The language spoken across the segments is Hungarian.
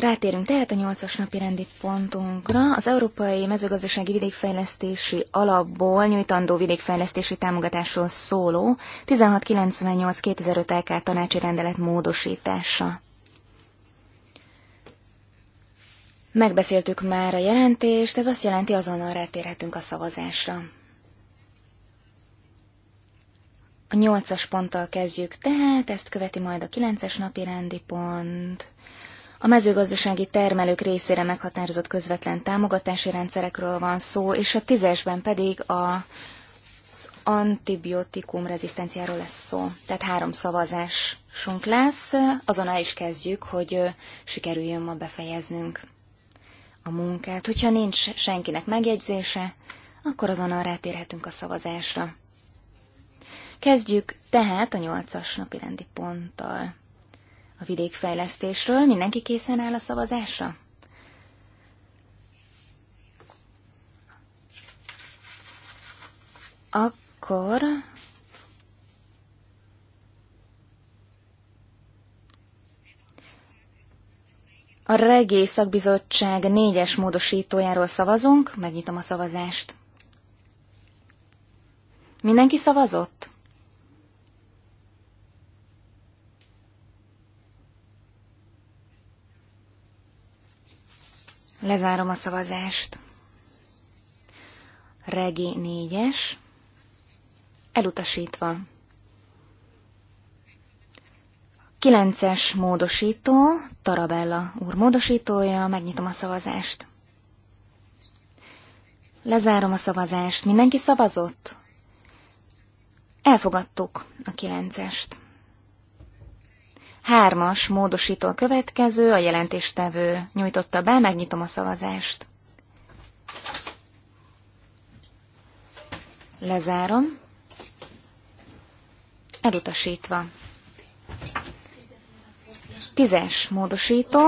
Rátérünk tehát a nyolcas napi rendi pontunkra. Az Európai Mezőgazdasági Vidékfejlesztési Alapból nyújtandó vidékfejlesztési támogatásról szóló 1698-2005 LK tanácsi rendelet módosítása. Megbeszéltük már a jelentést, ez azt jelenti, azonnal rátérhetünk a szavazásra. A nyolcas ponttal kezdjük tehát, ezt követi majd a kilences napi rendi pont, a mezőgazdasági termelők részére meghatározott közvetlen támogatási rendszerekről van szó, és a tízesben pedig a az antibiotikum rezisztenciáról lesz szó. Tehát három szavazásunk lesz, azon el is kezdjük, hogy sikerüljön ma befejeznünk a munkát. Hogyha nincs senkinek megjegyzése, akkor azonnal rátérhetünk a szavazásra. Kezdjük tehát a nyolcas napi rendi ponttal a vidékfejlesztésről. Mindenki készen áll a szavazásra? Akkor a Regély Szakbizottság négyes módosítójáról szavazunk. Megnyitom a szavazást. Mindenki szavazott? Lezárom a szavazást. Regi négyes. Elutasítva. Kilences módosító, Tarabella úr módosítója, megnyitom a szavazást. Lezárom a szavazást. Mindenki szavazott? Elfogadtuk a kilencest. Hármas módosító a következő, a jelentéstevő nyújtotta be, megnyitom a szavazást. Lezárom. Elutasítva. Tízes módosító.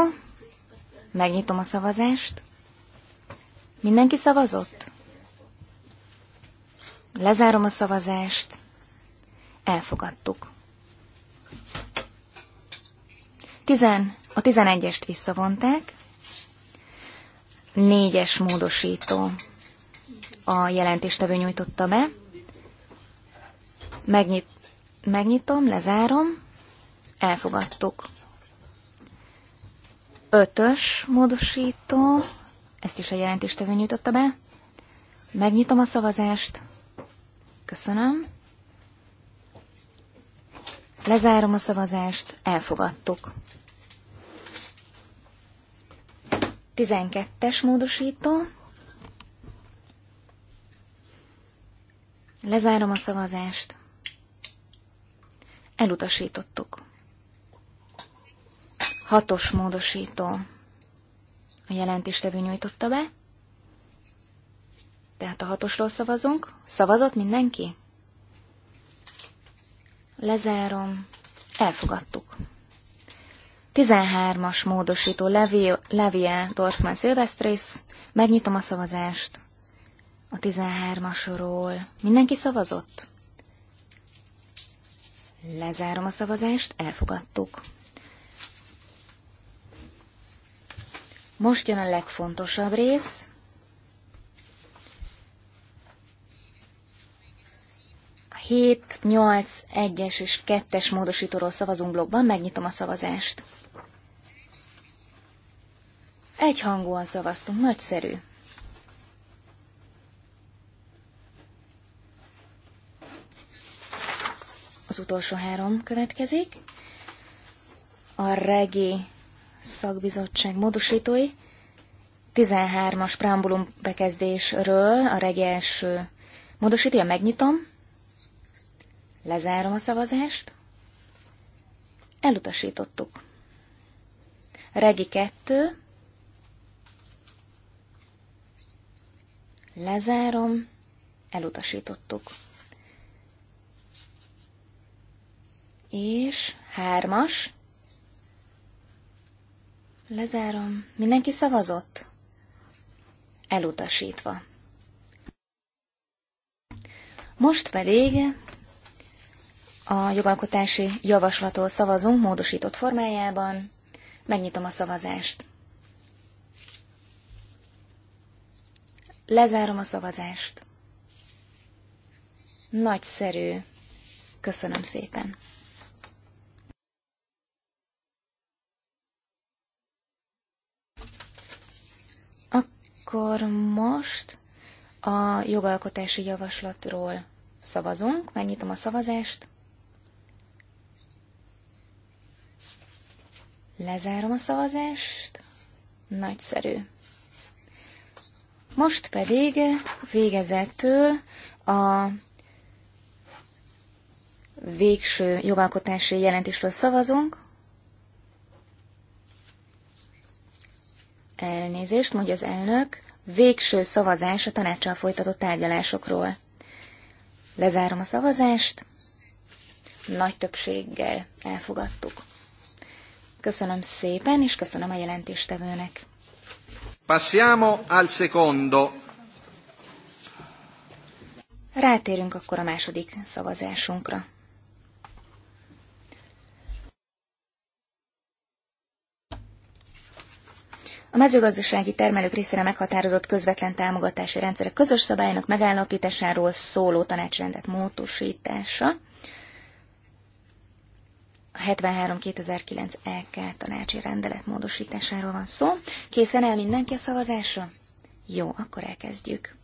Megnyitom a szavazást. Mindenki szavazott? Lezárom a szavazást. Elfogadtuk. Tizen, a 11-est visszavonták, négyes módosító a jelentéstevő nyújtotta be. Megnyit, megnyitom, lezárom, elfogadtuk. Ötös módosító, ezt is a jelentéstevő nyújtotta be. Megnyitom a szavazást. Köszönöm. Lezárom a szavazást, elfogadtuk. 12-es módosító. Lezárom a szavazást. Elutasítottuk. Hatos módosító. A jelentéstevő nyújtotta be. Tehát a hatosról szavazunk. Szavazott mindenki? Lezárom. Elfogadtuk. 13-as módosító Levia Dorfman Silvestris. Megnyitom a szavazást. A 13-asról. Mindenki szavazott? Lezárom a szavazást, elfogadtuk. Most jön a legfontosabb rész, 7, 8, 1-es és 2-es módosítóról szavazunk blogban, megnyitom a szavazást. Egy hangúan szavaztunk, nagyszerű. Az utolsó három következik. A regi szakbizottság módosítói 13-as preambulum bekezdésről a regi első módosítója, megnyitom. Lezárom a szavazást. Elutasítottuk. Regi 2. Lezárom. Elutasítottuk. És hármas. Lezárom. Mindenki szavazott? Elutasítva. Most pedig a jogalkotási javaslatról szavazunk módosított formájában. Megnyitom a szavazást. Lezárom a szavazást. Nagyszerű. Köszönöm szépen. Akkor most a jogalkotási javaslatról szavazunk. Megnyitom a szavazást. Lezárom a szavazást. Nagyszerű. Most pedig végezettől a végső jogalkotási jelentésről szavazunk. Elnézést, mondja az elnök. Végső szavazás a tanácssal folytatott tárgyalásokról. Lezárom a szavazást. Nagy többséggel elfogadtuk. Köszönöm szépen, és köszönöm a jelentéstevőnek. Passiamo al secondo. Rátérünk akkor a második szavazásunkra. A mezőgazdasági termelők részére meghatározott közvetlen támogatási rendszerek közös szabálynak megállapításáról szóló tanácsrendet módosítása. 73-2009 EK tanácsi rendelet módosításáról van szó. Készen el mindenki a szavazásra? Jó, akkor elkezdjük.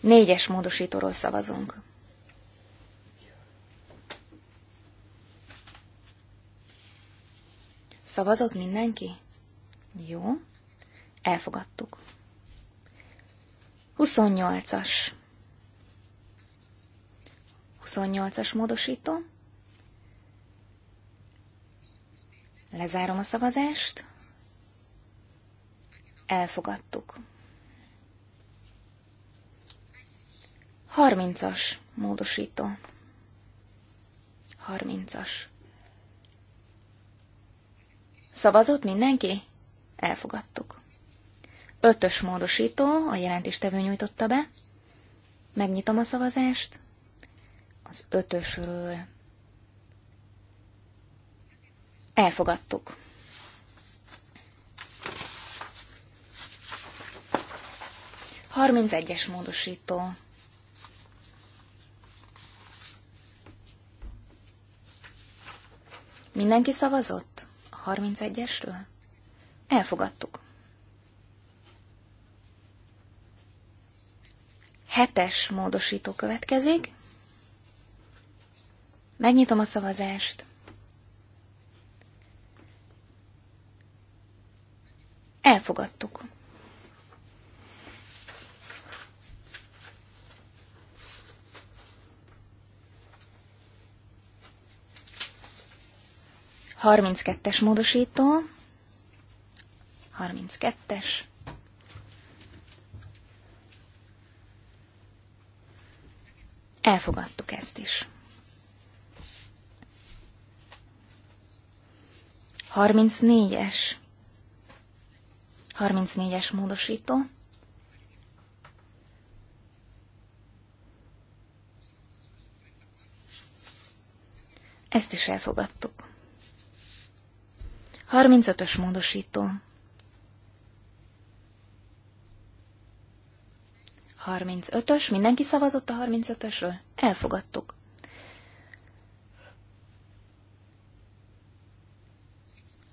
Négyes módosítóról szavazunk. Szavazott mindenki? Jó. Elfogadtuk. 28-as 28-as módosító. Lezárom a szavazást. Elfogadtuk. 30-as módosító. 30-as. Szavazott mindenki? Elfogadtuk. Ötös módosító, a jelentéstevő nyújtotta be. Megnyitom a szavazást az ötösről. Elfogadtuk. Harmincegyes módosító. Mindenki szavazott? A 31-esről? Elfogadtuk. Hetes módosító következik. Megnyitom a szavazást. Elfogadtuk. Harminc kettes módosító. Harminc kettes. Elfogadtuk ezt is. 34-es. 34-es módosító. Ezt is elfogadtuk. 35-ös módosító. 35-ös, mindenki szavazott a 35-ösről? Elfogadtuk.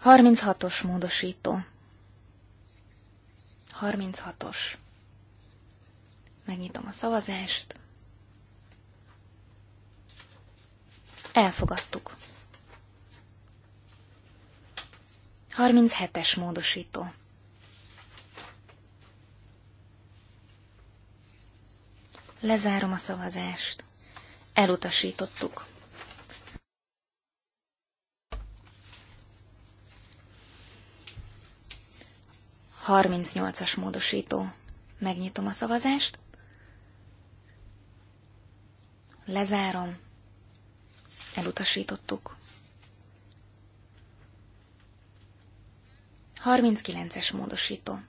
36-os módosító. 36-os. Megnyitom a szavazást. Elfogadtuk. 37-es módosító. Lezárom a szavazást. Elutasítottuk. 38-as módosító. Megnyitom a szavazást. Lezárom. Elutasítottuk. 39-es módosító.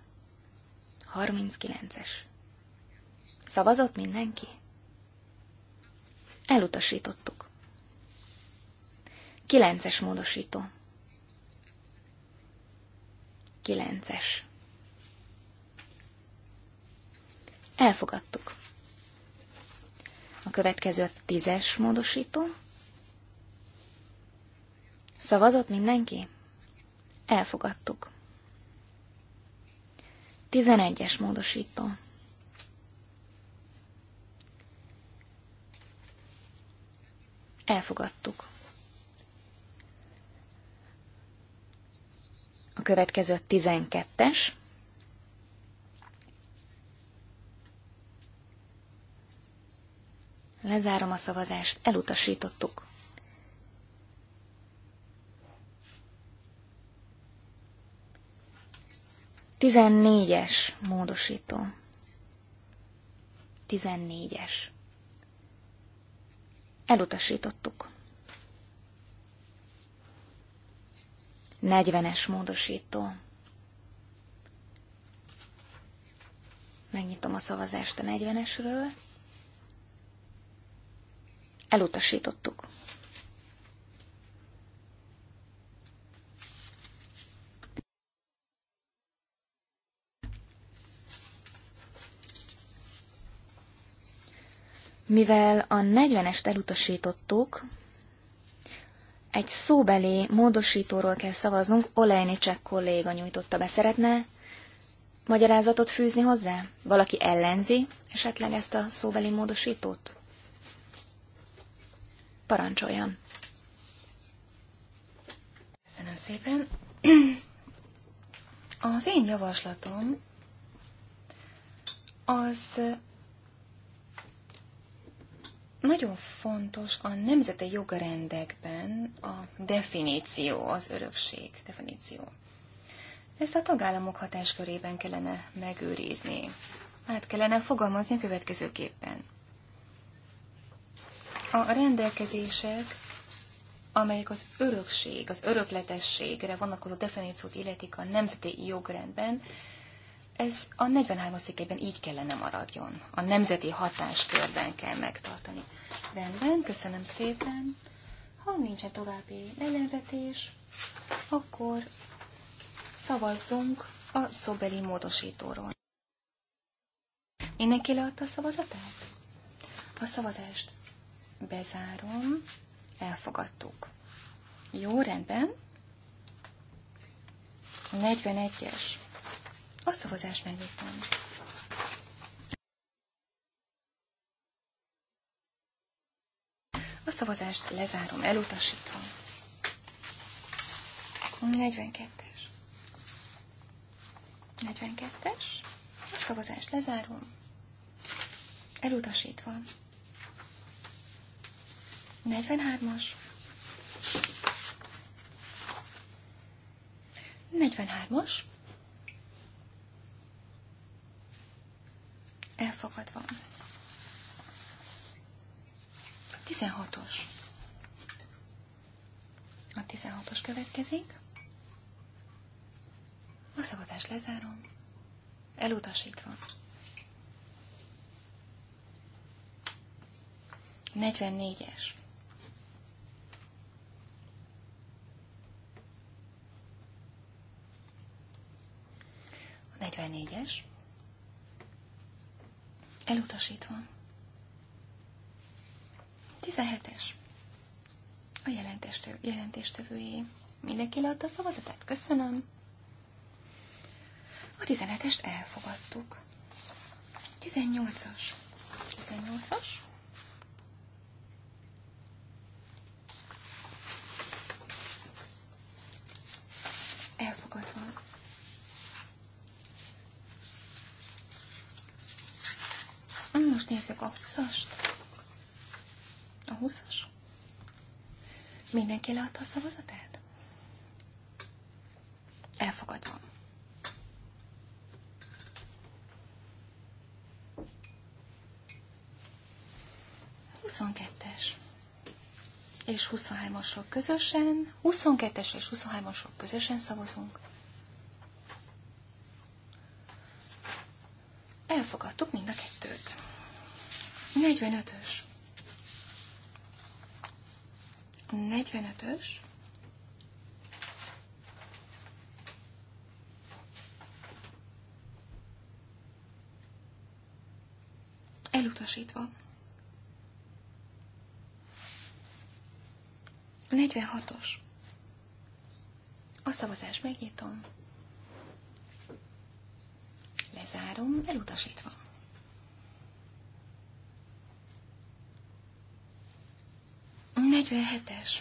39-es. Szavazott mindenki? Elutasítottuk. 9-es módosító. 9-es. Elfogadtuk. A következő a tízes módosító. Szavazott mindenki? Elfogadtuk. Tizenegyes módosító. Elfogadtuk. A következő a tizenkettes. Lezárom a szavazást, elutasítottuk. Tizennégyes módosító. Tizennégyes. Elutasítottuk. Negyvenes módosító. Megnyitom a szavazást a negyvenesről. Elutasítottuk. Mivel a 40-est elutasítottuk, egy szóbeli módosítóról kell szavaznunk, Olejni Csek kolléga nyújtotta be. Szeretne magyarázatot fűzni hozzá? Valaki ellenzi esetleg ezt a szóbeli módosítót? Parancsoljon! Köszönöm szépen! Az én javaslatom az nagyon fontos a nemzeti jogrendekben a definíció, az örökség definíció. Ezt a tagállamok hatáskörében kellene megőrizni. Át kellene fogalmazni a következőképpen. A rendelkezések, amelyek az örökség, az örökletességre vonatkozó definíciót illetik a nemzeti jogrendben, ez a 43-as cikkében így kellene maradjon. A nemzeti hatáskörben kell megtartani. Rendben, köszönöm szépen. Ha nincsen további ellenvetés, akkor szavazzunk a szobeli módosítóról. Mindenki leadta a szavazatát? A szavazást Bezárom. Elfogadtuk. Jó, rendben. 41-es. A szavazás megnyitom. A szavazást lezárom, elutasítom. 42-es. 42-es. A szavazást lezárom. Elutasítva. 43-as. 43-as. Elfogadva. 16-os. A 16-os következik. A szavazás lezárom. Elutasítva. 44-es. 44-es. Elutasítva. 17-es. A jelentéstevő, jelentéstevőjé. Mindenki leadta a szavazatát? Köszönöm. A 17-est elfogadtuk. 18-as. 18-as. Nézzük a 20-ast. A 20-as. Mindenki leadta a szavazatát? Elfogadom. Huszonkettes és 23-asok közösen, 22-es és 23-asok közösen szavazunk. Elfogadtuk mind a kettőt. 45-ös. 45-ös. Elutasítva. 46-os. A szavazás megnyitom. Lezárom, elutasítva. 47-es.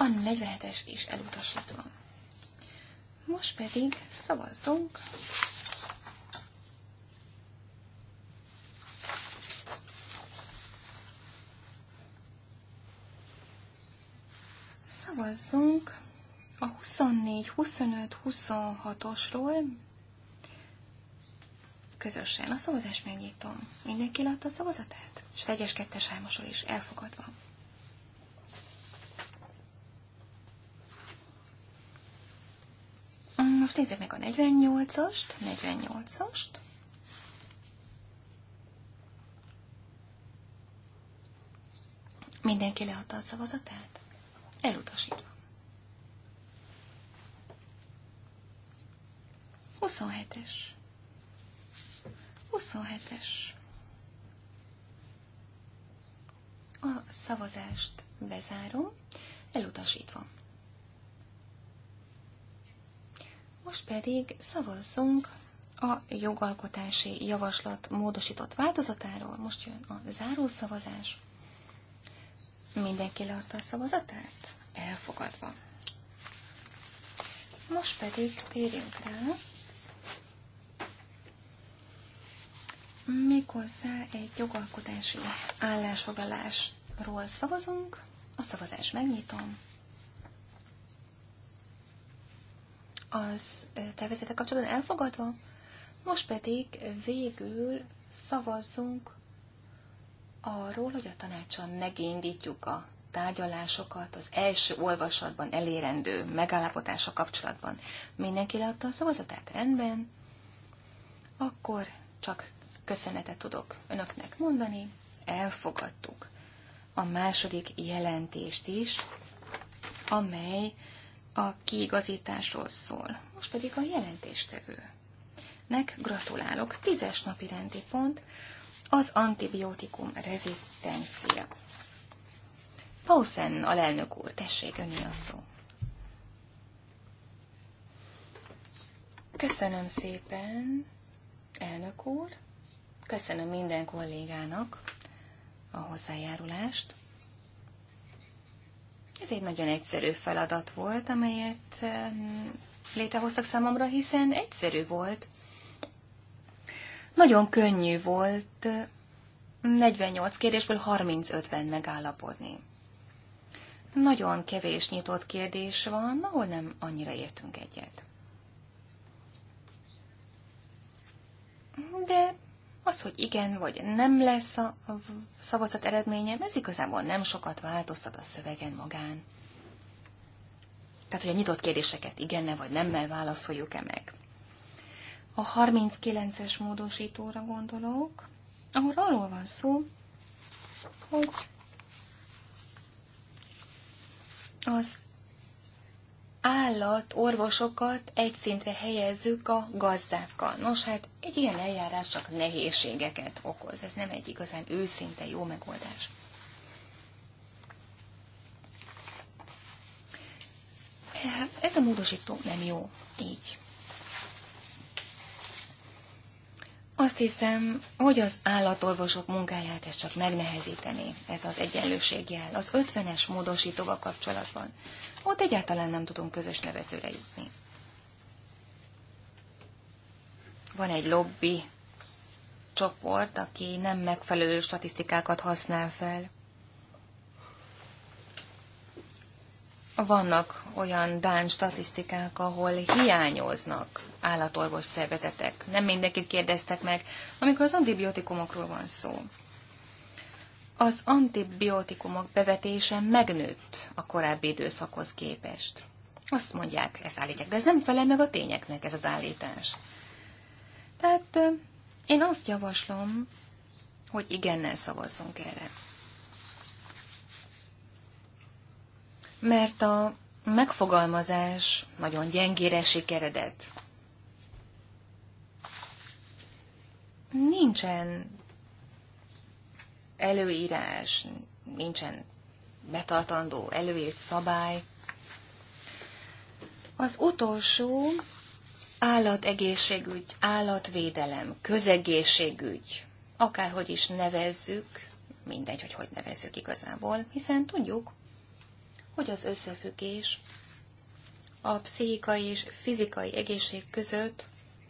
A 47-es is elutasítva. Most pedig szavazzunk szavazzunk a 24, 25, 26-osról közösen. A szavazást megnyitom. Mindenki látta a szavazatát? És az egyes kettes hármasról is elfogadva. Most nézzük meg a 48-ast, 48-ast. Mindenki leadta a szavazatát? Elutasítva. 27-es. 27-es. A szavazást bezárom, elutasítva. Most pedig szavazzunk a jogalkotási javaslat módosított változatáról. Most jön a záró szavazás. Mindenki leadta a szavazatát? Elfogadva. Most pedig térjünk rá méghozzá egy jogalkotási állásfoglalásról szavazunk. A szavazás megnyitom. Az tervezete kapcsolatban elfogadva, most pedig végül szavazzunk arról, hogy a tanácson megindítjuk a tárgyalásokat az első olvasatban elérendő megállapodása kapcsolatban. Mindenki leadta a szavazatát rendben, akkor csak köszönetet tudok önöknek mondani, elfogadtuk a második jelentést is, amely a kiigazításról szól. Most pedig a jelentéstevőnek gratulálok. Tízes napi rendi pont az antibiotikum rezisztencia. Pausen alelnök úr, tessék öné a szó. Köszönöm szépen, elnök úr. Köszönöm minden kollégának a hozzájárulást. Ez egy nagyon egyszerű feladat volt, amelyet létrehoztak számomra, hiszen egyszerű volt. Nagyon könnyű volt 48 kérdésből 35-ben megállapodni. Nagyon kevés nyitott kérdés van, ahol nem annyira értünk egyet. De az, hogy igen vagy nem lesz a szavazat eredménye, ez igazából nem sokat változtat a szövegen magán. Tehát, hogy a nyitott kérdéseket igenne vagy nemmel válaszoljuk-e meg. A 39-es módosítóra gondolok, ahol arról van szó, hogy az állat, orvosokat egy szintre helyezzük a gazdákkal. Nos, hát egy ilyen eljárás csak nehézségeket okoz. Ez nem egy igazán őszinte jó megoldás. Ez a módosító nem jó. Így. Azt hiszem, hogy az állatorvosok munkáját ez csak megnehezítené, ez az egyenlőségjel, az ötvenes es módosítóval kapcsolatban. Ott egyáltalán nem tudunk közös nevezőre jutni. Van egy lobby csoport, aki nem megfelelő statisztikákat használ fel. Vannak olyan dán statisztikák, ahol hiányoznak állatorvos szervezetek. Nem mindenkit kérdeztek meg, amikor az antibiotikumokról van szó. Az antibiotikumok bevetése megnőtt a korábbi időszakhoz képest. Azt mondják, ezt állítják, de ez nem felel meg a tényeknek, ez az állítás. Tehát én azt javaslom, hogy igennel szavazzunk erre. mert a megfogalmazás nagyon gyengére sikeredett. Nincsen előírás, nincsen betartandó előírt szabály. Az utolsó állategészségügy, állatvédelem, közegészségügy, akárhogy is nevezzük, mindegy, hogy hogy nevezzük igazából, hiszen tudjuk, hogy az összefüggés a pszichikai és fizikai egészség között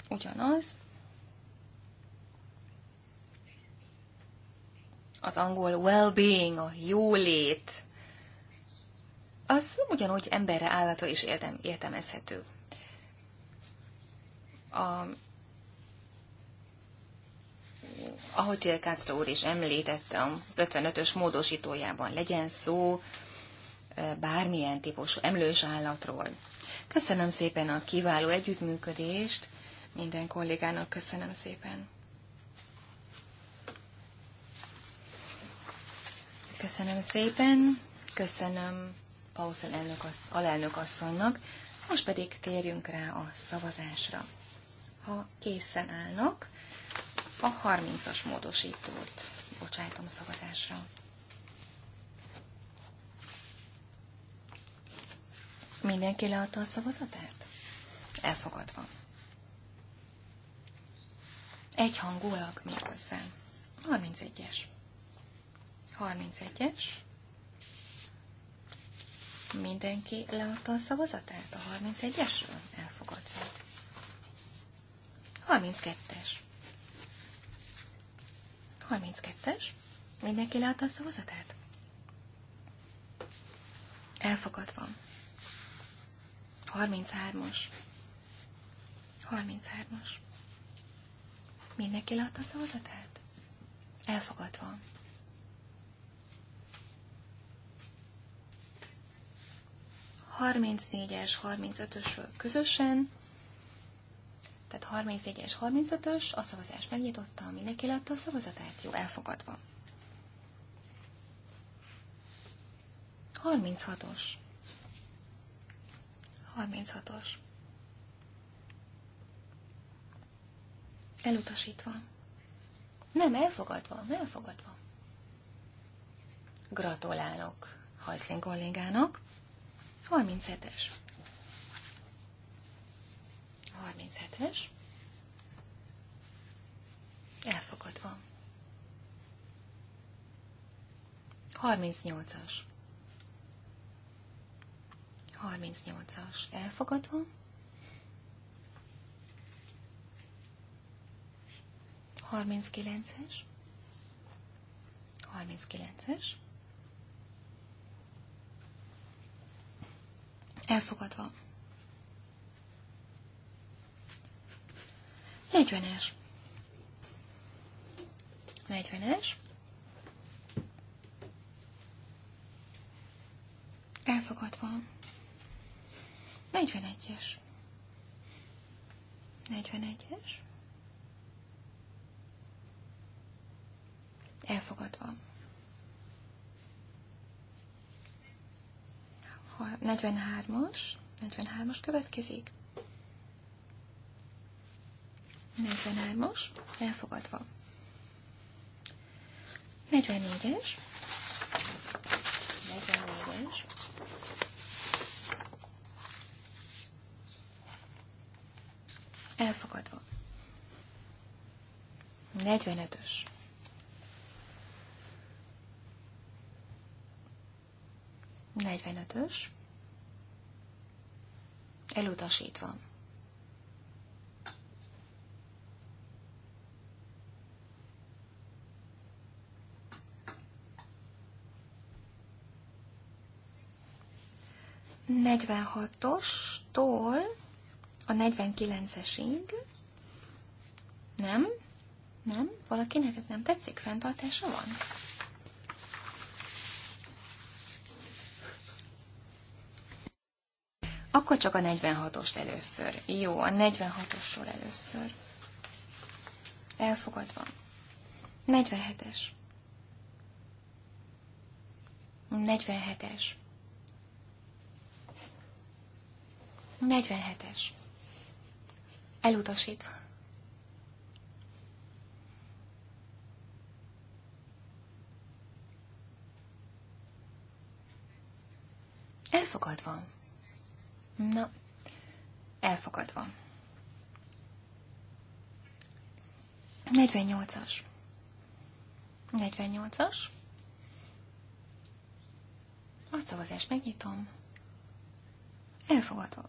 ugyanaz, az angol well-being, a jólét, az ugyanúgy emberre, állatra is értem, értelmezhető. A, ahogy Tilkácra úr is említettem, az 55-ös módosítójában legyen szó bármilyen típusú emlős állatról. Köszönöm szépen a kiváló együttműködést, minden kollégának köszönöm szépen. Köszönöm szépen, köszönöm Paulson elnök, alelnök asszonynak, most pedig térjünk rá a szavazásra. Ha készen állnak, a 30-as módosítót bocsájtom szavazásra. Mindenki leadta a szavazatát? Elfogadva. Egyhangulag hozzá. 31-es. 31-es. Mindenki leadta a szavazatát a 31-esről? Elfogadva. 32-es. 32-es. Mindenki leadta a szavazatát? Elfogadva. 33-as. 33-as. Mindenki látta a szavazatát? Elfogadva. Harmincnégyes, 35-ösről közösen, tehát 34-es, 35-ös, a szavazás megnyitotta, mindenki látta a szavazatát, jó, elfogadva. 36-os. 36-os. Elutasítva. Nem, elfogadva, elfogadva. Gratulálok Hajszlén kollégának. 37-es. 37-es. Elfogadva. 38-as. 38-as Elfogadom. 39-es. 39-es. Elfogadva. 40-es. 40-es. Elfogadva. 41-es. 41-es. Elfogadva. 43-as. 43-as következik. 43-as, elfogadva. 44-es, 44-es, Elfogadva. 45-ös. Negyvenötös. Elutasítva. Negyvenhatostól a 49-esig. Nem? Nem? Valakinek nem tetszik? Fentartása van? Akkor csak a 46-ost először. Jó, a 46-osról először. Elfogadva. 47-es. 47-es. 47-es. Elutasítva. Elfogadva. Na, elfogadva. 48-as. 48-as. A szavazást megnyitom. Elfogadva.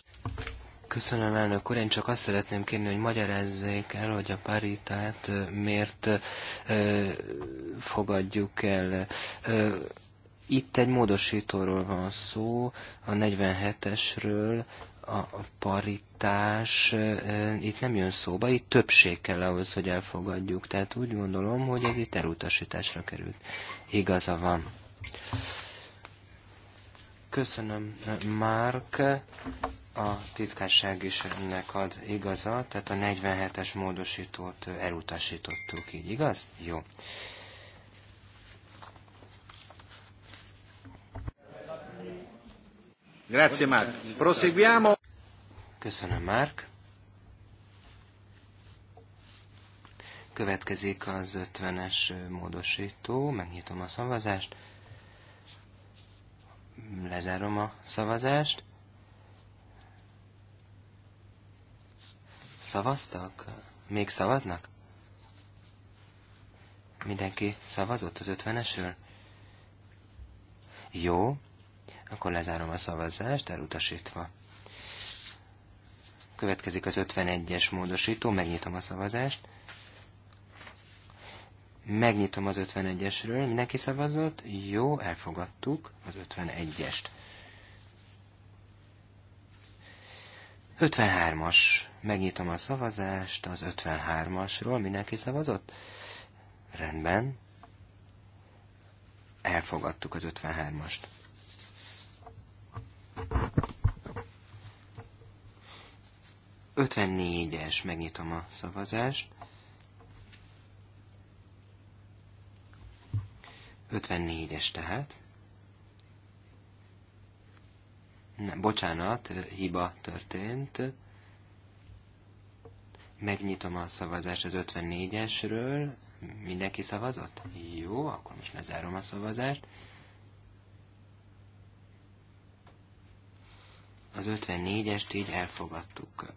Köszönöm, elnök úr. Én csak azt szeretném kérni, hogy magyarázzék el, hogy a paritát miért ö, fogadjuk el. Ö, itt egy módosítóról van szó, a 47-esről, a paritás itt nem jön szóba, itt többség kell ahhoz, hogy elfogadjuk. Tehát úgy gondolom, hogy ez itt elutasításra került. Igaza van. Köszönöm, Márk a titkárság is ennek ad igazat, tehát a 47-es módosítót elutasítottuk így, igaz? Jó. Grazie Mark. Proseguiamo. Köszönöm Mark. Következik az 50-es módosító, megnyitom a szavazást, lezárom a szavazást, Szavaztak? Még szavaznak? Mindenki szavazott az ötvenesről? Jó, akkor lezárom a szavazást, elutasítva. Következik az 51-es módosító, megnyitom a szavazást. Megnyitom az 51-esről, mindenki szavazott? Jó, elfogadtuk az 51-est. 53-as megnyitom a szavazást az 53-asról. Mindenki szavazott? Rendben. Elfogadtuk az 53-ast. Ötvennégyes, megnyitom a szavazást. 54-es tehát. Ne bocsánat, hiba történt. Megnyitom a szavazást az 54-esről. Mindenki szavazott? Jó, akkor most lezárom a szavazást. Az 54-est így elfogadtuk.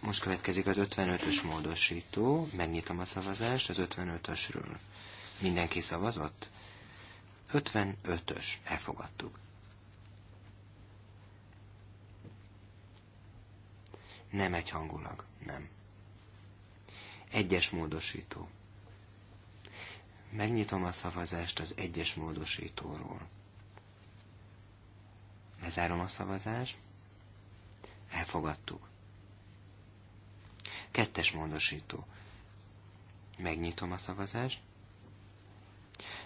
Most következik az 55-ös módosító. Megnyitom a szavazást az 55-ösről. Mindenki szavazott? 55-ös. Elfogadtuk. nem egy hangulag. Nem. Egyes módosító. Megnyitom a szavazást az egyes módosítóról. Lezárom a szavazást. Elfogadtuk. Kettes módosító. Megnyitom a szavazást.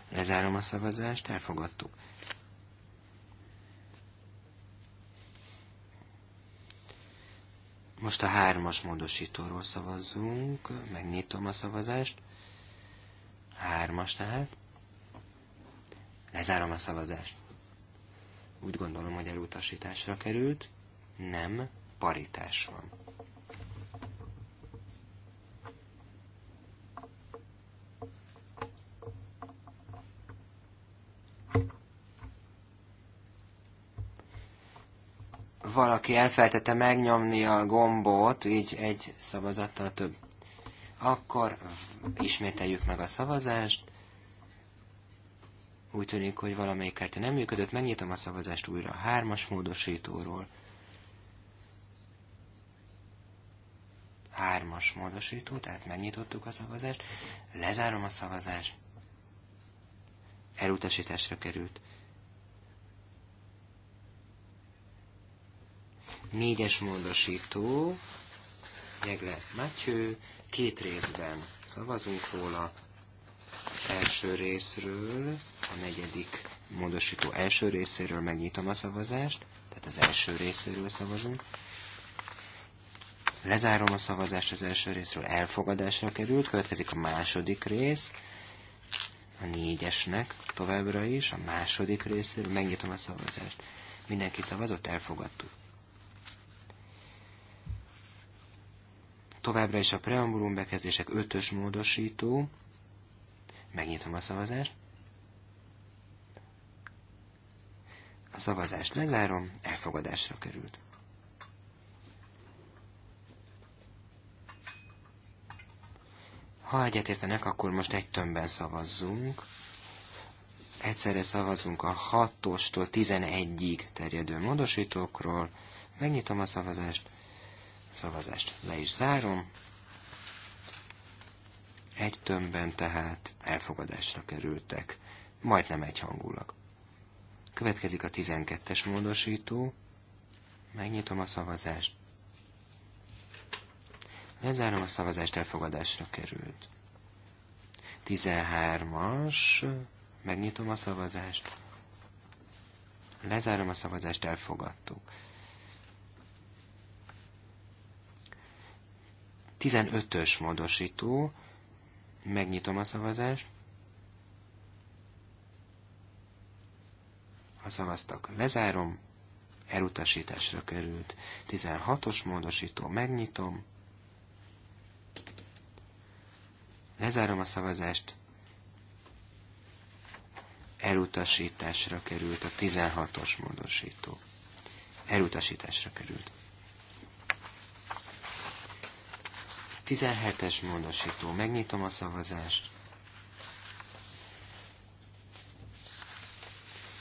Lezárom a szavazást. Elfogadtuk. Most a hármas módosítóról szavazzunk, megnyitom a szavazást. Hármas tehát. Lezárom a szavazást. Úgy gondolom, hogy elutasításra került. Nem, paritás van. valaki elfeltette megnyomni a gombot, így egy szavazattal több. Akkor ismételjük meg a szavazást. Úgy tűnik, hogy valamelyik kártya nem működött, megnyitom a szavazást újra a hármas módosítóról. Hármas módosító, tehát megnyitottuk a szavazást, lezárom a szavazást, elutasításra került. Négyes módosító, Jegle Matyő, két részben szavazunk róla. Első részről, a negyedik módosító első részéről megnyitom a szavazást, tehát az első részéről szavazunk. Lezárom a szavazást az első részről, elfogadásra került, következik a második rész, a négyesnek továbbra is, a második részéről megnyitom a szavazást. Mindenki szavazott, elfogadtuk. Továbbra is a preambulum bekezdések ötös módosító. Megnyitom a szavazást. A szavazást lezárom, elfogadásra került. Ha egyetértenek, akkor most egy tömbben szavazzunk. Egyszerre szavazunk a 6-tól 11-ig terjedő módosítókról. Megnyitom a szavazást. Szavazást le is zárom. Egy tömbben tehát elfogadásra kerültek, majdnem egyhangulag. Következik a 12-es módosító. Megnyitom a szavazást. Lezárom a szavazást, elfogadásra került. 13-as. Megnyitom a szavazást. Lezárom a szavazást, elfogadtuk. 15-ös módosító. Megnyitom a szavazást. Ha szavaztak, lezárom. Elutasításra került. 16-os módosító. Megnyitom. Lezárom a szavazást. Elutasításra került a 16-os módosító. Elutasításra került. 17-es módosító. Megnyitom a szavazást.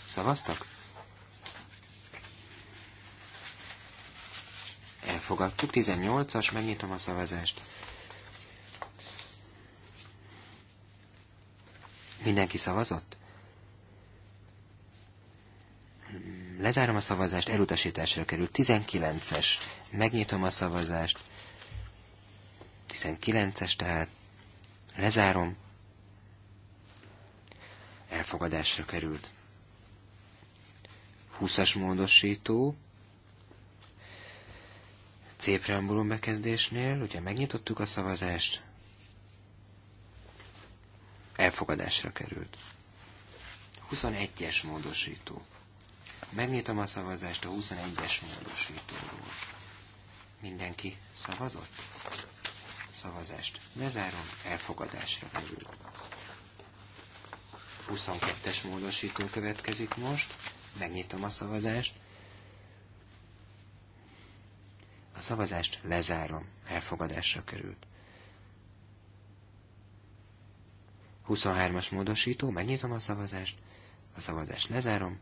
Szavaztak? Elfogadtuk. 18-as. Megnyitom a szavazást. Mindenki szavazott? Lezárom a szavazást, elutasításra került. 19-es. Megnyitom a szavazást. 19-es tehát. Lezárom. Elfogadásra került. 20-as módosító. C preambulum bekezdésnél, ugye megnyitottuk a szavazást, elfogadásra került. 21-es módosító. Megnyitom a szavazást a 21-es módosítóról. Mindenki szavazott? szavazást zárom, elfogadásra kerül. 22-es módosító következik most, megnyitom a szavazást. A szavazást lezárom, elfogadásra került. 23-as módosító, megnyitom a szavazást, a szavazást lezárom,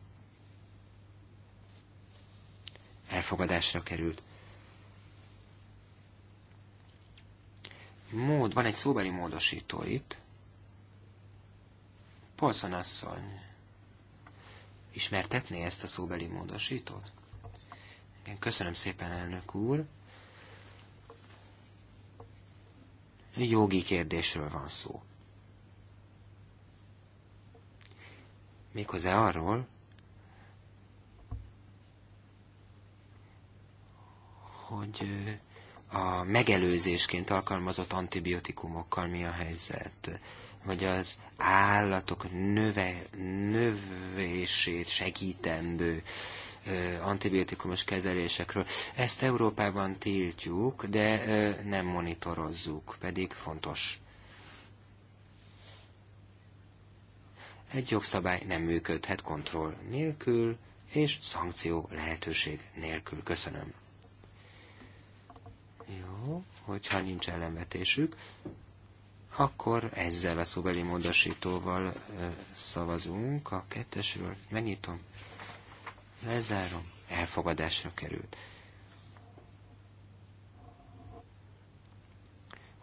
elfogadásra került. mód, van egy szóbeli módosító itt. Polszon asszony, ismertetné ezt a szóbeli módosítót? Igen, köszönöm szépen, elnök úr. Jogi kérdésről van szó. Méghozzá arról, hogy a megelőzésként alkalmazott antibiotikumokkal mi a helyzet, vagy az állatok növe, növését segítendő antibiotikumos kezelésekről. Ezt Európában tiltjuk, de nem monitorozzuk, pedig fontos. Egy jogszabály nem működhet kontroll nélkül és szankció lehetőség nélkül. Köszönöm. Jó, hogyha nincs ellenvetésük, akkor ezzel a szóbeli módosítóval szavazunk a kettesről. Megnyitom, lezárom, elfogadásra került.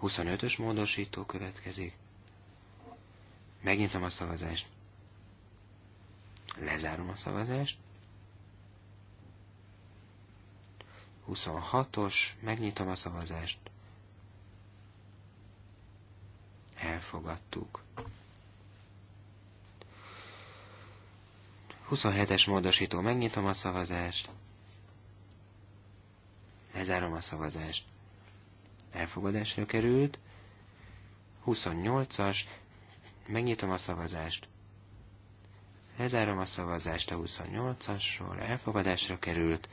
25-ös módosító következik. Megnyitom a szavazást. Lezárom a szavazást. 26-os, megnyitom a szavazást. Elfogadtuk. 27-es módosító, megnyitom a szavazást. Lezárom a szavazást. Elfogadásra került. 28-as, megnyitom a szavazást. Lezárom a szavazást a 28-asról, elfogadásra került.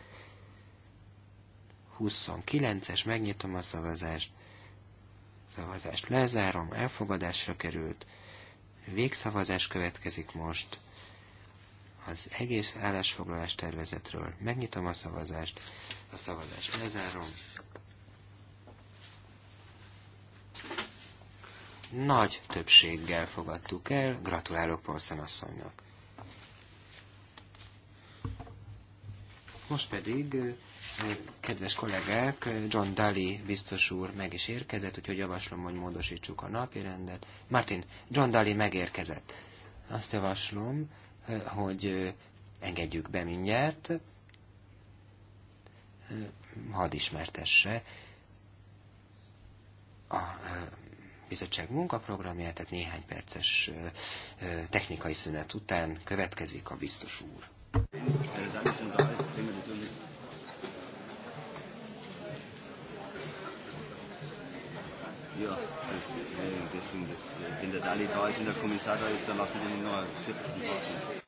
29-es, megnyitom a szavazást, szavazást lezárom, elfogadásra került, végszavazás következik most az egész állásfoglalás tervezetről. Megnyitom a szavazást, a szavazást lezárom. Nagy többséggel fogadtuk el, gratulálok Polszen asszonynak. Most pedig Kedves kollégák, John Daly biztos úr meg is érkezett, úgyhogy javaslom, hogy módosítsuk a napi rendet. Martin, John Daly megérkezett. Azt javaslom, hogy engedjük be mindjárt. Hadd ismertesse a bizottság munkaprogramját, tehát néhány perces technikai szünet után következik a biztos úr. Ja, äh, äh, deswegen, das, äh, wenn der Dali da ist und der Kommissar da ist, dann lassen wir den noch ein Wort.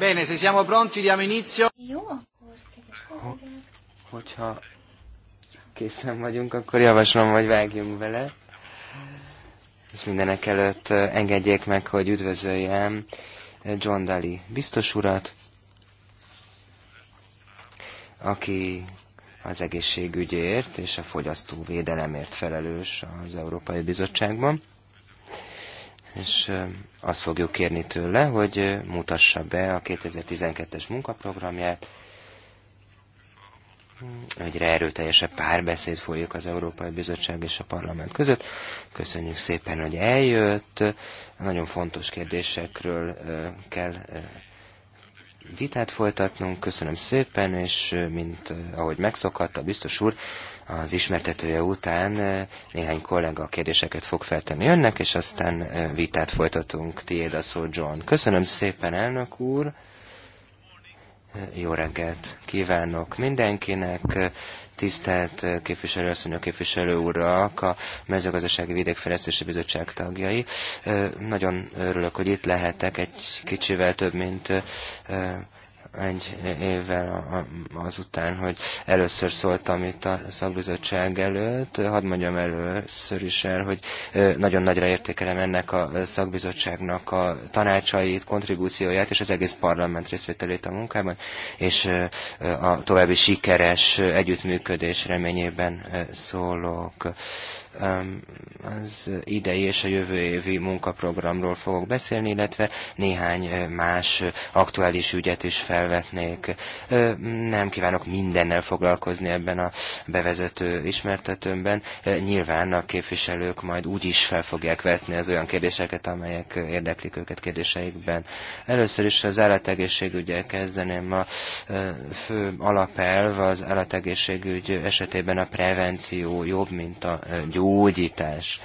Bene, se siamo pronti diamo inizio. Jó, akkor kedves kollégák. Hogyha készen vagyunk, akkor javaslom, hogy vágjunk vele. És mindenek előtt eh, engedjék meg, hogy üdvözöljem eh, John Daly biztos urat, aki az egészségügyért és a fogyasztóvédelemért felelős az Európai Bizottságban. És eh, azt fogjuk kérni tőle, hogy mutassa be a 2012-es munkaprogramját, egyre erőteljesebb párbeszéd folyik az Európai Bizottság és a Parlament között. Köszönjük szépen, hogy eljött. Nagyon fontos kérdésekről kell vitát folytatnunk. Köszönöm szépen, és mint ahogy megszokhatta biztos úr, az ismertetője után néhány kollega kérdéseket fog feltenni önnek, és aztán vitát folytatunk. Tiéd a szó, John. Köszönöm szépen, elnök úr. Jó reggelt kívánok mindenkinek, tisztelt asszonyok, képviselő urak, a Mezőgazdasági Vidékfejlesztési Bizottság tagjai. Nagyon örülök, hogy itt lehetek egy kicsivel több, mint egy évvel azután, hogy először szóltam itt a szakbizottság előtt. Hadd mondjam először is el, hogy nagyon nagyra értékelem ennek a szakbizottságnak a tanácsait, kontribúcióját és az egész parlament részvételét a munkában, és a további sikeres együttműködés reményében szólok az idei és a jövő évi munkaprogramról fogok beszélni, illetve néhány más aktuális ügyet is felvetnék. Nem kívánok mindennel foglalkozni ebben a bevezető ismertetőmben. Nyilván a képviselők majd úgy is fel fogják vetni az olyan kérdéseket, amelyek érdeklik őket kérdéseikben. Először is az állategészségügyel kezdeném. A fő alapelv az állategészségügy esetében a prevenció jobb, mint a gyógyszer gyógyítás.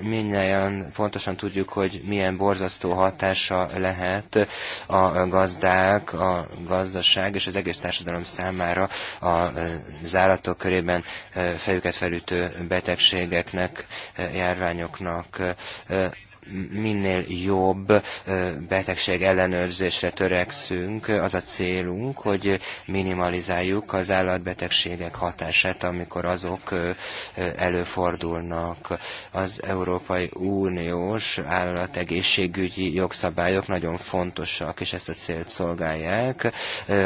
Mindjárt pontosan tudjuk, hogy milyen borzasztó hatása lehet a gazdák, a gazdaság és az egész társadalom számára az állatok körében fejüket felütő betegségeknek, járványoknak minél jobb betegség ellenőrzésre törekszünk. Az a célunk, hogy minimalizáljuk az állatbetegségek hatását, amikor azok előfordulnak. Az Európai Uniós állategészségügyi jogszabályok nagyon fontosak, és ezt a célt szolgálják.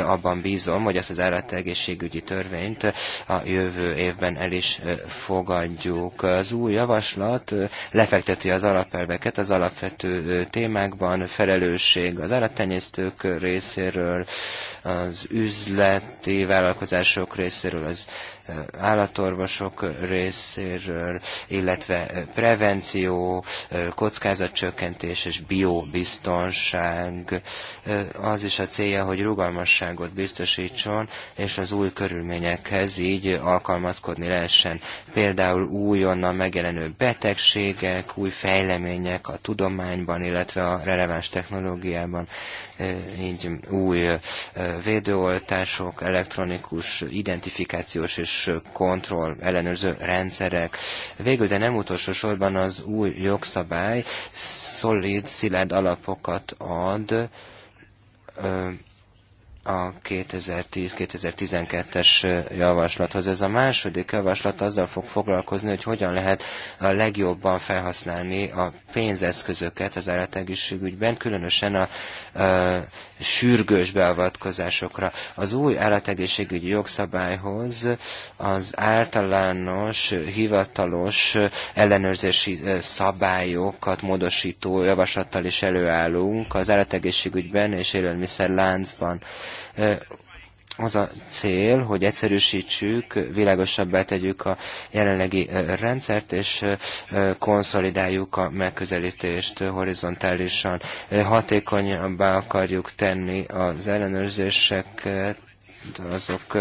Abban bízom, hogy ezt az állategészségügyi törvényt a jövő évben el is fogadjuk. Az új javaslat lefekteti az alapelveket, ezeket az alapvető témákban, felelősség az állattenyésztők részéről, az üzleti vállalkozások részéről, az állatorvosok részéről, illetve prevenció, kockázatcsökkentés és biobiztonság. Az is a célja, hogy rugalmasságot biztosítson, és az új körülményekhez így alkalmazkodni lehessen. Például újonnan megjelenő betegségek, új fejlemények a tudományban, illetve a releváns technológiában, e, így új e, védőoltások, elektronikus identifikációs és és kontroll ellenőrző rendszerek. Végül, de nem utolsó sorban az új jogszabály szolid, szilárd alapokat ad a 2010-2012-es javaslathoz. Ez a második javaslat azzal fog foglalkozni, hogy hogyan lehet a legjobban felhasználni a pénzeszközöket az állategészségügyben, különösen a, a sürgős beavatkozásokra. Az új állategészségügyi jogszabályhoz az általános, hivatalos ellenőrzési szabályokat módosító javaslattal is előállunk az állategészségügyben és élelmiszerláncban az a cél, hogy egyszerűsítsük, világosabbá tegyük a jelenlegi rendszert, és konszolidáljuk a megközelítést horizontálisan. Hatékonyabbá akarjuk tenni az ellenőrzéseket, azok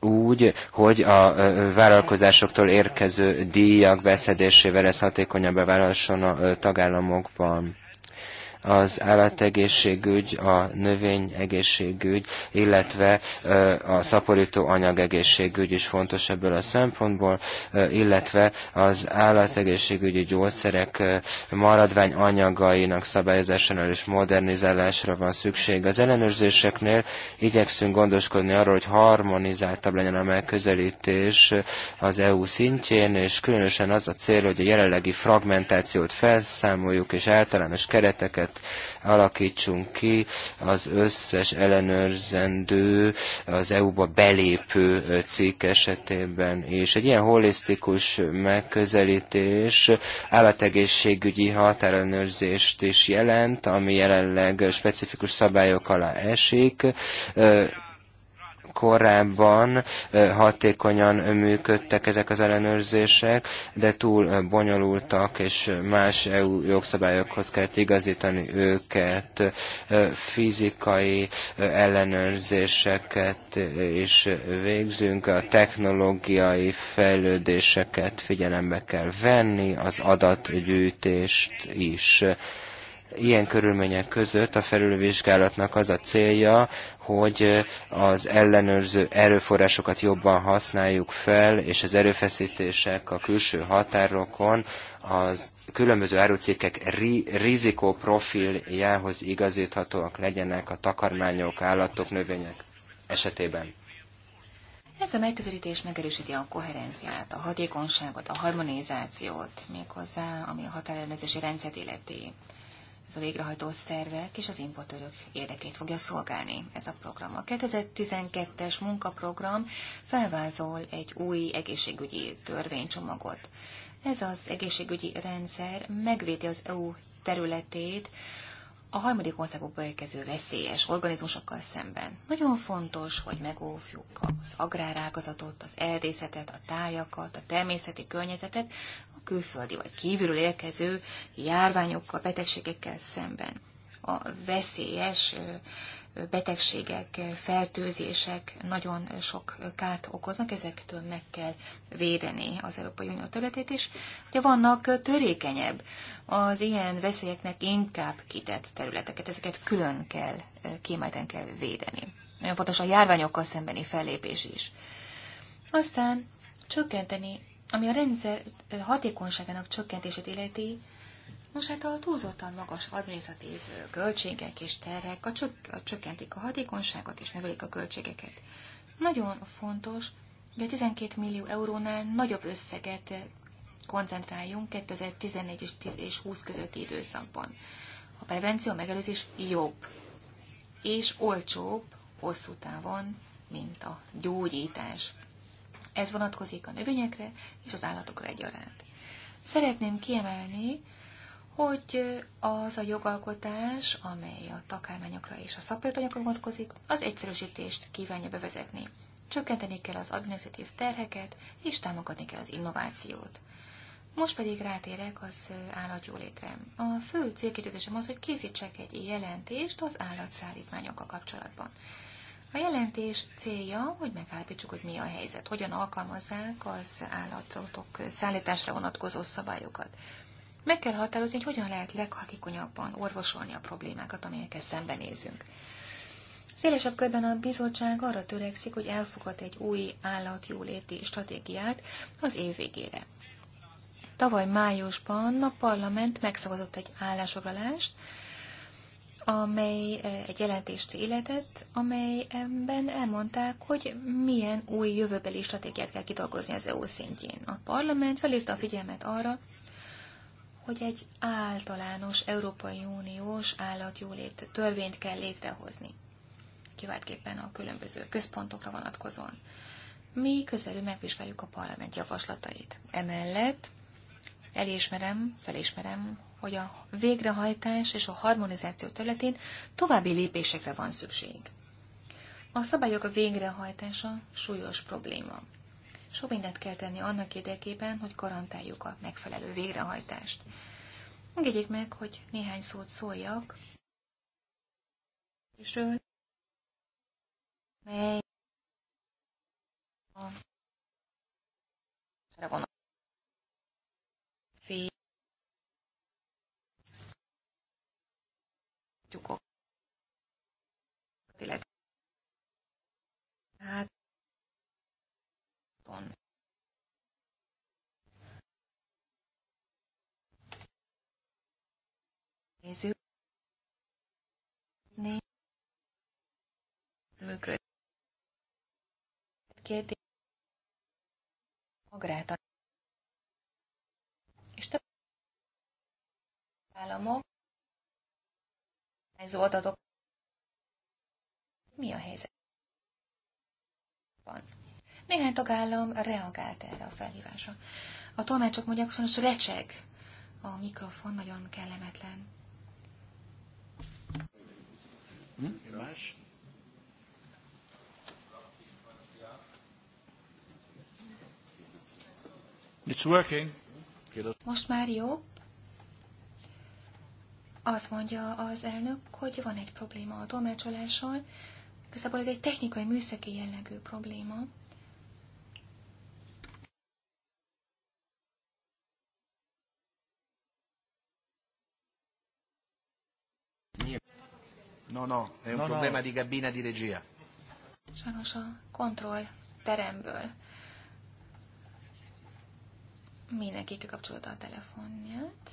úgy, hogy a vállalkozásoktól érkező díjak beszedésével ez hatékonyabbá válasson a tagállamokban az állategészségügy, a növényegészségügy, illetve a szaporító anyagegészségügy is fontos ebből a szempontból, illetve az állategészségügyi gyógyszerek maradvány anyagainak szabályozásánál és modernizálásra van szükség. Az ellenőrzéseknél igyekszünk gondoskodni arról, hogy harmonizáltabb legyen a megközelítés az EU szintjén, és különösen az a cél, hogy a jelenlegi fragmentációt felszámoljuk, és általános kereteket listát alakítsunk ki az összes ellenőrzendő, az EU-ba belépő cikk esetében. És egy ilyen holisztikus megközelítés állategészségügyi határellenőrzést is jelent, ami jelenleg specifikus szabályok alá esik, korábban hatékonyan működtek ezek az ellenőrzések, de túl bonyolultak, és más EU jogszabályokhoz kellett igazítani őket, fizikai ellenőrzéseket is végzünk, a technológiai fejlődéseket figyelembe kell venni, az adatgyűjtést is. Ilyen körülmények között a felülvizsgálatnak az a célja, hogy az ellenőrző erőforrásokat jobban használjuk fel, és az erőfeszítések a külső határokon az különböző árucikkek ri- rizikóprofiljához igazíthatóak legyenek a takarmányok, állatok, növények esetében. Ez a megközelítés megerősíti a koherenciát, a hatékonyságot, a harmonizációt, méghozzá, ami a határellenőrzési rendszert illeti ez a végrehajtó szervek és az importőrök érdekét fogja szolgálni ez a program. A 2012-es munkaprogram felvázol egy új egészségügyi törvénycsomagot. Ez az egészségügyi rendszer megvédi az EU területét a harmadik országokba érkező veszélyes organizmusokkal szemben. Nagyon fontos, hogy megóvjuk az agrárágazatot, az erdészetet, a tájakat, a természeti környezetet külföldi vagy kívülről érkező járványokkal, betegségekkel szemben. A veszélyes betegségek, fertőzések nagyon sok kárt okoznak, ezektől meg kell védeni az Európai Unió területét is. De vannak törékenyebb, az ilyen veszélyeknek inkább kitett területeket, ezeket külön kell, kiemelten kell védeni. Nagyon fontos a járványokkal szembeni fellépés is. Aztán csökkenteni ami a rendszer hatékonyságának csökkentését illeti, most hát a túlzottan magas administratív költségek és terhek a csök, a csökkentik a hatékonyságot és növelik a költségeket. Nagyon fontos, hogy a 12 millió eurónál nagyobb összeget koncentráljunk 2014 és 10 és 20 közötti időszakban. A prevenció, a megelőzés jobb és olcsóbb hosszú távon, mint a gyógyítás. Ez vonatkozik a növényekre és az állatokra egyaránt. Szeretném kiemelni, hogy az a jogalkotás, amely a takármányokra és a szaporítanyagokra vonatkozik, az egyszerűsítést kívánja bevezetni. Csökkenteni kell az administratív terheket, és támogatni kell az innovációt. Most pedig rátérek az állatjólétre. A fő célkérdésem az, hogy készítsek egy jelentést az állatszállítmányokkal kapcsolatban. A jelentés célja, hogy megállapítsuk, hogy mi a helyzet, hogyan alkalmazzák az állatok szállításra vonatkozó szabályokat. Meg kell határozni, hogy hogyan lehet leghatékonyabban orvosolni a problémákat, amelyekkel szembenézünk. Szélesebb körben a bizottság arra törekszik, hogy elfogad egy új állatjóléti stratégiát az év végére. Tavaly májusban a parlament megszavazott egy állásfoglalást, amely egy jelentést illetett, amelyben elmondták, hogy milyen új jövőbeli stratégiát kell kidolgozni az EU szintjén. A parlament felírta a figyelmet arra, hogy egy általános Európai Uniós állatjólét törvényt kell létrehozni, kiváltképpen a különböző központokra vonatkozóan. Mi közelül megvizsgáljuk a parlament javaslatait. Emellett elismerem, felismerem, hogy a végrehajtás és a harmonizáció területén további lépésekre van szükség. A szabályok a végrehajtása súlyos probléma. Sok mindent kell tenni annak érdekében, hogy garantáljuk a megfelelő végrehajtást. Engedjék meg, hogy néhány szót szóljak, és ő, mely a tyúkok. Illetve hát ton. Nézzük. Né. Működ. Két év. Magrát és több államok hiányzó adatok. Mi a helyzet? Van. Néhány tagállam reagált erre a felhívásra. A tolmácsok mondják, sajnos recseg a mikrofon, nagyon kellemetlen. Hm? Más? It's working. Most már jó. Azt mondja az elnök, hogy van egy probléma a tolmácsolással. Igazából ez egy technikai, műszaki jellegű probléma. No, no, è un no, problema no. di cabina di regia. Sajnos a kontroll teremből mindenki kikapcsolta a telefonját.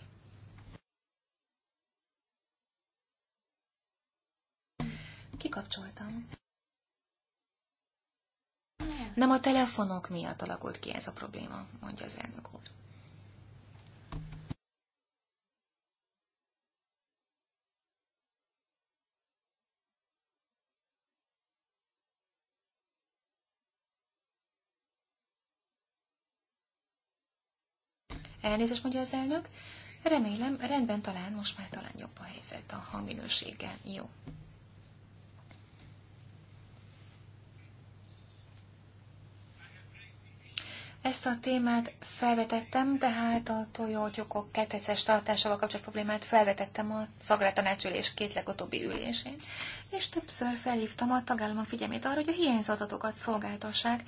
Kikapcsoltam. Nem a telefonok miatt alakult ki ez a probléma, mondja az elnök úr. Elnézést mondja az elnök. Remélem, rendben talán, most már talán jobb a helyzet a hangminőséggel. Jó. Ezt a témát felvetettem, tehát a tojótyokok kertreces tartásával kapcsolatos problémát felvetettem a szagrátanácsülés két legutóbbi ülésén, és többször felhívtam a tagállamok figyelmét arra, hogy a hiányzó adatokat szolgáltassák,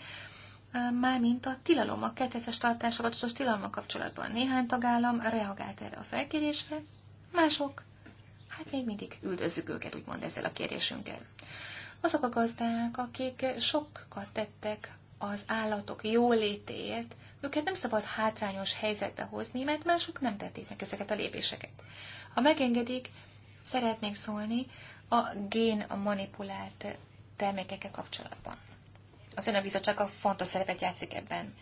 mármint a tilalom, a kertreces tartással kapcsolatos tilalma kapcsolatban. Néhány tagállam reagált erre a felkérésre, mások, hát még mindig üldözzük őket, úgymond ezzel a kérésünkkel. Azok a gazdák, akik sokkal tettek az állatok jólétéért, őket nem szabad hátrányos helyzetbe hozni, mert mások nem tették meg ezeket a lépéseket. Ha megengedik, szeretnék szólni a gén manipulált termékekkel kapcsolatban. Az csak a fontos szerepet játszik ebben.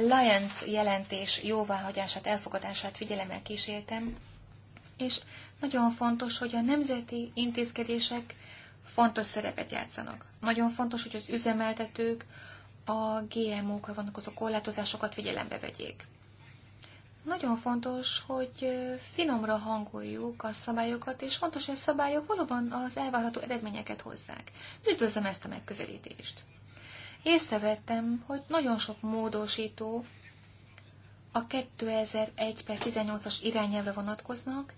Lions jelentés jóváhagyását, elfogadását figyelemmel kísértem, és nagyon fontos, hogy a nemzeti intézkedések fontos szerepet játszanak. Nagyon fontos, hogy az üzemeltetők a GMO-kra vonatkozó korlátozásokat figyelembe vegyék. Nagyon fontos, hogy finomra hangoljuk a szabályokat, és fontos, hogy a szabályok valóban az elvárható eredményeket hozzák. Üdvözlöm ezt a megközelítést. Észrevettem, hogy nagyon sok módosító a 2001 per 18-as irányelvre vonatkoznak,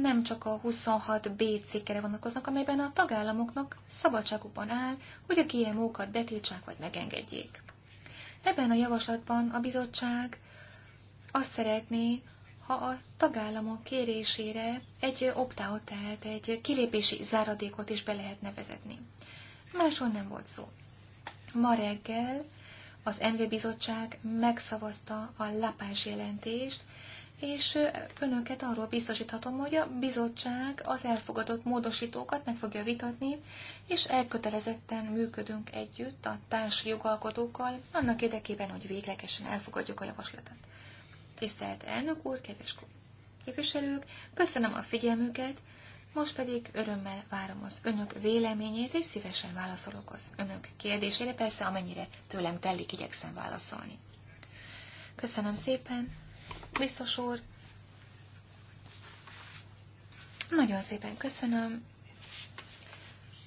nem csak a 26b cikkere vonatkoznak, amelyben a tagállamoknak szabadságukban áll, hogy a GMO-kat betiltsák vagy megengedjék. Ebben a javaslatban a bizottság azt szeretné, ha a tagállamok kérésére egy optáot, tehát egy kilépési záradékot is be lehetne vezetni. Máshol nem volt szó. Ma reggel az NV Bizottság megszavazta a lapás jelentést, és önöket arról biztosíthatom, hogy a bizottság az elfogadott módosítókat meg fogja vitatni, és elkötelezetten működünk együtt a társ jogalkotókkal, annak érdekében, hogy véglegesen elfogadjuk a javaslatot. Tisztelt elnök úr, kedves képviselők, köszönöm a figyelmüket, most pedig örömmel várom az önök véleményét, és szívesen válaszolok az önök kérdésére, persze amennyire tőlem telik, igyekszem válaszolni. Köszönöm szépen! Biztos úr, nagyon szépen köszönöm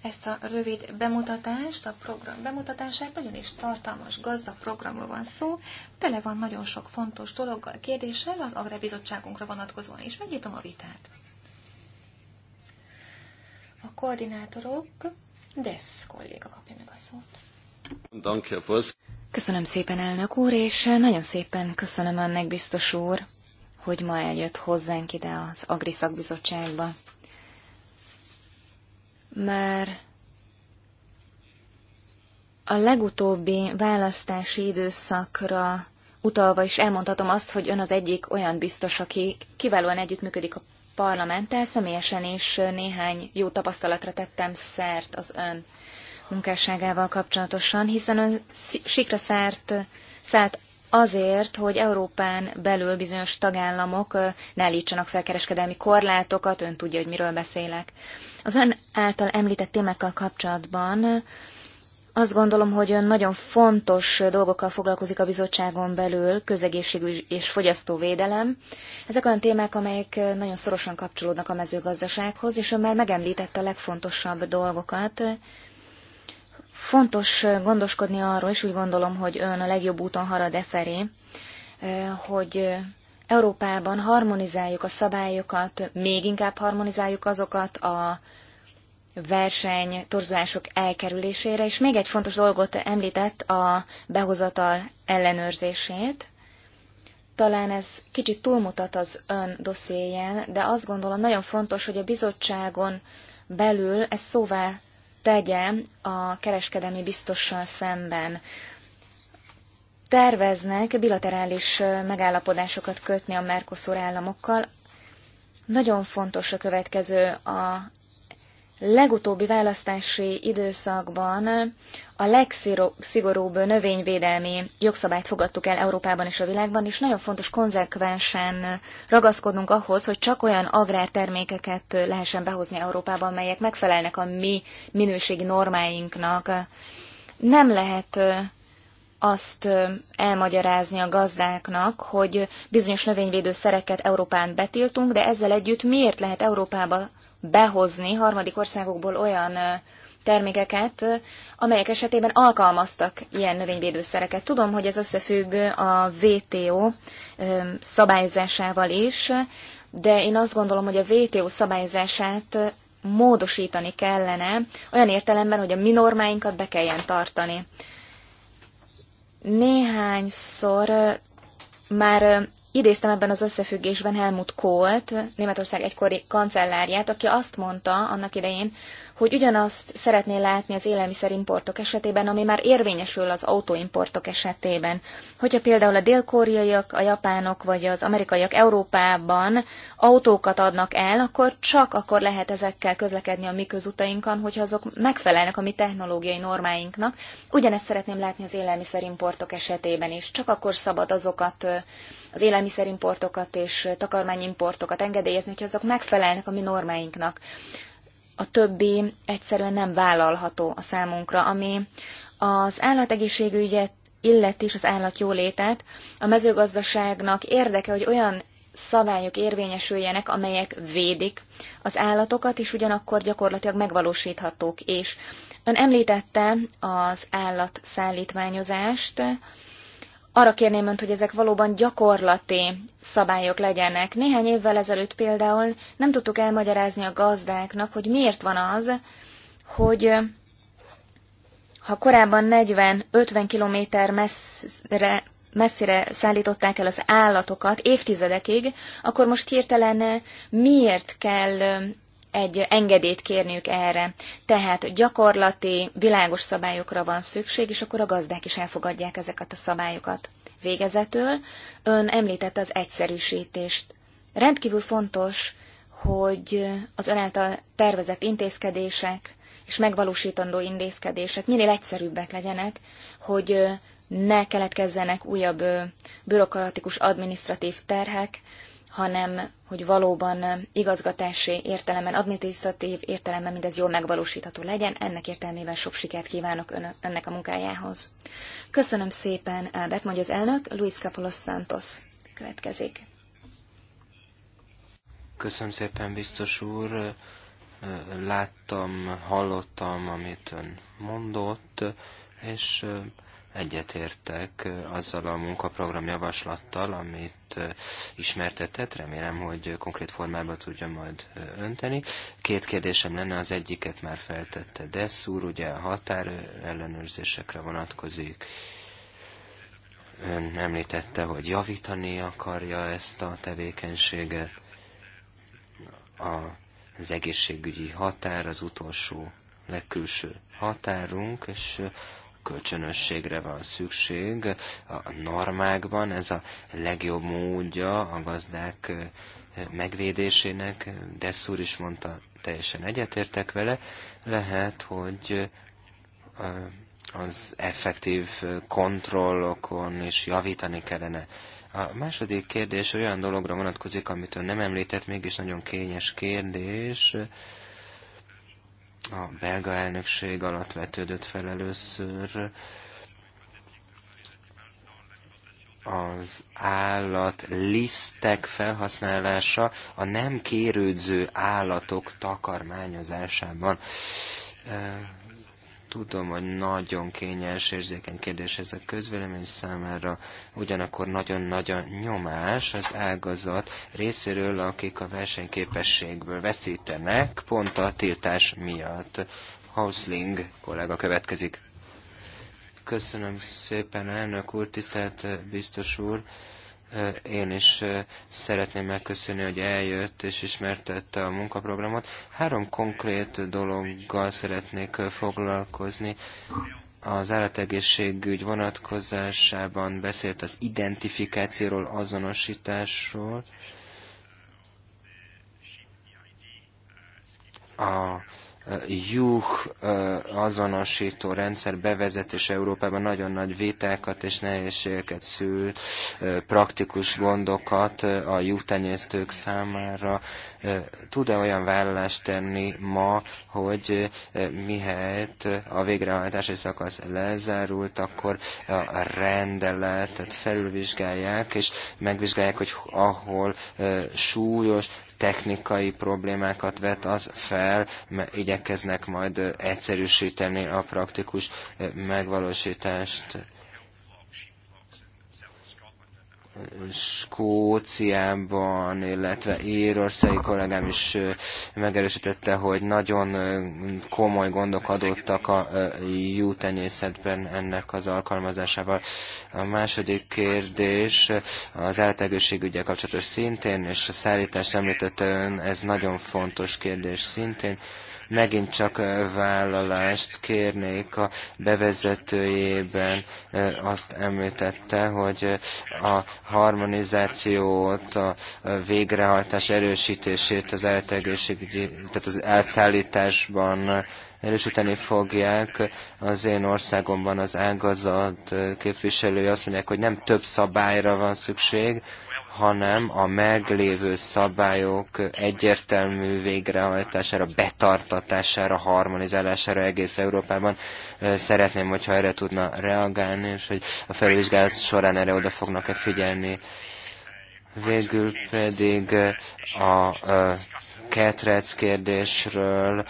ezt a rövid bemutatást, a program bemutatását, nagyon is tartalmas, gazdag programról van szó, tele van nagyon sok fontos dologgal, kérdéssel, az Agrárbizottságunkra vonatkozóan is. Megnyitom a vitát. A koordinátorok, Desz kolléga kapja meg a szót. Köszönöm szépen, elnök úr, és nagyon szépen köszönöm önnek, biztos úr, hogy ma eljött hozzánk ide az Agri Szakbizottságba. Már a legutóbbi választási időszakra utalva is elmondhatom azt, hogy ön az egyik olyan biztos, aki kiválóan együttműködik a parlamenttel, személyesen is néhány jó tapasztalatra tettem szert az ön munkásságával kapcsolatosan, hiszen ön sikra szárt, szállt azért, hogy Európán belül bizonyos tagállamok ne állítsanak fel kereskedelmi korlátokat, ön tudja, hogy miről beszélek. Az ön által említett témákkal kapcsolatban azt gondolom, hogy ön nagyon fontos dolgokkal foglalkozik a bizottságon belül, közegészség és fogyasztóvédelem. Ezek olyan témák, amelyek nagyon szorosan kapcsolódnak a mezőgazdasághoz, és ön már megemlítette a legfontosabb dolgokat, Fontos gondoskodni arról, és úgy gondolom, hogy ön a legjobb úton harad e felé, hogy Európában harmonizáljuk a szabályokat, még inkább harmonizáljuk azokat a verseny torzulások elkerülésére, és még egy fontos dolgot említett a behozatal ellenőrzését. Talán ez kicsit túlmutat az ön dossziéján, de azt gondolom nagyon fontos, hogy a bizottságon belül ez szóvá tegye a kereskedelmi biztossal szemben. Terveznek bilaterális megállapodásokat kötni a Mercosur államokkal. Nagyon fontos a következő a legutóbbi választási időszakban a legszigorúbb növényvédelmi jogszabályt fogadtuk el Európában és a világban, és nagyon fontos konzekvensen ragaszkodnunk ahhoz, hogy csak olyan agrártermékeket lehessen behozni Európába, amelyek megfelelnek a mi minőségi normáinknak. Nem lehet azt elmagyarázni a gazdáknak, hogy bizonyos növényvédőszereket Európán betiltunk, de ezzel együtt miért lehet Európába behozni harmadik országokból olyan termékeket, amelyek esetében alkalmaztak ilyen növényvédőszereket. Tudom, hogy ez összefügg a WTO szabályzásával is, de én azt gondolom, hogy a WTO szabályzását módosítani kellene, olyan értelemben, hogy a mi normáinkat be kelljen tartani. Néhányszor már Idéztem ebben az összefüggésben Helmut Kohlt, Németország egykori kancellárját, aki azt mondta annak idején, hogy ugyanazt szeretné látni az élelmiszerimportok esetében, ami már érvényesül az autóimportok esetében. Hogyha például a dél-koreaiak, a japánok vagy az amerikaiak Európában autókat adnak el, akkor csak akkor lehet ezekkel közlekedni a mi közutainkon, hogyha azok megfelelnek a mi technológiai normáinknak. Ugyanezt szeretném látni az élelmiszerimportok esetében is. Csak akkor szabad azokat az élelmiszerimportokat és takarmányimportokat engedélyezni, hogyha azok megfelelnek a mi normáinknak a többi egyszerűen nem vállalható a számunkra, ami az állategészségügyet illeti és az állatjólétet. A mezőgazdaságnak érdeke, hogy olyan szabályok érvényesüljenek, amelyek védik az állatokat, és ugyanakkor gyakorlatilag megvalósíthatók is. Ön említette az állatszállítmányozást, arra kérném önt, hogy ezek valóban gyakorlati szabályok legyenek. Néhány évvel ezelőtt például nem tudtuk elmagyarázni a gazdáknak, hogy miért van az, hogy ha korábban 40-50 kilométer messzre, messzire szállították el az állatokat évtizedekig, akkor most hirtelen miért kell egy engedélyt kérniük erre. Tehát gyakorlati, világos szabályokra van szükség, és akkor a gazdák is elfogadják ezeket a szabályokat. Végezetül ön említette az egyszerűsítést. Rendkívül fontos, hogy az ön által tervezett intézkedések és megvalósítandó intézkedések minél egyszerűbbek legyenek, hogy ne keletkezzenek újabb bürokratikus adminisztratív terhek, hanem hogy valóban igazgatási értelemben, administratív értelemben mindez jól megvalósítható legyen. Ennek értelmében sok sikert kívánok ön, önnek a munkájához. Köszönöm szépen, Albert, mondja az elnök, Luis Capolos Santos következik. Köszönöm szépen, biztos úr. Láttam, hallottam, amit ön mondott, és egyetértek eh, azzal a munkaprogram javaslattal, amit eh, ismertetett, remélem, hogy konkrét formába tudja majd eh, önteni. Két kérdésem lenne, az egyiket már feltette Desszúr, ugye a határ ellenőrzésekre vonatkozik. Ön említette, hogy javítani akarja ezt a tevékenységet. A, az egészségügyi határ az utolsó legkülső határunk, és kölcsönösségre van szükség a normákban. Ez a legjobb módja a gazdák megvédésének. Szúr is mondta, teljesen egyetértek vele. Lehet, hogy az effektív kontrollokon is javítani kellene. A második kérdés olyan dologra vonatkozik, amit ön nem említett, mégis nagyon kényes kérdés a belga elnökség alatt vetődött fel először az állat lisztek felhasználása a nem kérődző állatok takarmányozásában. Tudom, hogy nagyon kényes, érzékeny kérdés ez a közvélemény számára, ugyanakkor nagyon nagy a nyomás az ágazat részéről, akik a versenyképességből veszítenek, pont a tiltás miatt. Hausling kollega következik. Köszönöm szépen, elnök úr, tisztelt biztos úr. Én is szeretném megköszönni, hogy eljött és ismertette a munkaprogramot. Három konkrét dologgal szeretnék foglalkozni. Az állategészségügy vonatkozásában beszélt az identifikációról, azonosításról. A juh azonosító rendszer bevezetés Európában nagyon nagy vitákat és nehézségeket szül, praktikus gondokat a juhtenyésztők számára. Tud-e olyan vállalást tenni ma, hogy mihelyt a végrehajtási szakasz lezárult, akkor a rendeletet felülvizsgálják, és megvizsgálják, hogy ahol súlyos technikai problémákat vet az fel, mert igyekeznek majd egyszerűsíteni a praktikus megvalósítást. Skóciában, illetve Írországi kollégám is megerősítette, hogy nagyon komoly gondok adottak a jútenyészetben ennek az alkalmazásával. A második kérdés az állategészségügyel kapcsolatos szintén, és a szállítást említett ön, ez nagyon fontos kérdés szintén. Megint csak vállalást kérnék a bevezetőjében. Azt említette, hogy a harmonizációt, a végrehajtás erősítését az eltegőségügyi, tehát az elszállításban erősíteni fogják. Az én országomban az ágazat képviselői azt mondják, hogy nem több szabályra van szükség, hanem a meglévő szabályok egyértelmű végrehajtására, betartatására, harmonizálására egész Európában. Szeretném, hogyha erre tudna reagálni, és hogy a felvizsgálat során erre oda fognak-e figyelni. Végül pedig a ketrec kérdésről,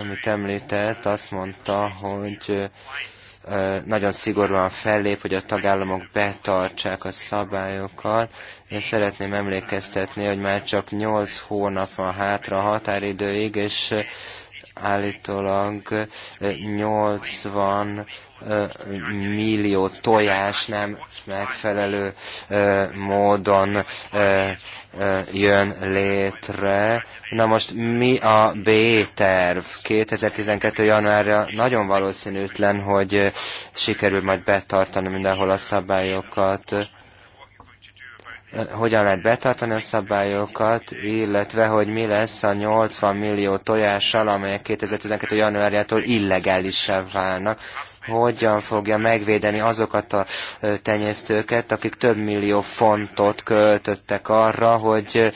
amit említett, azt mondta, hogy nagyon szigorúan fellép, hogy a tagállamok betartsák a szabályokat. Én szeretném emlékeztetni, hogy már csak 8 hónap van hátra a határidőig, és állítólag 80 millió tojás nem megfelelő módon jön létre. Na most mi a B-terv? 2012. januárra nagyon valószínűtlen, hogy sikerül majd betartani mindenhol a szabályokat hogyan lehet betartani a szabályokat, illetve hogy mi lesz a 80 millió tojással, amelyek 2012. januárjától illegálissá válnak. Hogyan fogja megvédeni azokat a tenyésztőket, akik több millió fontot költöttek arra, hogy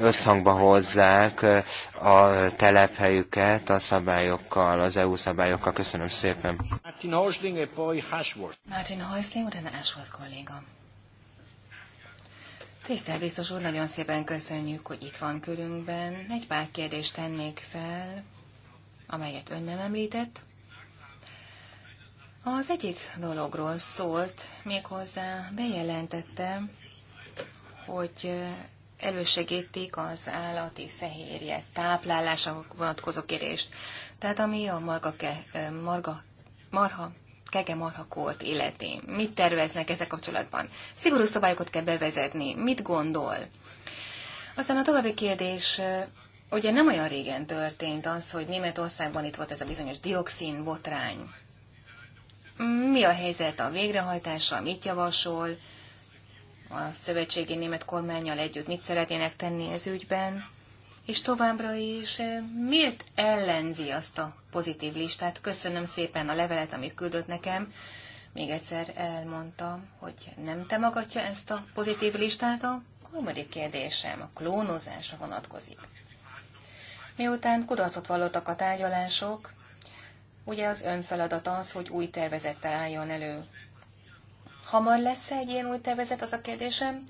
összhangba hozzák a telephelyüket a szabályokkal, az EU szabályokkal. Köszönöm szépen. Martin Häusling, utána Ashworth kolléga. Tisztel biztos úr, nagyon szépen köszönjük, hogy itt van körünkben. Egy pár kérdést tennék fel, amelyet ön nem említett. Az egyik dologról szólt, méghozzá bejelentette, hogy elősegítik az állati fehérje táplálása vonatkozó kérést. Tehát ami a marga, ke, marga marha tegemarhakort életé? Mit terveznek ezzel kapcsolatban? Szigorú szabályokat kell bevezetni. Mit gondol? Aztán a további kérdés, ugye nem olyan régen történt az, hogy Németországban itt volt ez a bizonyos dioxin botrány. Mi a helyzet a végrehajtása, mit javasol, a szövetségi német kormányjal együtt mit szeretnének tenni ez ügyben? és továbbra is eh, miért ellenzi azt a pozitív listát? Köszönöm szépen a levelet, amit küldött nekem. Még egyszer elmondtam, hogy nem támogatja ezt a pozitív listát. A harmadik kérdésem a klónozásra vonatkozik. Miután kudarcot vallottak a tárgyalások, ugye az ön feladat az, hogy új tervezettel álljon elő. Hamar lesz -e egy ilyen új tervezet, az a kérdésem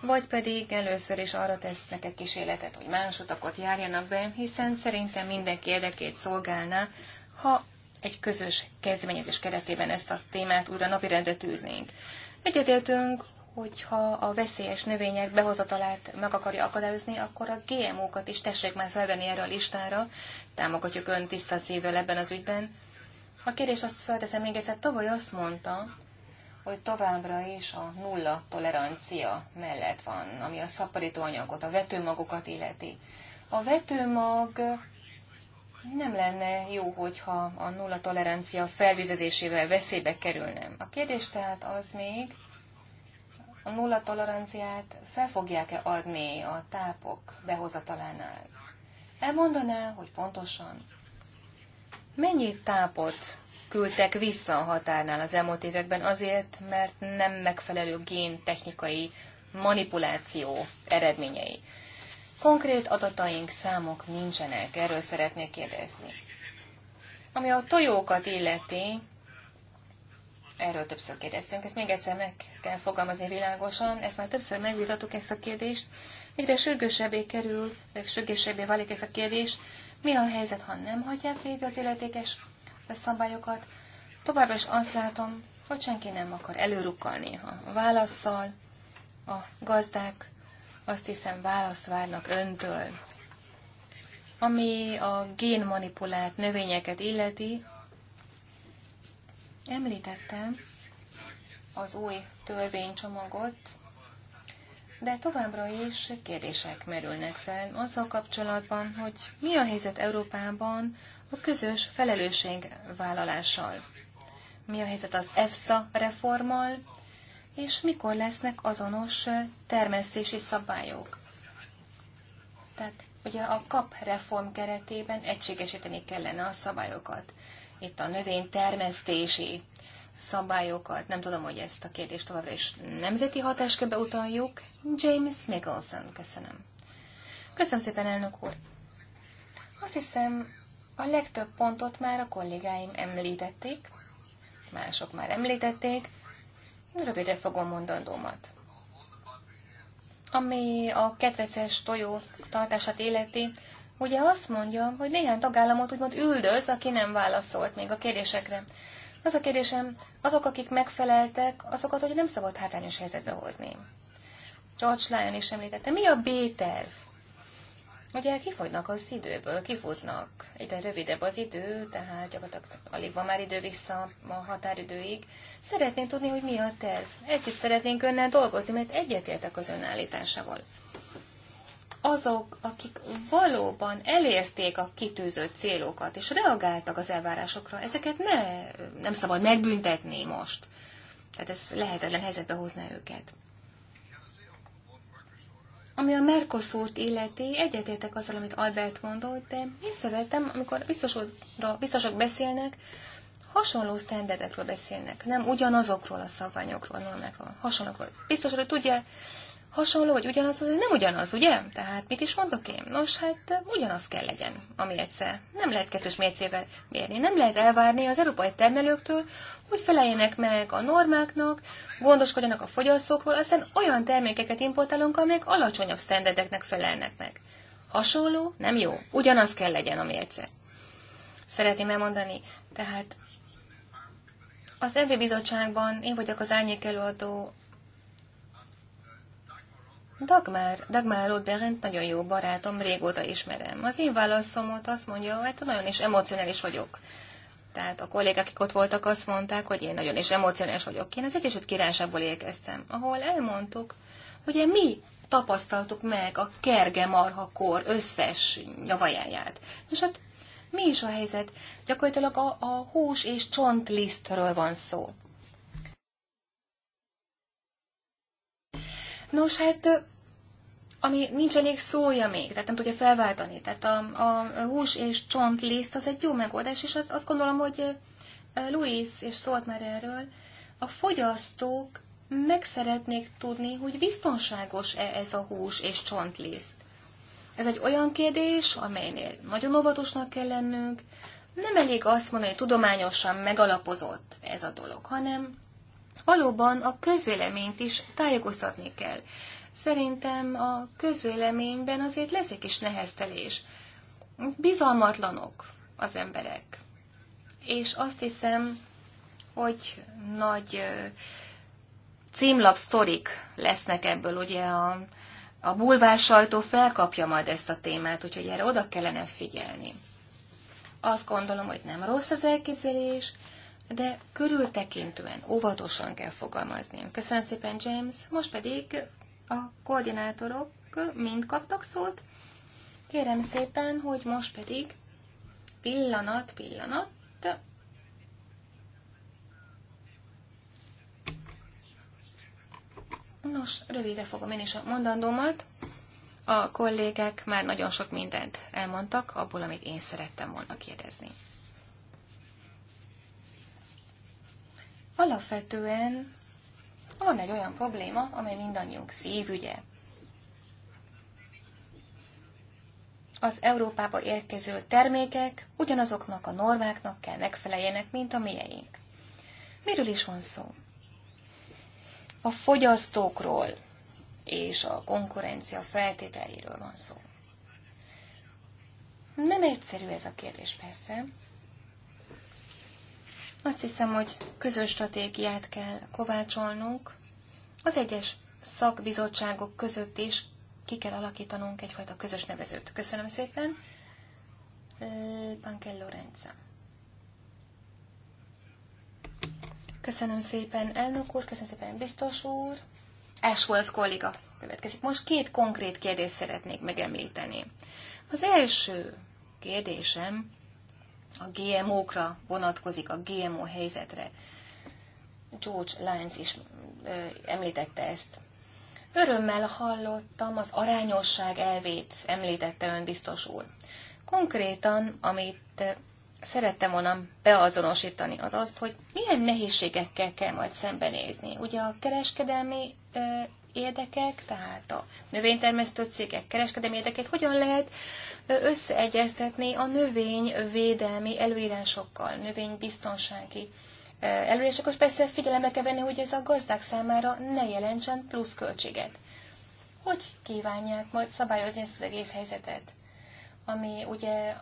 vagy pedig először is arra tesznek egy kísérletet, hogy más utakot járjanak be, hiszen szerintem mindenki érdekét szolgálná, ha egy közös kezdeményezés keretében ezt a témát újra napirendre tűznénk. Egyetértünk, hogyha a veszélyes növények behozatalát meg akarja akadályozni, akkor a GMO-kat is tessék már felvenni erre a listára. Támogatjuk ön tiszta szívvel ebben az ügyben. A kérdés azt felteszem még egyszer, tavaly azt mondta, hogy továbbra is a nulla tolerancia mellett van, ami a szaporító anyagot, a vetőmagokat illeti. A vetőmag nem lenne jó, hogyha a nulla tolerancia felvizezésével veszélybe kerülne. A kérdés tehát az még, a nulla toleranciát fel fogják-e adni a tápok behozatalánál? Elmondaná, hogy pontosan mennyi tápot küldtek vissza a határnál az elmúlt években azért, mert nem megfelelő gén technikai manipuláció eredményei. Konkrét adataink, számok nincsenek, erről szeretnék kérdezni. Ami a tojókat illeti, erről többször kérdeztünk, ezt még egyszer meg kell fogalmazni világosan, ezt már többször megvitattuk ezt a kérdést, egyre sürgősebbé kerül, sürgősebbé válik ez a kérdés, mi a helyzet, ha nem hagyják végre az illetékes szabályokat, továbbra is azt látom, hogy senki nem akar előrukkalni a válaszszal, a gazdák azt hiszem választ várnak öntől. Ami a génmanipulált növényeket illeti, említettem az új törvénycsomagot, de továbbra is kérdések merülnek fel azzal kapcsolatban, hogy mi a helyzet Európában a közös felelősségvállalással. Mi a helyzet az EFSA reformmal, és mikor lesznek azonos termesztési szabályok. Tehát ugye a KAP reform keretében egységesíteni kellene a szabályokat. Itt a növény termesztési szabályokat. Nem tudom, hogy ezt a kérdést továbbra is nemzeti hatáskörbe utaljuk. James Nicholson, köszönöm. Köszönöm szépen, elnök úr. Azt hiszem, a legtöbb pontot már a kollégáim említették, mások már említették, rövidre fogom mondandómat. Ami a ketreces tojó tartását életi, ugye azt mondja, hogy néhány tagállamot úgymond üldöz, aki nem válaszolt még a kérdésekre. Az a kérdésem, azok, akik megfeleltek, azokat hogy nem szabad hátrányos helyzetbe hozni. George Lyon is említette, mi a B-terv? Ugye kifogynak az időből, kifutnak. Egyre rövidebb az idő, tehát gyakorlatilag alig van már idő vissza a határidőig. Szeretném tudni, hogy mi a terv. Együtt szeretnénk önnel dolgozni, mert egyetértek az ön azok, akik valóban elérték a kitűzött célokat, és reagáltak az elvárásokra, ezeket ne, nem szabad megbüntetni most. Tehát ez lehetetlen helyzetbe hozná őket. Ami a Mercosurt illeti, egyetértek azzal, amit Albert mondott, de észrevettem, amikor biztosokra, biztosok beszélnek, hasonló szendetekről beszélnek, nem ugyanazokról a szabványokról, a hasonlókról. Biztos, hogy tudja, hasonló, vagy ugyanaz, az nem ugyanaz, ugye? Tehát mit is mondok én? Nos, hát ugyanaz kell legyen, ami egyszer. Nem lehet kettős mércével mérni. Nem lehet elvárni az európai termelőktől, hogy feleljenek meg a normáknak, gondoskodjanak a fogyasztókról, aztán olyan termékeket importálunk, amelyek alacsonyabb szendedeknek felelnek meg. Hasonló, nem jó. Ugyanaz kell legyen a mérce. Szeretném elmondani, tehát az EB bizottságban én vagyok az árnyék előadó Dagmar, Dagmar Rodberent nagyon jó barátom, régóta ismerem. Az én válaszomot azt mondja, hogy hát nagyon is emocionális vagyok. Tehát a kollégák, akik ott voltak, azt mondták, hogy én nagyon is emocionális vagyok. Én az Egyesült Királyságból érkeztem, ahol elmondtuk, hogy mi tapasztaltuk meg a kerge marhakor összes nyavajáját. És hát mi is a helyzet? Gyakorlatilag a, a hús és csontlisztről van szó. Nos, hát ami nincs elég szója még, tehát nem tudja felváltani. Tehát a, a hús és csont liszt az egy jó megoldás, és azt, azt gondolom, hogy Louis és szólt már erről, a fogyasztók meg szeretnék tudni, hogy biztonságos-e ez a hús és liszt. Ez egy olyan kérdés, amelynél nagyon óvatosnak kell lennünk. Nem elég azt mondani, hogy tudományosan megalapozott ez a dolog, hanem valóban a közvéleményt is tájékoztatni kell. Szerintem a közvéleményben azért lesz egy kis neheztelés. Bizalmatlanok az emberek. És azt hiszem, hogy nagy címlap lesznek ebből, ugye a, a bulvár sajtó felkapja majd ezt a témát, úgyhogy erre oda kellene figyelni. Azt gondolom, hogy nem rossz az elképzelés, de körültekintően, óvatosan kell fogalmazni. Köszönöm szépen, James. Most pedig a koordinátorok mind kaptak szót. Kérem szépen, hogy most pedig pillanat, pillanat, Nos, rövidre fogom én is a mondandómat. A kollégek már nagyon sok mindent elmondtak abból, amit én szerettem volna kérdezni. Alapvetően van egy olyan probléma, amely mindannyiunk szívügye. Az Európába érkező termékek ugyanazoknak a normáknak kell megfeleljenek, mint a miénk. Miről is van szó? A fogyasztókról és a konkurencia feltételéről van szó. Nem egyszerű ez a kérdés persze, azt hiszem, hogy közös stratégiát kell kovácsolnunk. Az egyes szakbizottságok között is ki kell alakítanunk egyfajta közös nevezőt. Köszönöm szépen. Pankel Lorenza. Köszönöm szépen, elnök úr, köszönöm szépen, biztos úr. Ashworth kolléga következik. Most két konkrét kérdést szeretnék megemlíteni. Az első kérdésem a GMO-kra vonatkozik, a GMO helyzetre. George Lyons is említette ezt. Örömmel hallottam az arányosság elvét, említette ön biztos úr. Konkrétan, amit szerettem volna beazonosítani, az azt, hogy milyen nehézségekkel kell majd szembenézni. Ugye a kereskedelmi érdekek, tehát a növénytermesztő cégek kereskedelmi érdekek hogyan lehet összeegyeztetni a növényvédelmi előírásokkal, növénybiztonsági előírásokkal, és persze figyelembe kell venni, hogy ez a gazdák számára ne jelentsen plusz költséget. Hogy kívánják majd szabályozni ezt az egész helyzetet? Ami ugye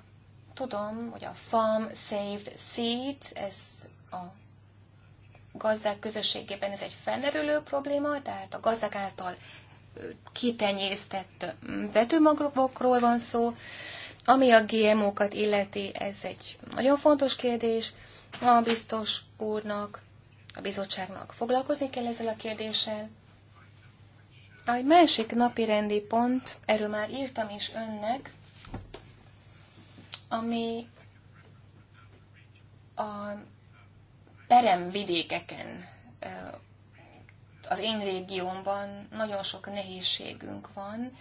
tudom, hogy a Farm Saved Seed, ez a gazdák közösségében ez egy felmerülő probléma, tehát a gazdák által kitenyésztett mm, vetőmagokról van szó. Ami a GMO-kat illeti, ez egy nagyon fontos kérdés. A biztos úrnak, a bizottságnak foglalkozni kell ezzel a kérdéssel. A másik napi rendi pont, erről már írtam is önnek, ami a peremvidékeken, az én régiómban nagyon sok nehézségünk van,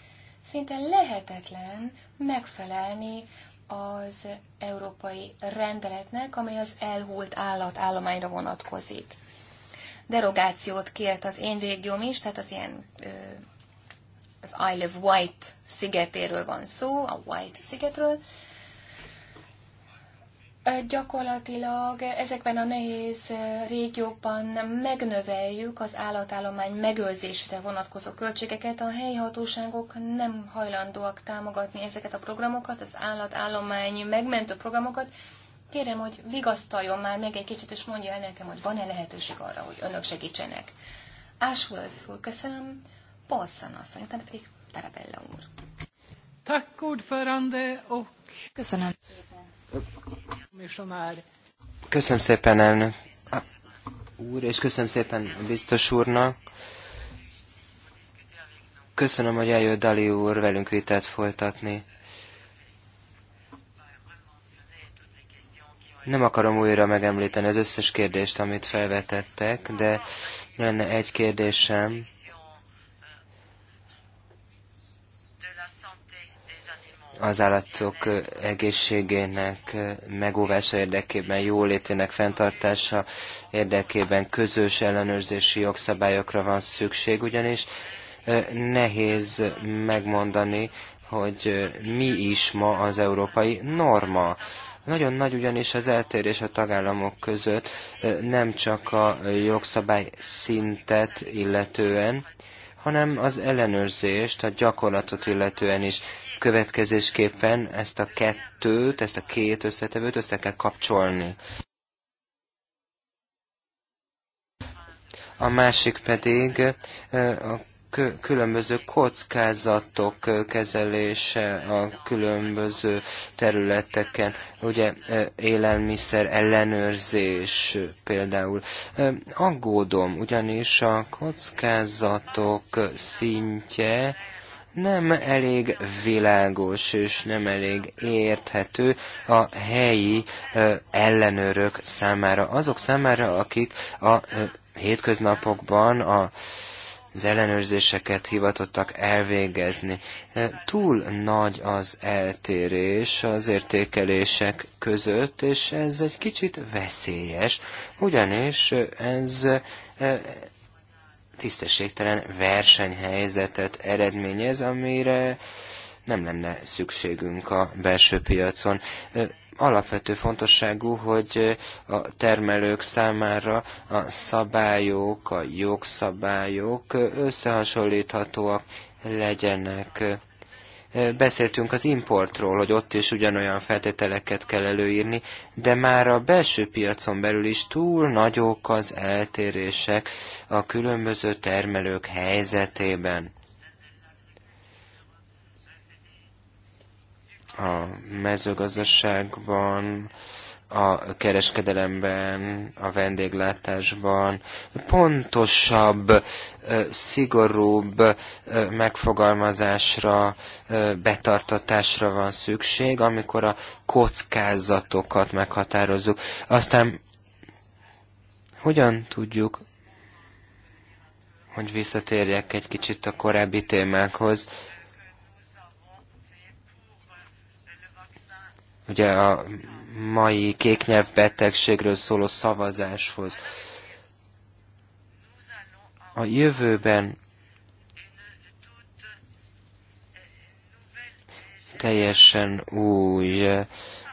szinte lehetetlen megfelelni az európai rendeletnek, amely az elhult állatállományra vonatkozik. Derogációt kért az én régióm is, tehát az ilyen az Isle of White szigetéről van szó, a White szigetről, Gyakorlatilag ezekben a nehéz régiókban megnöveljük az állatállomány megőrzésre vonatkozó költségeket. A helyi hatóságok nem hajlandóak támogatni ezeket a programokat, az állatállomány megmentő programokat. Kérem, hogy vigasztaljon már meg egy kicsit, és mondja el nekem, hogy van-e lehetőség arra, hogy önök segítsenek. Ashworth úr, köszönöm. Paulson asszony, utána pedig Tarabella úr. Tak, ordförande, Köszönöm Köszönöm szépen, elnök úr, és köszönöm szépen biztos úrnak. Köszönöm, hogy eljött Dali úr velünk vitát folytatni. Nem akarom újra megemlíteni az összes kérdést, amit felvetettek, de lenne egy kérdésem az állatok egészségének megóvása érdekében, jólétének fenntartása érdekében közös ellenőrzési jogszabályokra van szükség, ugyanis nehéz megmondani, hogy mi is ma az európai norma. Nagyon nagy ugyanis az eltérés a tagállamok között, nem csak a jogszabály szintet illetően, hanem az ellenőrzést, a gyakorlatot illetően is következésképpen ezt a kettőt, ezt a két összetevőt össze kell kapcsolni. A másik pedig a különböző kockázatok kezelése a különböző területeken, ugye élelmiszer ellenőrzés például. Aggódom, ugyanis a kockázatok szintje nem elég világos és nem elég érthető a helyi ellenőrök számára. Azok számára, akik a hétköznapokban a az ellenőrzéseket hivatottak elvégezni. Túl nagy az eltérés az értékelések között, és ez egy kicsit veszélyes, ugyanis ez tisztességtelen versenyhelyzetet eredményez, amire nem lenne szükségünk a belső piacon. Alapvető fontosságú, hogy a termelők számára a szabályok, a jogszabályok összehasonlíthatóak legyenek Beszéltünk az importról, hogy ott is ugyanolyan feltételeket kell előírni, de már a belső piacon belül is túl nagyok az eltérések a különböző termelők helyzetében. A mezőgazdaságban a kereskedelemben, a vendéglátásban pontosabb, szigorúbb megfogalmazásra, betartatásra van szükség, amikor a kockázatokat meghatározzuk. Aztán hogyan tudjuk, hogy visszatérjek egy kicsit a korábbi témákhoz, ugye a mai kéknyelvbetegségről szóló szavazáshoz. A jövőben teljesen új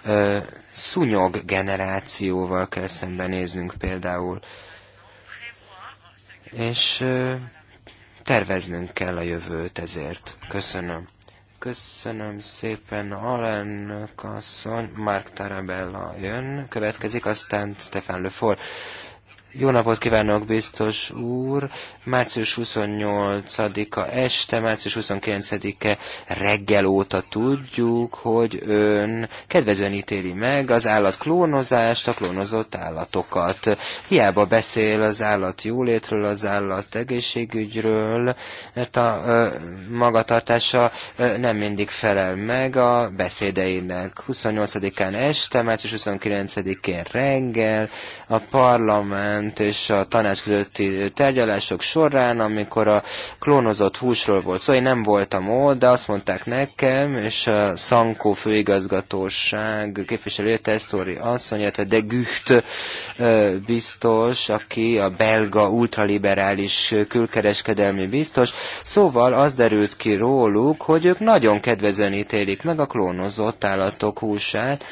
ö, szúnyog generációval kell szembenéznünk például. És ö, terveznünk kell a jövőt ezért. Köszönöm. Köszönöm szépen, Alan Kasson, Mark Tarabella jön, következik, aztán Stefan Lefort. Jó napot kívánok, biztos úr! Március 28-a este, március 29-e reggel óta tudjuk, hogy ön kedvezően ítéli meg az állat klónozást, a klónozott állatokat. Hiába beszél az állat jólétről, az állat egészségügyről, mert a ö, magatartása ö, nem mindig felel meg a beszédeinek. 28-án este, március 29-én reggel a parlament parlament és a tanács közötti tárgyalások során, amikor a klónozott húsról volt szó, szóval én nem voltam ott, de azt mondták nekem, és a Szankó főigazgatóság képviselője, Tesztori asszony, illetve De Gücht biztos, aki a belga ultraliberális külkereskedelmi biztos, szóval az derült ki róluk, hogy ők nagyon kedvezően ítélik meg a klónozott állatok húsát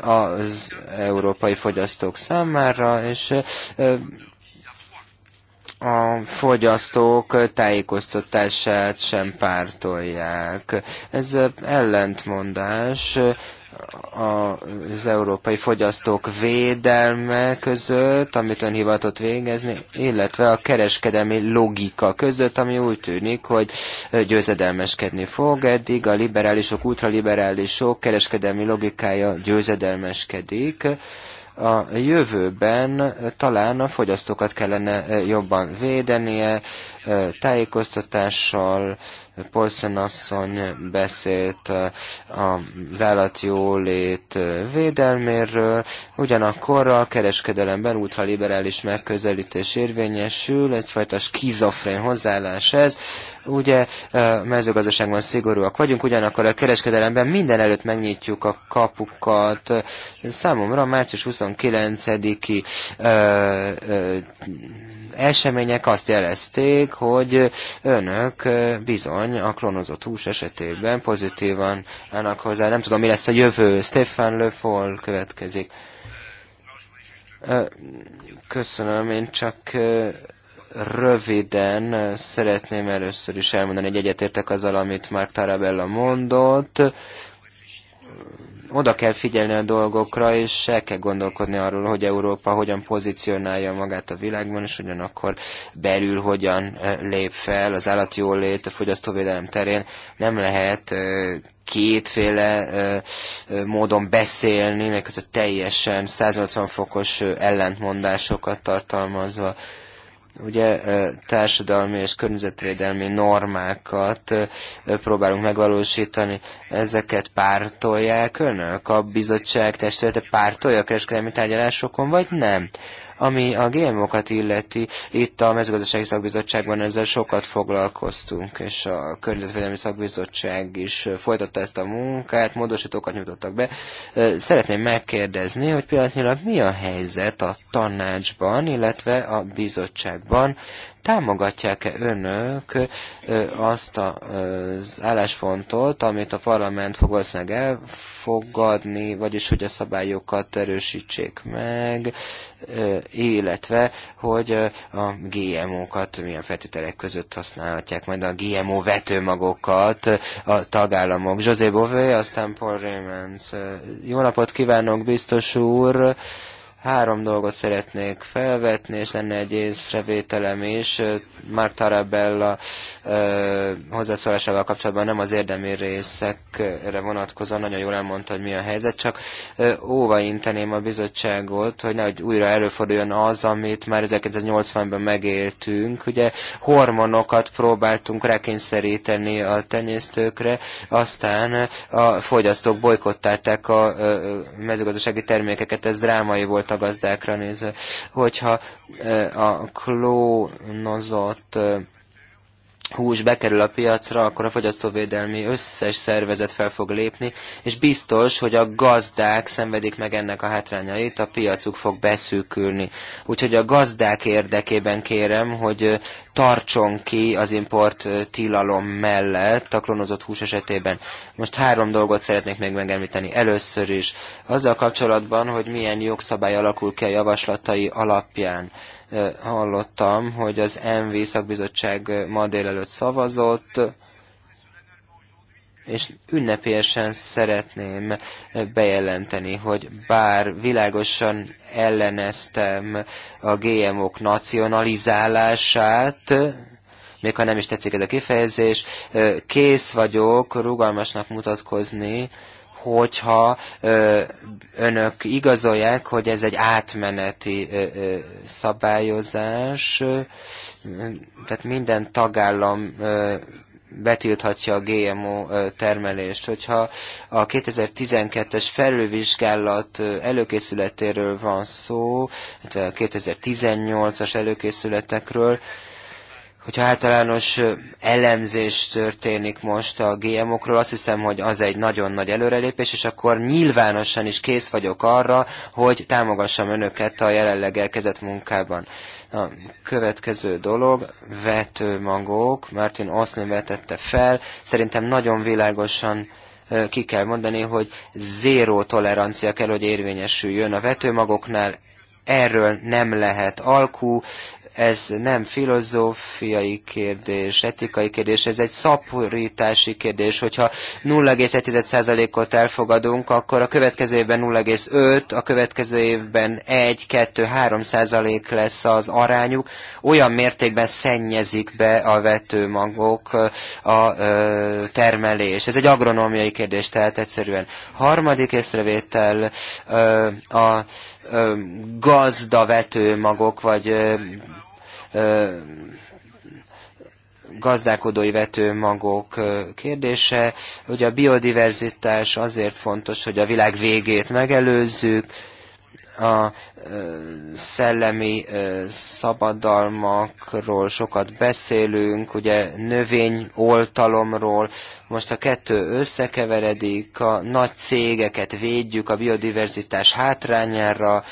az európai fogyasztók számára, és a fogyasztók tájékoztatását sem pártolják. Ez ellentmondás az európai fogyasztók védelme között, amit ön hivatott végezni, illetve a kereskedelmi logika között, ami úgy tűnik, hogy győzedelmeskedni fog. Eddig a liberálisok, ultraliberálisok kereskedelmi logikája győzedelmeskedik a jövőben talán a fogyasztókat kellene eh, jobban védenie, eh, tájékoztatással, Polszen asszony beszélt eh, az állatjólét eh, védelméről, ugyanakkor a kereskedelemben ultraliberális megközelítés érvényesül, egyfajta skizofrén hozzáállás ez, ugye eh, mezőgazdaságban szigorúak vagyunk, ugyanakkor a kereskedelemben minden előtt megnyitjuk a kapukat. Számomra március 29-i események azt jelezték, hogy önök bizony asszony a klónozott hús esetében pozitívan állnak hozzá. Nem tudom, mi lesz a jövő. Stefan Le következik. Köszönöm, én csak röviden szeretném először is elmondani, hogy egyetértek azzal, amit Mark Tarabella mondott oda kell figyelni a dolgokra, és el kell gondolkodni arról, hogy Európa hogyan pozícionálja magát a világban, és ugyanakkor belül hogyan eh, lép fel az állatjólét, a fogyasztóvédelem terén. Nem lehet eh, kétféle eh, módon beszélni, meg ez a teljesen 180 fokos ellentmondásokat tartalmazva ugye társadalmi és környezetvédelmi normákat próbálunk megvalósítani. Ezeket pártolják önök? A bizottság testülete pártolja a kereskedelmi tárgyalásokon, vagy nem? Ami a GMO-kat illeti, itt a mezőgazdasági szakbizottságban ezzel sokat foglalkoztunk, és a környezetvédelmi szakbizottság is folytatta ezt a munkát, módosítókat nyújtottak be. Szeretném megkérdezni, hogy pillanatnyilag mi a helyzet a tanácsban, illetve a bizottságban Támogatják-e önök azt az álláspontot, amit a parlament fog valószínűleg elfogadni, vagyis hogy a szabályokat erősítsék meg, illetve hogy a GMO-kat milyen feltételek között használhatják, majd a GMO vetőmagokat a tagállamok. José Bové, aztán Paul Raymond. Jó napot kívánok, biztos úr! Három dolgot szeretnék felvetni, és lenne egy észrevételem is. Mark Tarabella hozzászólásával kapcsolatban nem az érdemi részekre vonatkozóan nagyon jól elmondta, hogy mi a helyzet, csak inteném a bizottságot, hogy nehogy újra előforduljon az, amit már 1980-ban megéltünk. Ugye hormonokat próbáltunk rákényszeríteni a tenyésztőkre, aztán a fogyasztók bolykottálták a mezőgazdasági termékeket, ez drámai volt gazdákra nézve, hogyha eh, a klónozott eh, hús bekerül a piacra, akkor a fogyasztóvédelmi összes szervezet fel fog lépni, és biztos, hogy a gazdák szenvedik meg ennek a hátrányait, a piacuk fog beszűkülni. Úgyhogy a gazdák érdekében kérem, hogy tartson ki az import tilalom mellett a klonozott hús esetében. Most három dolgot szeretnék még megemlíteni. Először is azzal kapcsolatban, hogy milyen jogszabály alakul ki a javaslatai alapján hallottam, hogy az MV szakbizottság ma délelőtt szavazott, és ünnepélyesen szeretném bejelenteni, hogy bár világosan elleneztem a GMO-k nacionalizálását, még ha nem is tetszik ez a kifejezés, kész vagyok rugalmasnak mutatkozni, hogyha önök igazolják, hogy ez egy átmeneti szabályozás, tehát minden tagállam betilthatja a GMO termelést. Hogyha a 2012-es felülvizsgálat előkészületéről van szó, tehát a 2018-as előkészületekről, Hogyha általános elemzés történik most a GMO-król, azt hiszem, hogy az egy nagyon nagy előrelépés, és akkor nyilvánosan is kész vagyok arra, hogy támogassam önöket a jelenleg elkezdett munkában. A következő dolog, vetőmagok, Martin Oszlin vetette fel, szerintem nagyon világosan ki kell mondani, hogy zéró tolerancia kell, hogy érvényesüljön a vetőmagoknál, erről nem lehet alkú, ez nem filozófiai kérdés, etikai kérdés, ez egy szaporítási kérdés, hogyha 0,1%-ot elfogadunk, akkor a következő évben 0,5, a következő évben 1, 2, 3 százalék lesz az arányuk, olyan mértékben szennyezik be a vetőmagok a termelés. Ez egy agronómiai kérdés, tehát egyszerűen. Harmadik észrevétel a vetőmagok vagy gazdálkodói vetőmagok kérdése. Ugye a biodiverzitás azért fontos, hogy a világ végét megelőzzük, a szellemi szabadalmakról sokat beszélünk, ugye növényoltalomról, most a kettő összekeveredik, a nagy cégeket védjük a biodiverzitás hátrányára,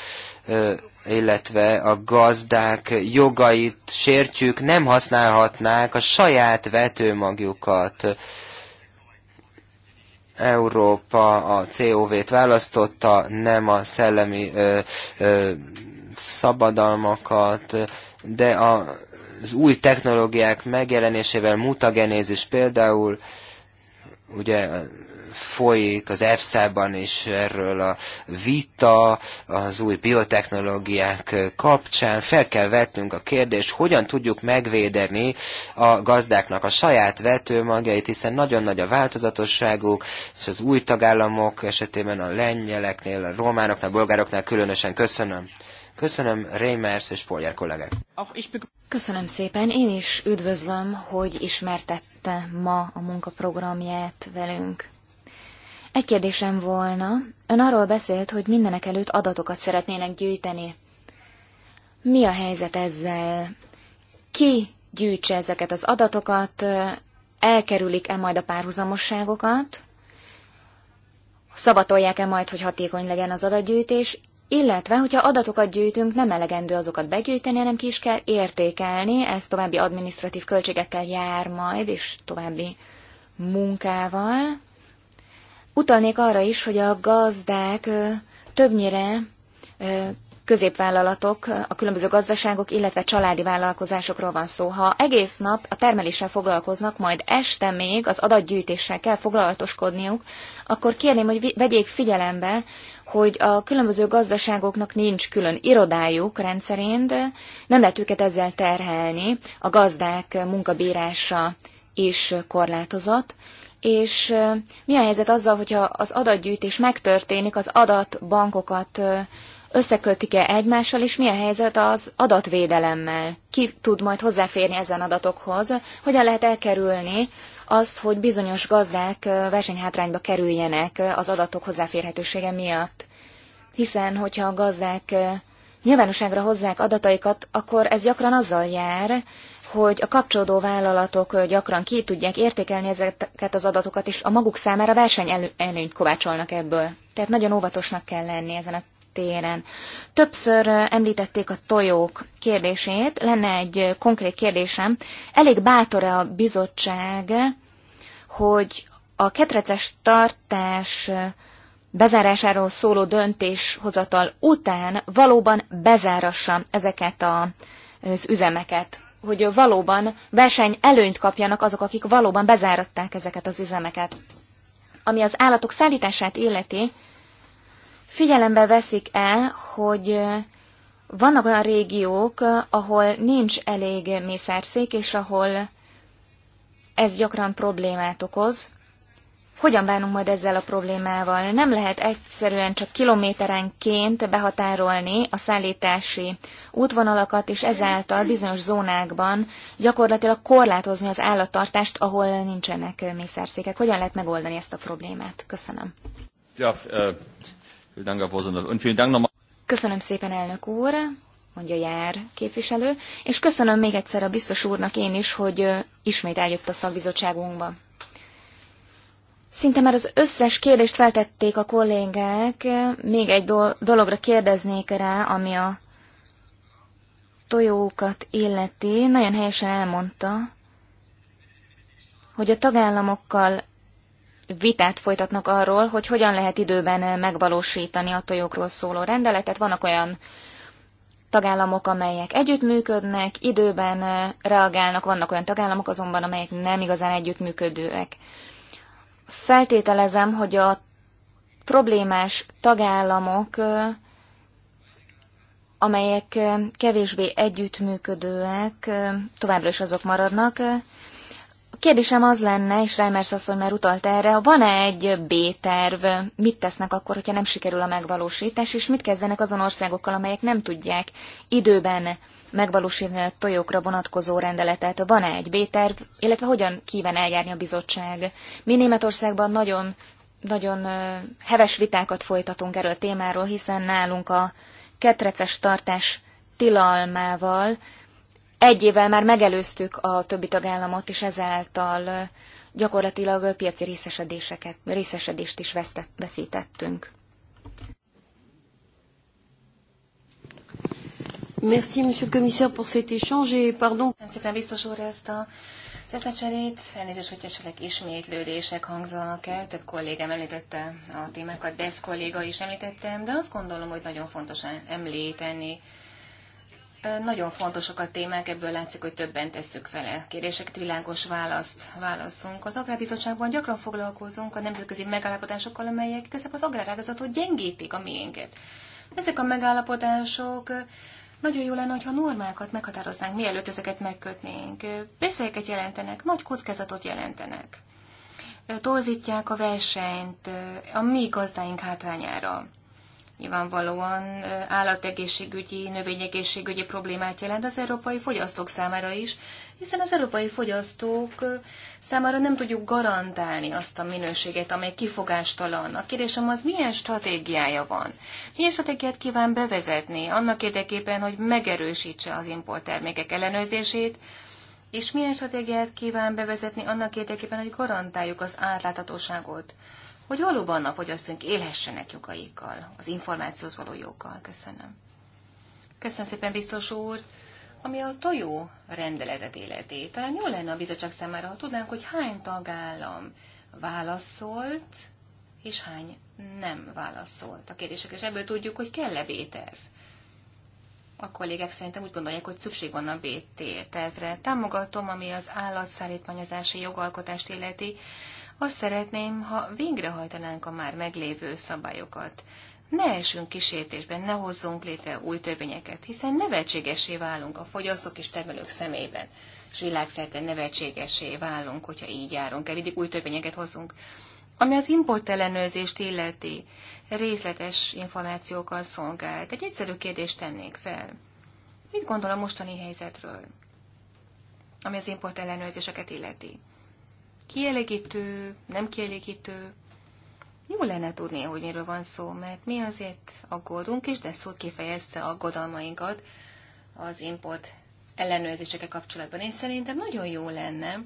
illetve a gazdák jogait sértjük, nem használhatnák a saját vetőmagjukat. Európa a COV-t választotta, nem a szellemi ö, ö, szabadalmakat, de a, az új technológiák megjelenésével mutagenézis például, ugye folyik az EFSA-ban is erről a vita az új biotechnológiák kapcsán. Fel kell vetnünk a kérdést, hogyan tudjuk megvédeni a gazdáknak a saját vetőmagjait, hiszen nagyon nagy a változatosságuk, és az új tagállamok esetében a lengyeleknél, a románoknál, a bolgároknál különösen köszönöm. Köszönöm Reimers és Polyer kollégák. Köszönöm szépen. Én is üdvözlöm, hogy ismertette ma a munkaprogramját velünk. Egy kérdésem volna, ön arról beszélt, hogy mindenek előtt adatokat szeretnének gyűjteni. Mi a helyzet ezzel? Ki gyűjtse ezeket az adatokat? Elkerülik-e majd a párhuzamosságokat? Szabatolják-e majd, hogy hatékony legyen az adatgyűjtés? Illetve, hogyha adatokat gyűjtünk, nem elegendő azokat begyűjteni, hanem ki is kell értékelni, ez további adminisztratív költségekkel jár majd, és további munkával. Utalnék arra is, hogy a gazdák többnyire középvállalatok, a különböző gazdaságok, illetve családi vállalkozásokról van szó. Ha egész nap a termeléssel foglalkoznak, majd este még az adatgyűjtéssel kell foglalatoskodniuk, akkor kérném, hogy vegyék figyelembe, hogy a különböző gazdaságoknak nincs külön irodájuk rendszerint, nem lehet őket ezzel terhelni, a gazdák munkabírása is korlátozott, és mi a helyzet azzal, hogyha az adatgyűjtés megtörténik, az adatbankokat összekötik-e egymással, és mi a helyzet az adatvédelemmel? Ki tud majd hozzáférni ezen adatokhoz? Hogyan lehet elkerülni azt, hogy bizonyos gazdák versenyhátrányba kerüljenek az adatok hozzáférhetősége miatt? Hiszen, hogyha a gazdák nyilvánosságra hozzák adataikat, akkor ez gyakran azzal jár, hogy a kapcsolódó vállalatok gyakran ki tudják értékelni ezeket az adatokat, és a maguk számára versenyelőnyt kovácsolnak ebből. Tehát nagyon óvatosnak kell lenni ezen a téren. Többször említették a tojók kérdését, lenne egy konkrét kérdésem. Elég bátor-e a bizottság, hogy a ketreces tartás bezárásáról szóló döntéshozatal után valóban bezárassa ezeket az üzemeket hogy valóban verseny előnyt kapjanak azok, akik valóban bezáratták ezeket az üzemeket. Ami az állatok szállítását illeti, figyelembe veszik-e, hogy vannak olyan régiók, ahol nincs elég mészárszék, és ahol ez gyakran problémát okoz, hogyan bánunk majd ezzel a problémával? Nem lehet egyszerűen csak kilométerenként behatárolni a szállítási útvonalakat, és ezáltal bizonyos zónákban gyakorlatilag korlátozni az állattartást, ahol nincsenek mészárszékek. Hogyan lehet megoldani ezt a problémát? Köszönöm. Ja, eh, Köszönöm szépen, elnök úr, mondja Jár képviselő, és köszönöm még egyszer a biztos úrnak én is, hogy eh, ismét eljött a szakbizottságunkba. Szinte már az összes kérdést feltették a kollégák, még egy dologra kérdeznék rá, ami a tojókat illeti. Nagyon helyesen elmondta, hogy a tagállamokkal vitát folytatnak arról, hogy hogyan lehet időben megvalósítani a tojókról szóló rendeletet. Vannak olyan tagállamok, amelyek együttműködnek, időben reagálnak, vannak olyan tagállamok azonban, amelyek nem igazán együttműködőek. Feltételezem, hogy a problémás tagállamok, amelyek kevésbé együttműködőek, továbbra is azok maradnak. A kérdésem az lenne, és Reimers asszony már utalt erre, van-e egy B-terv, mit tesznek akkor, hogyha nem sikerül a megvalósítás, és mit kezdenek azon országokkal, amelyek nem tudják időben megvalósítani a tojókra vonatkozó rendeletet? Van-e egy B-terv, illetve hogyan kíván eljárni a bizottság? Mi Németországban nagyon, nagyon heves vitákat folytatunk erről a témáról, hiszen nálunk a ketreces tartás tilalmával egy évvel már megelőztük a többi tagállamot, és ezáltal gyakorlatilag piaci részesedéseket, részesedést is veszítettünk. Merci, monsieur le commissaire, pour cet échange, et pardon. Ez biztos úr ezt a eszmecserét, elnézést, hogy esetleg ismétlődések hangzanak el, több kollégám említette a témákat, Desz kolléga is említettem, de azt gondolom, hogy nagyon fontos említeni. Nagyon fontosak a témák, ebből látszik, hogy többen tesszük vele. Kérdéseket világos választ válaszunk. Az Agrárbizottságban gyakran foglalkozunk a nemzetközi megállapodásokkal, amelyek igazából az agrárágazatot gyengítik a miénket. Ezek a megállapodások nagyon jó lenne, hogyha normákat meghatároznánk, mielőtt ezeket megkötnénk. Beszélyeket jelentenek, nagy kockázatot jelentenek. Torzítják a versenyt a mi gazdáink hátrányára nyilvánvalóan állategészségügyi, növényegészségügyi problémát jelent az európai fogyasztók számára is, hiszen az európai fogyasztók számára nem tudjuk garantálni azt a minőséget, amely kifogástalan. A kérdésem az, milyen stratégiája van? Milyen stratégiát kíván bevezetni annak érdekében, hogy megerősítse az importtermékek ellenőrzését, és milyen stratégiát kíván bevezetni annak érdekében, hogy garantáljuk az átláthatóságot? hogy valóban a fogyasztóink élhessenek jogaikkal, az információhoz való joggal. Köszönöm. Köszönöm szépen, biztos úr. Ami a tojó rendeletet életé, talán jó lenne a bizottság számára, ha tudnánk, hogy hány tagállam válaszolt, és hány nem válaszolt a kérdések, és ebből tudjuk, hogy kell-e B-terv. A kollégák szerintem úgy gondolják, hogy szükség van a B-tervre. Támogatom, ami az állatszállítmányozási jogalkotást életi. Azt szeretném, ha végrehajtanánk a már meglévő szabályokat. Ne esünk kísértésben, ne hozzunk létre új törvényeket, hiszen nevetségesé válunk a fogyasztók és termelők szemében. És világszerte nevetségesé válunk, hogyha így járunk el, mindig új törvényeket hozunk. Ami az ellenőrzést illeti, részletes információkkal szolgált. Egy egyszerű kérdést tennék fel. Mit gondol a mostani helyzetről, ami az ellenőrzéseket illeti? kielégítő, nem kielégítő. Jó lenne tudni, hogy miről van szó, mert mi azért aggódunk, és de szó kifejezte aggodalmainkat az import ellenőrzésekkel kapcsolatban. És szerintem nagyon jó lenne,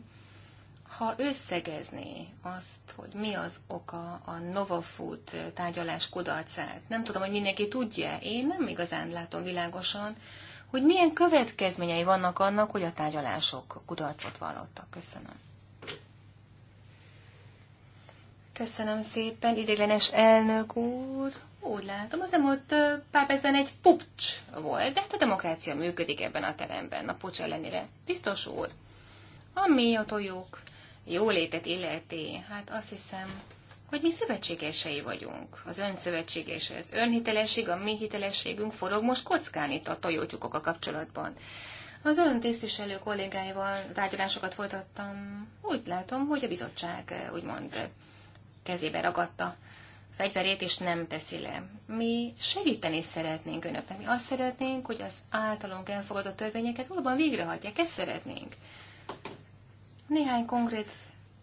ha összegezné azt, hogy mi az oka a Novafood tárgyalás kudarcát. Nem tudom, hogy mindenki tudja, én nem igazán látom világosan, hogy milyen következményei vannak annak, hogy a tárgyalások kudarcot vallottak. Köszönöm. Köszönöm szépen, idéglenes elnök úr. Úgy látom, az elmúlt pár percben egy pucs volt, de hát a demokrácia működik ebben a teremben, a pucs ellenére. Biztos úr, ami a tojók jólétet illeti, hát azt hiszem, hogy mi szövetségesei vagyunk. Az ön szövetségese, az ön hitelesség, a mi hitelességünk forog most kockán itt a tojótyúkok a kapcsolatban. Az ön tisztviselő kollégáival tárgyalásokat folytattam. Úgy látom, hogy a bizottság úgymond kezébe ragadta fegyverét, és nem teszi le. Mi segíteni szeretnénk önöknek. Mi azt szeretnénk, hogy az általunk elfogadott törvényeket valóban végrehajtják. Ezt szeretnénk. Néhány konkrét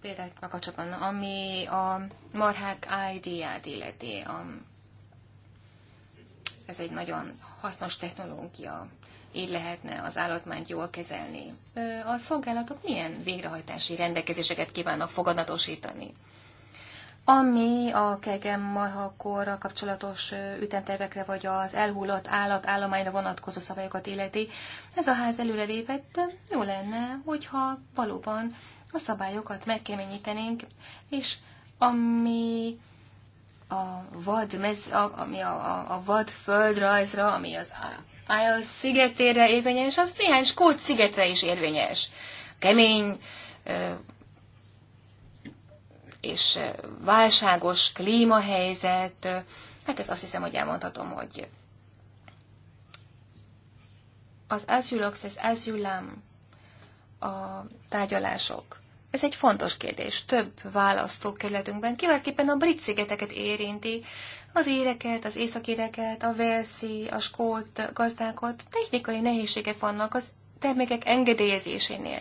példát kapcsolatban, ami a marhák ID-ját illeti. A, ez egy nagyon hasznos technológia. Így lehetne az állatmányt jól kezelni. A szolgálatok milyen végrehajtási rendelkezéseket kívánnak fogadatosítani? Ami a kegem marhakorra kapcsolatos ütemtervekre vagy az elhullott állat állományra vonatkozó szabályokat illeti, ez a ház előrelépett, jó lenne, hogyha valóban a szabályokat megkeményítenénk, és ami a vad, mez, a, ami a, a, a vad földrajzra, ami az Isles szigetére érvényes, az néhány Skót szigetre is érvényes. Kemény, és eh, válságos klímahelyzet, eh, hát ez azt hiszem, hogy elmondhatom, hogy az look, az azulam, a tárgyalások. Ez egy fontos kérdés. Több választókerületünkben, kiváltképpen a brit szigeteket érinti, az éreket, az északéreket, a velszi, a skót gazdákat. Technikai nehézségek vannak az termékek engedélyezésénél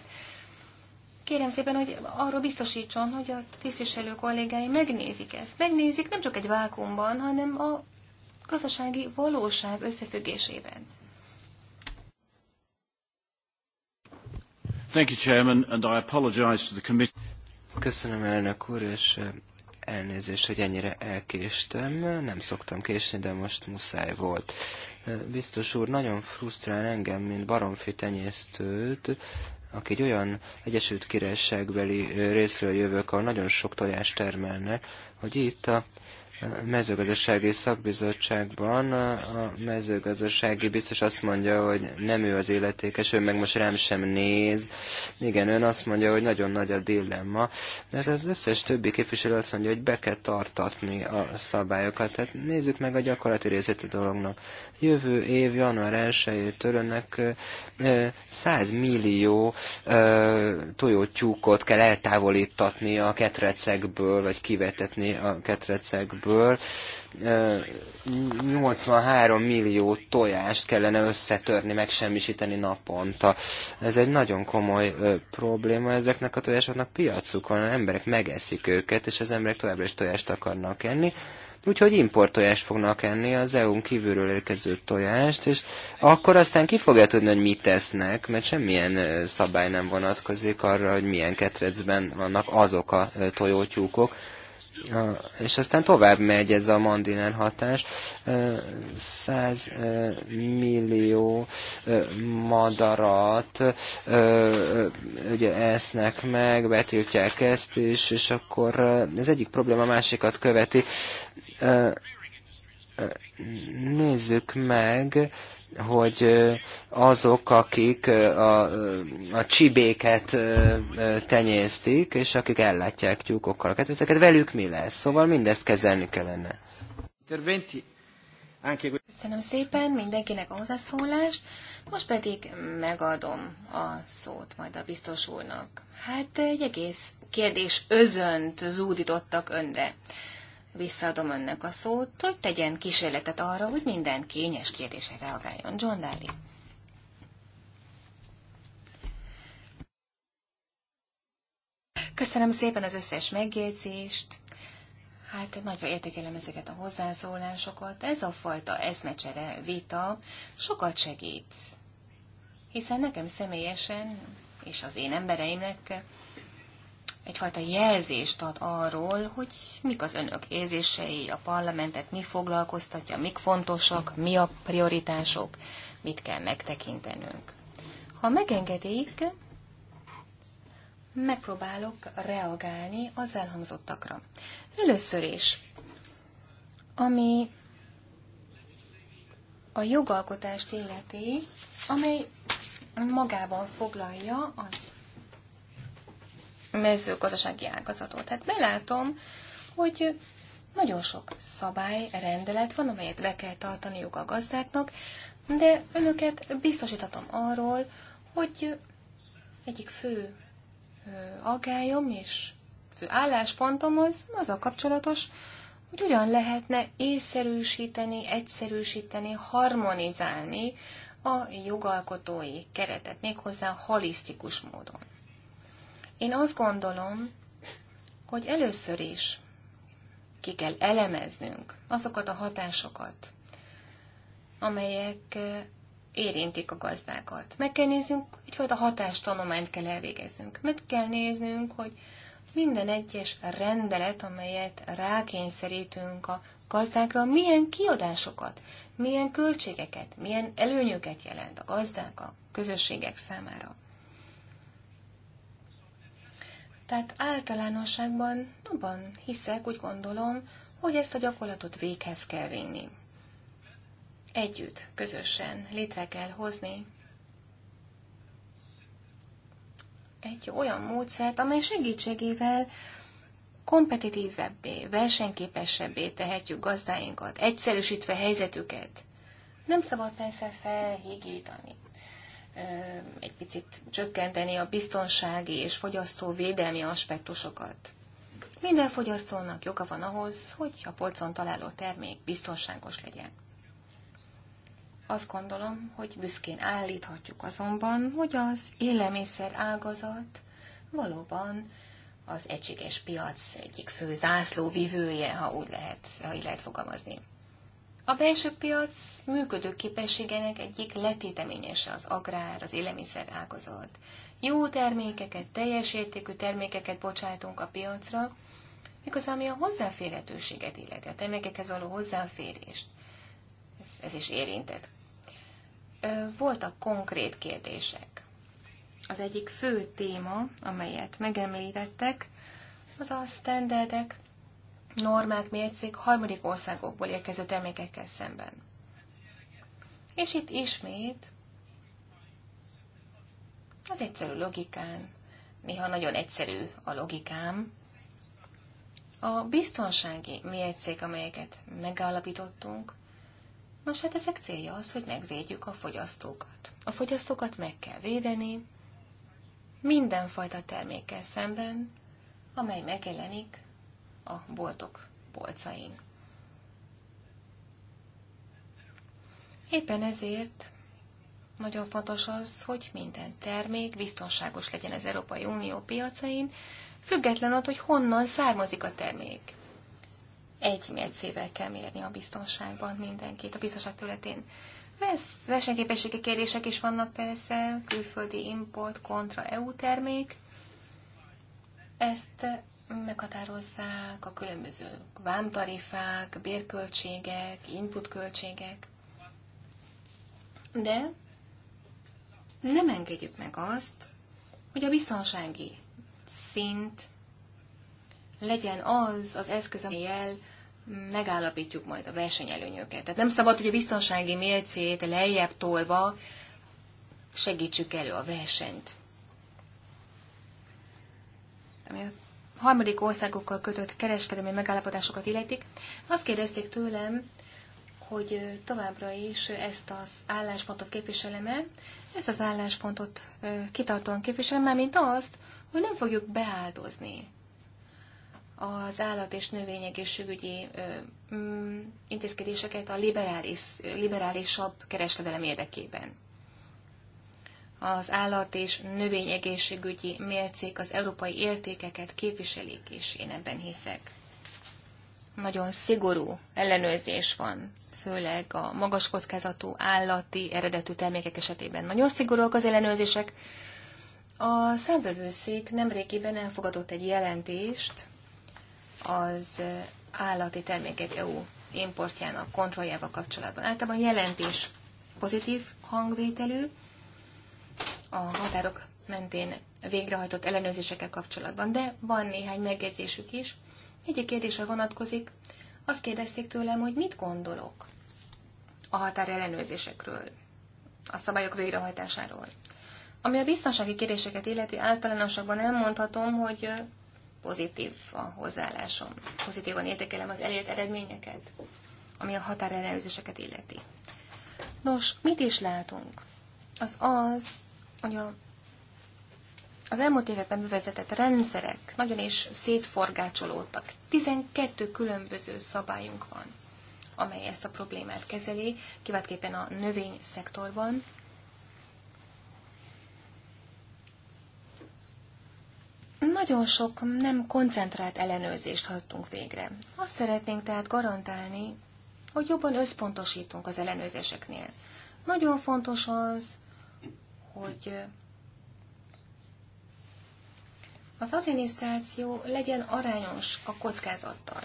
kérem szépen, hogy arról biztosítson, hogy a tisztviselő kollégái megnézik ezt. Megnézik nem csak egy vákumban, hanem a gazdasági valóság összefüggésében. Thank you, Chairman, and I apologize to the committee. Köszönöm elnök úr, és elnézést, hogy ennyire elkéstem. Nem szoktam késni, de most muszáj volt. Biztos úr, nagyon frusztrál engem, mint baromfi tenyésztőt, aki egy olyan Egyesült Királyságbeli részről jövök, ahol nagyon sok tojást termelnek, hogy itt a mezőgazdasági szakbizottságban a mezőgazdasági biztos azt mondja, hogy nem ő az életékes, ő meg most rám sem néz. Igen, ön azt mondja, hogy nagyon nagy a dilemma, de hát az összes többi képviselő azt mondja, hogy be kell tartatni a szabályokat. Tehát nézzük meg a gyakorlati részét a dolognak. Jövő év január 1-től önnek 100 millió tojótyúkot kell eltávolítatni a ketrecekből, vagy kivetetni a ketrecekből ebből 83 millió tojást kellene összetörni, megsemmisíteni naponta. Ez egy nagyon komoly ö, probléma, ezeknek a tojásoknak piacuk van, az emberek megeszik őket, és az emberek továbbra is tojást akarnak enni. Úgyhogy import tojást fognak enni, az EU-n kívülről érkező tojást, és akkor aztán ki fogja tudni, hogy mit tesznek, mert semmilyen szabály nem vonatkozik arra, hogy milyen ketrecben vannak azok a tojótyúkok, és aztán tovább megy ez a mandinen hatás. 100 millió madarat ugye esznek meg, betiltják ezt is, és akkor ez egyik probléma másikat követi. Nézzük meg, hogy azok, akik a, a csibéket tenyésztik, és akik ellátják tyúkokkal, hát ezeket velük mi lesz? Szóval mindezt kezelni kellene. Köszönöm szépen mindenkinek a hozzászólást, most pedig megadom a szót majd a biztos úrnak. Hát egy egész kérdés özönt zúdítottak önre visszaadom önnek a szót, hogy tegyen kísérletet arra, hogy minden kényes kérdésre reagáljon. John Daly. Köszönöm szépen az összes megjegyzést. Hát nagyra értékelem ezeket a hozzászólásokat. Ez a fajta eszmecsere, vita sokat segít. Hiszen nekem személyesen és az én embereimnek egyfajta jelzést ad arról, hogy mik az önök érzései, a parlamentet mi foglalkoztatja, mik fontosak, mi a prioritások, mit kell megtekintenünk. Ha megengedik, megpróbálok reagálni az elhangzottakra. Először is, ami a jogalkotást illeti, amely magában foglalja az mezőgazdasági ágazatot. Tehát belátom, hogy nagyon sok szabály, rendelet van, amelyet be kell tartaniuk a gazdáknak, de önöket biztosítatom arról, hogy egyik fő agályom és fő álláspontom az, az a kapcsolatos, hogy ugyan lehetne észszerűsíteni, egyszerűsíteni, harmonizálni a jogalkotói keretet, méghozzá holisztikus módon. Én azt gondolom, hogy először is ki kell elemeznünk azokat a hatásokat, amelyek eh, érintik a gazdákat. Meg kell néznünk, egyfajta hatástanományt kell elvégeznünk. Meg kell néznünk, hogy minden egyes rendelet, amelyet rákényszerítünk a gazdákra, milyen kiadásokat, milyen költségeket, milyen előnyöket jelent a gazdák, a közösségek számára. Tehát általánosságban abban hiszek, úgy gondolom, hogy ezt a gyakorlatot véghez kell vinni. Együtt, közösen létre kell hozni egy olyan módszert, amely segítségével kompetitívebbé, versenyképesebbé tehetjük gazdáinkat, egyszerűsítve helyzetüket. Nem szabad persze felhigítani, egy picit csökkenteni a biztonsági és fogyasztóvédelmi aspektusokat. Minden fogyasztónak joga van ahhoz, hogy a polcon találó termék biztonságos legyen. Azt gondolom, hogy büszkén állíthatjuk azonban, hogy az élelmiszer ágazat valóban az egységes piac egyik fő zászlóvivője, ha úgy lehet, ha így lehet fogalmazni. A belső piac működő képességének egyik letéteményese az agrár, az élelmiszer ágazat. Jó termékeket, teljes értékű termékeket bocsátunk a piacra, miközben ami a hozzáférhetőséget illeti, a termékekhez való hozzáférést. Ez, ez is érintett. Voltak konkrét kérdések. Az egyik fő téma, amelyet megemlítettek, az a standardek normák mércék harmadik országokból érkező termékekkel szemben. És itt ismét az egyszerű logikán, néha nagyon egyszerű a logikám, a biztonsági mércék, amelyeket megállapítottunk, nos hát ezek célja az, hogy megvédjük a fogyasztókat. A fogyasztókat meg kell védeni mindenfajta termékkel szemben, amely megjelenik a boltok polcain. Éppen ezért nagyon fontos az, hogy minden termék biztonságos legyen az Európai Unió piacain, független attól, hogy honnan származik a termék. Egy mércével kell mérni a biztonságban mindenkit, a biztonság területén. Vesz, versenyképességi kérdések is vannak persze, külföldi import kontra EU termék. Ezt meghatározzák a különböző vámtarifák, bérköltségek, inputköltségek, de nem engedjük meg azt, hogy a biztonsági szint legyen az az eszköz, amelyel megállapítjuk majd a versenyelőnyöket. Tehát nem szabad, hogy a biztonsági mércét lejjebb tolva segítsük elő a versenyt. Ami a harmadik országokkal kötött kereskedelmi megállapodásokat illetik, azt kérdezték tőlem, hogy továbbra is ezt az álláspontot képviselem-e. Ezt az álláspontot kitartóan képviselem, mármint azt, hogy nem fogjuk beáldozni az állat- és növényegészségügyi intézkedéseket a liberális, liberálisabb kereskedelem érdekében az állat és növényegészségügyi mércék az európai értékeket képviselik, és én ebben hiszek. Nagyon szigorú ellenőrzés van, főleg a magas kockázatú állati eredetű termékek esetében. Nagyon szigorúak az ellenőrzések. A számvevőszék nemrégiben elfogadott egy jelentést az állati termékek EU importjának kontrolljával kapcsolatban. Általában a jelentés pozitív hangvételű, a határok mentén végrehajtott ellenőrzésekkel kapcsolatban, de van néhány megjegyzésük is. Egyik kérdésre vonatkozik, azt kérdezték tőlem, hogy mit gondolok a határ ellenőrzésekről, a szabályok végrehajtásáról. Ami a biztonsági kérdéseket illeti, általánosabban elmondhatom, hogy pozitív a hozzáállásom. Pozitívan értékelem az elért eredményeket, ami a ellenőrzéseket illeti. Nos, mit is látunk? Az az, hogy a, az elmúlt években bevezetett rendszerek nagyon is szétforgácsolódtak. 12 különböző szabályunk van, amely ezt a problémát kezeli, kiváltképpen a növény szektorban, nagyon sok nem koncentrált ellenőrzést hajtunk végre. Azt szeretnénk tehát garantálni, hogy jobban összpontosítunk az ellenőrzéseknél. Nagyon fontos az, hogy az adminisztráció legyen arányos a kockázattal.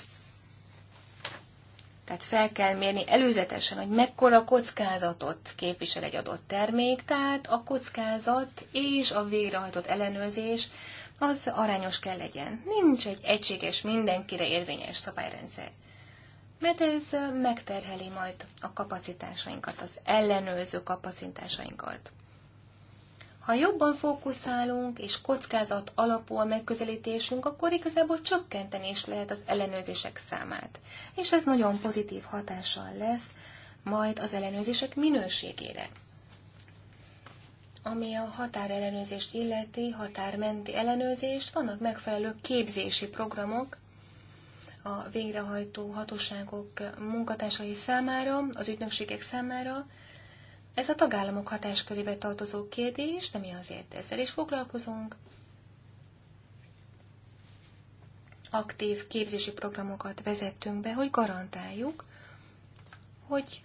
Tehát fel kell mérni előzetesen, hogy mekkora kockázatot képvisel egy adott termék, tehát a kockázat és a végrehajtott ellenőrzés az arányos kell legyen. Nincs egy egységes, mindenkire érvényes szabályrendszer. Mert ez megterheli majd a kapacitásainkat, az ellenőrző kapacitásainkat. Ha jobban fókuszálunk, és kockázat alapú a megközelítésünk, akkor igazából csökkenteni is lehet az ellenőrzések számát. És ez nagyon pozitív hatással lesz majd az ellenőrzések minőségére. Ami a határellenőrzést illeti, határmenti ellenőrzést, vannak megfelelő képzési programok, a végrehajtó hatóságok munkatársai számára, az ügynökségek számára, ez a tagállamok hatáskörébe tartozó kérdés, de mi azért ezzel is foglalkozunk. Aktív képzési programokat vezettünk be, hogy garantáljuk, hogy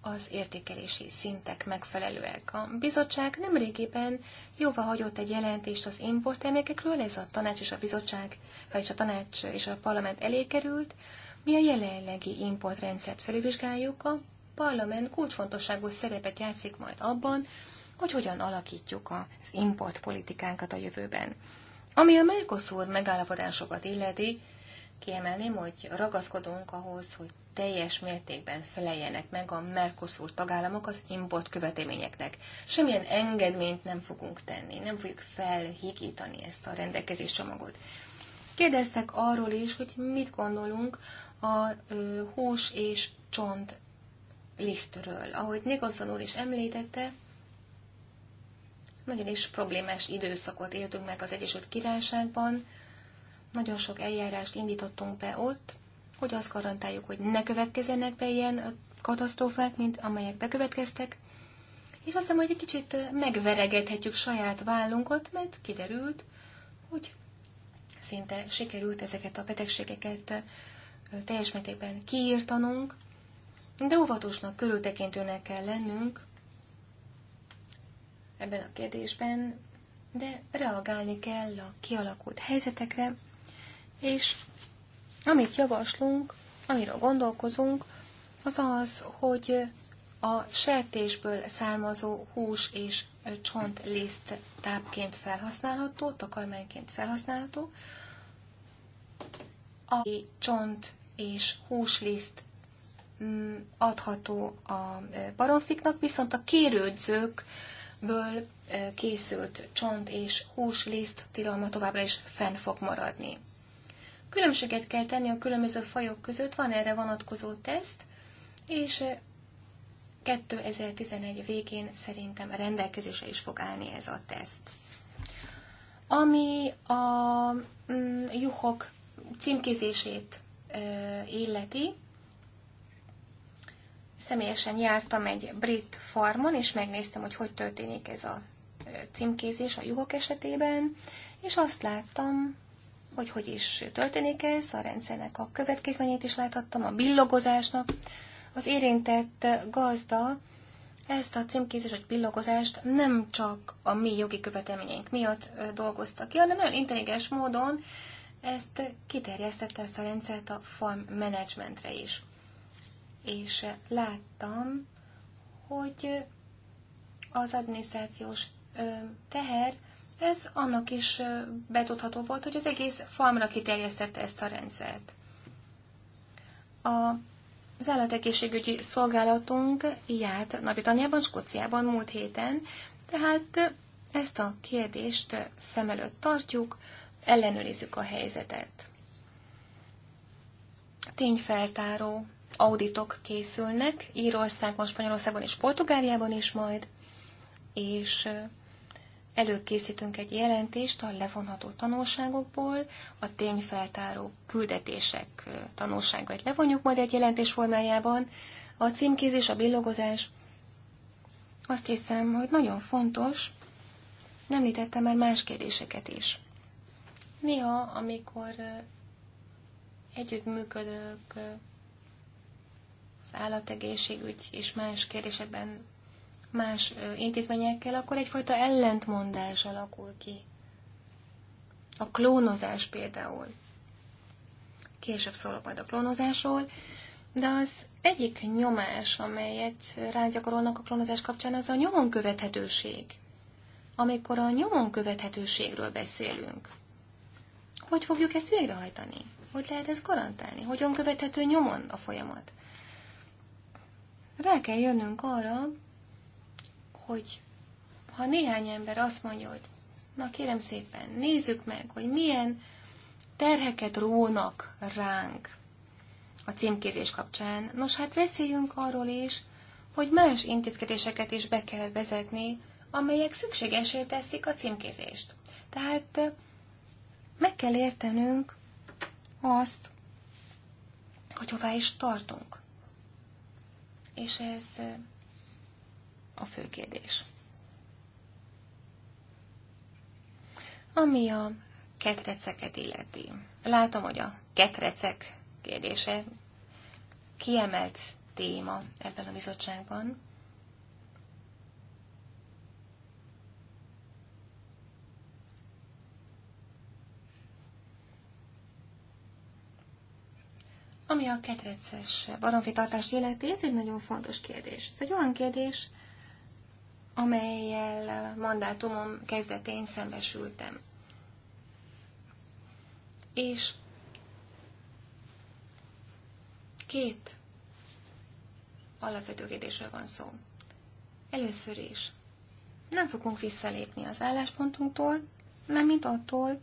az értékelési szintek megfelelőek. A bizottság nemrégiben jóva hagyott egy jelentést az importtermékekről, ez a tanács és a bizottság, vagyis a tanács és a parlament elé került. Mi a jelenlegi importrendszert felülvizsgáljuk, a parlament kulcsfontosságú szerepet játszik majd abban, hogy hogyan alakítjuk az importpolitikánkat a jövőben. Ami a Mercosur megállapodásokat illeti, kiemelném, hogy ragaszkodunk ahhoz, hogy teljes mértékben feleljenek meg a Mercosur tagállamok az import követelményeknek. Semmilyen engedményt nem fogunk tenni, nem fogjuk felhigítani ezt a rendelkezés csomagot. Kérdeztek arról is, hogy mit gondolunk a hús és csont lisztről. Ahogy Nicholson úr is említette, nagyon is problémás időszakot éltünk meg az Egyesült Királyságban, nagyon sok eljárást indítottunk be ott, hogy azt garantáljuk, hogy ne következzenek be ilyen katasztrófák, mint amelyek bekövetkeztek, és azt hiszem, hogy egy kicsit megveregethetjük saját vállunkat, mert kiderült, hogy szinte sikerült ezeket a betegségeket teljes mértékben kiírtanunk, de óvatosnak, körültekintőnek kell lennünk ebben a kérdésben, de reagálni kell a kialakult helyzetekre, és amit javaslunk, amiről gondolkozunk, az az, hogy a sertésből származó hús és liszt tápként felhasználható, takarmányként felhasználható, a csont és húsliszt. Mm, adható a e, baromfiknak, viszont a kérődzőkből e, készült csont és húsliszt tilalma továbbra is fenn fog maradni. Különbséget kell tenni a különböző fajok között, van erre vonatkozó teszt, és 2011 e, végén szerintem rendelkezésre is fog állni ez a teszt. Ami a mm, juhok címkézését illeti, Személyesen jártam egy brit farmon, és megnéztem, hogy hogy történik ez a címkézés a juhok esetében, és azt láttam, hogy hogy is történik ez, a rendszernek a következményét is láthattam, a billogozásnak. Az érintett gazda ezt a címkézés vagy billogozást nem csak a mi jogi követelményeink miatt dolgoztak ki, hanem nagyon intelligens módon ezt kiterjesztette ezt a rendszert a farm managementre is és láttam, hogy az adminisztrációs teher, ez annak is betudható volt, hogy az egész falmra kiterjesztette ezt a rendszert. A az állategészségügyi szolgálatunk járt Nagy-Britanniában, Skóciában múlt héten, tehát ezt a kérdést szem előtt tartjuk, ellenőrizzük a helyzetet. Tényfeltáró auditok készülnek Írországban, Spanyolországban és Portugáliában is majd, és előkészítünk egy jelentést a levonható tanulságokból, a tényfeltáró küldetések tanulságait levonjuk majd egy jelentés formájában, a címkézés, a billogozás. Azt hiszem, hogy nagyon fontos, nem lítettem már más kérdéseket is. Néha, amikor együttműködök az állategészségügy és más kérdésekben más intézményekkel, akkor egyfajta ellentmondás alakul ki. A klónozás például. Később szólok majd a klónozásról, de az egyik nyomás, amelyet rágyakorolnak a klónozás kapcsán, az a nyomon követhetőség. Amikor a nyomon követhetőségről beszélünk, hogy fogjuk ezt végrehajtani? Hogy lehet ezt garantálni? Hogyan követhető nyomon a folyamat? Rá kell jönnünk arra, hogy ha néhány ember azt mondja, hogy na kérem szépen, nézzük meg, hogy milyen terheket rónak ránk a címkézés kapcsán. Nos, hát beszéljünk arról is, hogy más intézkedéseket is be kell vezetni, amelyek szükségesé teszik a címkézést. Tehát eh, meg kell értenünk azt, hogy hová is tartunk és ez a fő kérdés. Ami a ketreceket illeti. Látom, hogy a ketrecek kérdése kiemelt téma ebben a bizottságban. Ami a ketreces baromfi tartást illeti, ez egy nagyon fontos kérdés. Ez egy olyan kérdés, amelyel mandátumom kezdetén szembesültem. És két alapvető kérdésről van szó. Először is, nem fogunk visszalépni az álláspontunktól, nem mint attól,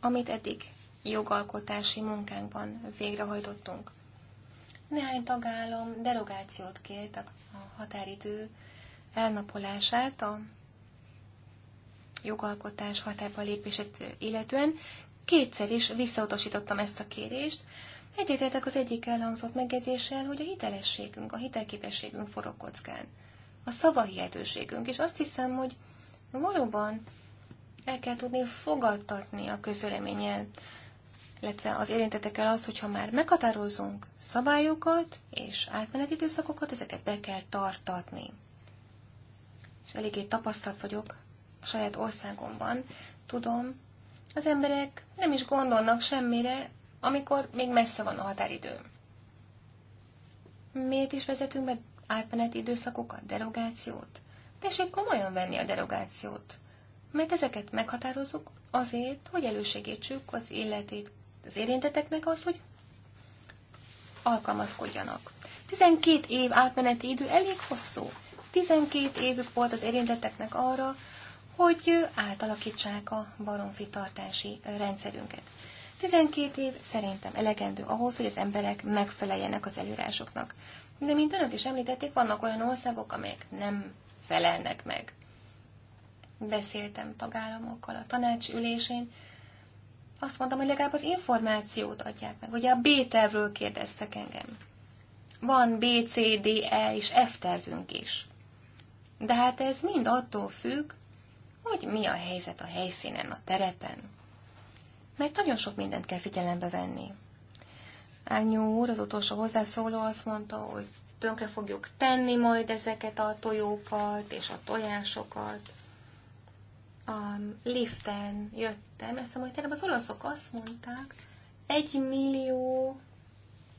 amit eddig jogalkotási munkánkban végrehajtottunk. Néhány tagállam derogációt kért a határidő elnapolását a jogalkotás hatába lépését illetően. Kétszer is visszautasítottam ezt a kérést. Egyetértek az egyik elhangzott megjegyzéssel, hogy a hitelességünk, a hitelképességünk forog kockán. A szavahihetőségünk, és azt hiszem, hogy valóban el kell tudni fogadtatni a közöleményen illetve az érintetekkel az, hogyha már meghatározunk szabályokat és átmeneti időszakokat, ezeket be kell tartatni. És eléggé tapasztalt vagyok a saját országomban, tudom, az emberek nem is gondolnak semmire, amikor még messze van a határidő. Miért is vezetünk be átmeneti időszakokat, derogációt? Tessék komolyan venni a derogációt, mert ezeket meghatározzuk azért, hogy elősegítsük az életét az érinteteknek az, hogy alkalmazkodjanak. 12 év átmeneti idő elég hosszú. 12 évük volt az érintetteknek arra, hogy átalakítsák a baromfi tartási rendszerünket. 12 év szerintem elegendő ahhoz, hogy az emberek megfeleljenek az előrásoknak. De mint önök is említették, vannak olyan országok, amelyek nem felelnek meg. Beszéltem tagállamokkal a tanács ülésén, azt mondtam, hogy legalább az információt adják meg. Ugye a B-tervről kérdeztek engem. Van B, C, D, E és F tervünk is. De hát ez mind attól függ, hogy mi a helyzet a helyszínen, a terepen. Mert nagyon sok mindent kell figyelembe venni. Ányú úr, az utolsó hozzászóló azt mondta, hogy tönkre fogjuk tenni majd ezeket a tojókat és a tojásokat a liften jöttem, azt mondtam, hogy az olaszok azt mondták, egy millió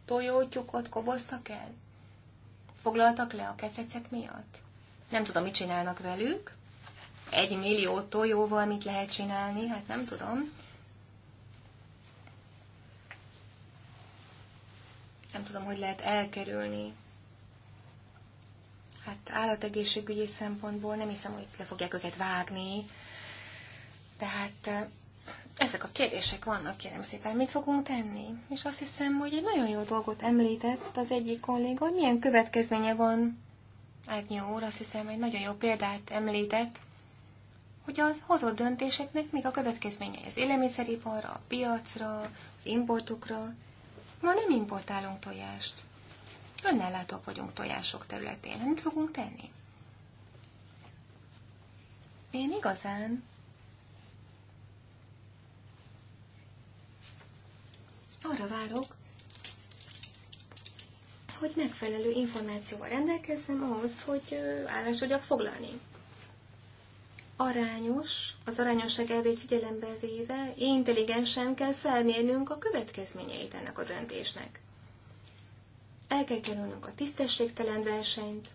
tojótyukot koboztak el. Foglaltak le a ketrecek miatt. Nem tudom, mit csinálnak velük. Egy millió tojóval mit lehet csinálni, hát nem tudom. Nem tudom, hogy lehet elkerülni. Hát állategészségügyi szempontból nem hiszem, hogy le fogják őket vágni, tehát ezek a kérdések vannak, kérem szépen, mit fogunk tenni? És azt hiszem, hogy egy nagyon jó dolgot említett az egyik kolléga, hogy milyen következménye van. Ágnyó úr azt hiszem egy nagyon jó példát említett, hogy az hozott döntéseknek még a következménye, az élelmiszeriparra, a piacra, az importokra. Ma nem importálunk tojást. Önnellátók vagyunk tojások területén. Mit fogunk tenni? Én igazán Arra várok, hogy megfelelő információval rendelkezzem ahhoz, hogy állást tudjak foglalni. Arányos, az arányosság elvét figyelembe véve intelligensen kell felmérnünk a következményeit ennek a döntésnek. El kell kerülnünk a tisztességtelen versenyt,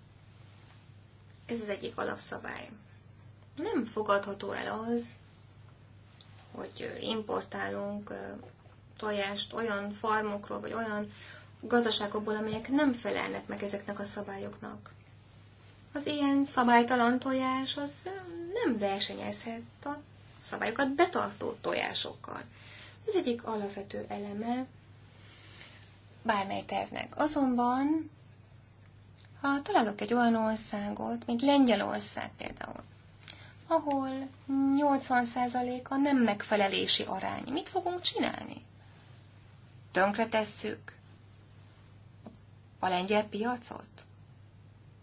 ez az egyik alapszabály. Nem fogadható el az, hogy importálunk tojást olyan farmokról, vagy olyan gazdaságokból, amelyek nem felelnek meg ezeknek a szabályoknak. Az ilyen szabálytalan tojás az um, nem versenyezhet a szabályokat betartó tojásokkal. Ez egyik alapvető eleme bármely tervnek. Azonban, ha találok egy olyan országot, mint Lengyelország például, ahol 80% a nem megfelelési arány, mit fogunk csinálni? tönkretesszük a lengyel piacot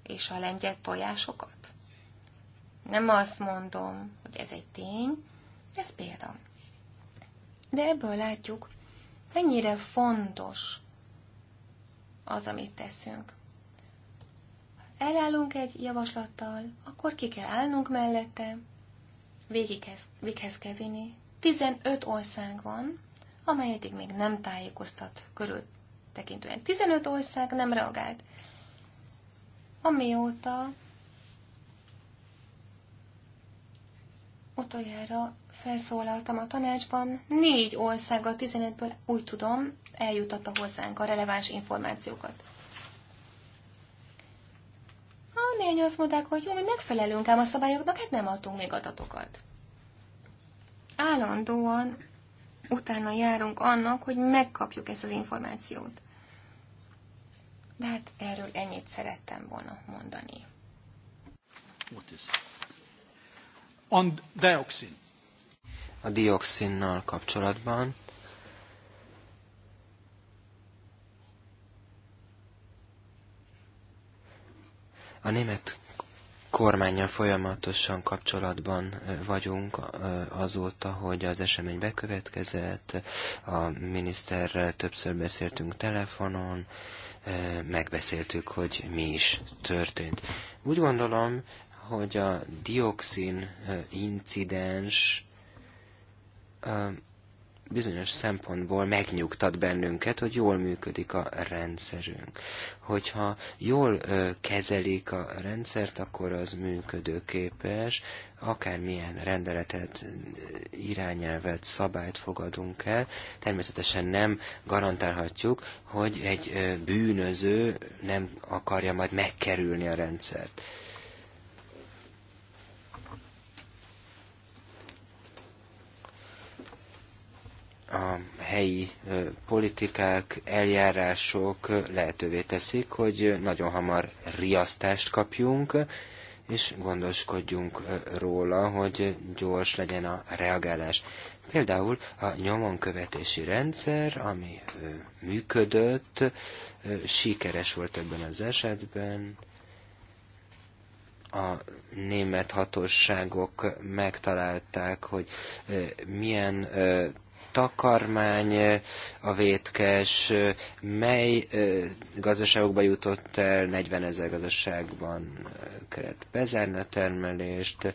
és a lengyel tojásokat? Nem azt mondom, hogy ez egy tény, ez példa. De ebből látjuk, mennyire fontos az, amit teszünk. Elállunk egy javaslattal, akkor ki kell állnunk mellette, végighez, véghez kell vinni. 15 ország van, amely eddig még nem tájékoztat körül tekintően. 15 ország nem reagált. Amióta utoljára felszólaltam a tanácsban, négy ország a 15-ből úgy tudom eljutatta hozzánk a releváns információkat. A négy azt mondták, hogy jó, mi megfelelünk ám a szabályoknak, hát nem adtunk még adatokat. Állandóan utána járunk annak, hogy megkapjuk ezt az információt. De hát erről ennyit szerettem volna mondani. What is? On dioxin. A dioxinnal kapcsolatban a német Kormányon folyamatosan kapcsolatban vagyunk azóta, hogy az esemény bekövetkezett, a miniszterrel többször beszéltünk telefonon, megbeszéltük, hogy mi is történt. Úgy gondolom, hogy a dioxin incidens bizonyos szempontból megnyugtat bennünket, hogy jól működik a rendszerünk. Hogyha jól kezelik a rendszert, akkor az működőképes, akármilyen rendeletet, irányelvet, szabályt fogadunk el, természetesen nem garantálhatjuk, hogy egy bűnöző nem akarja majd megkerülni a rendszert. a helyi politikák, eljárások lehetővé teszik, hogy nagyon hamar riasztást kapjunk, és gondoskodjunk róla, hogy gyors legyen a reagálás. Például a nyomonkövetési rendszer, ami működött, sikeres volt ebben az esetben. A német hatóságok megtalálták, hogy milyen takarmány a vétkes, mely gazdaságokba jutott el, 40 ezer gazdaságban kellett bezárni a termelést,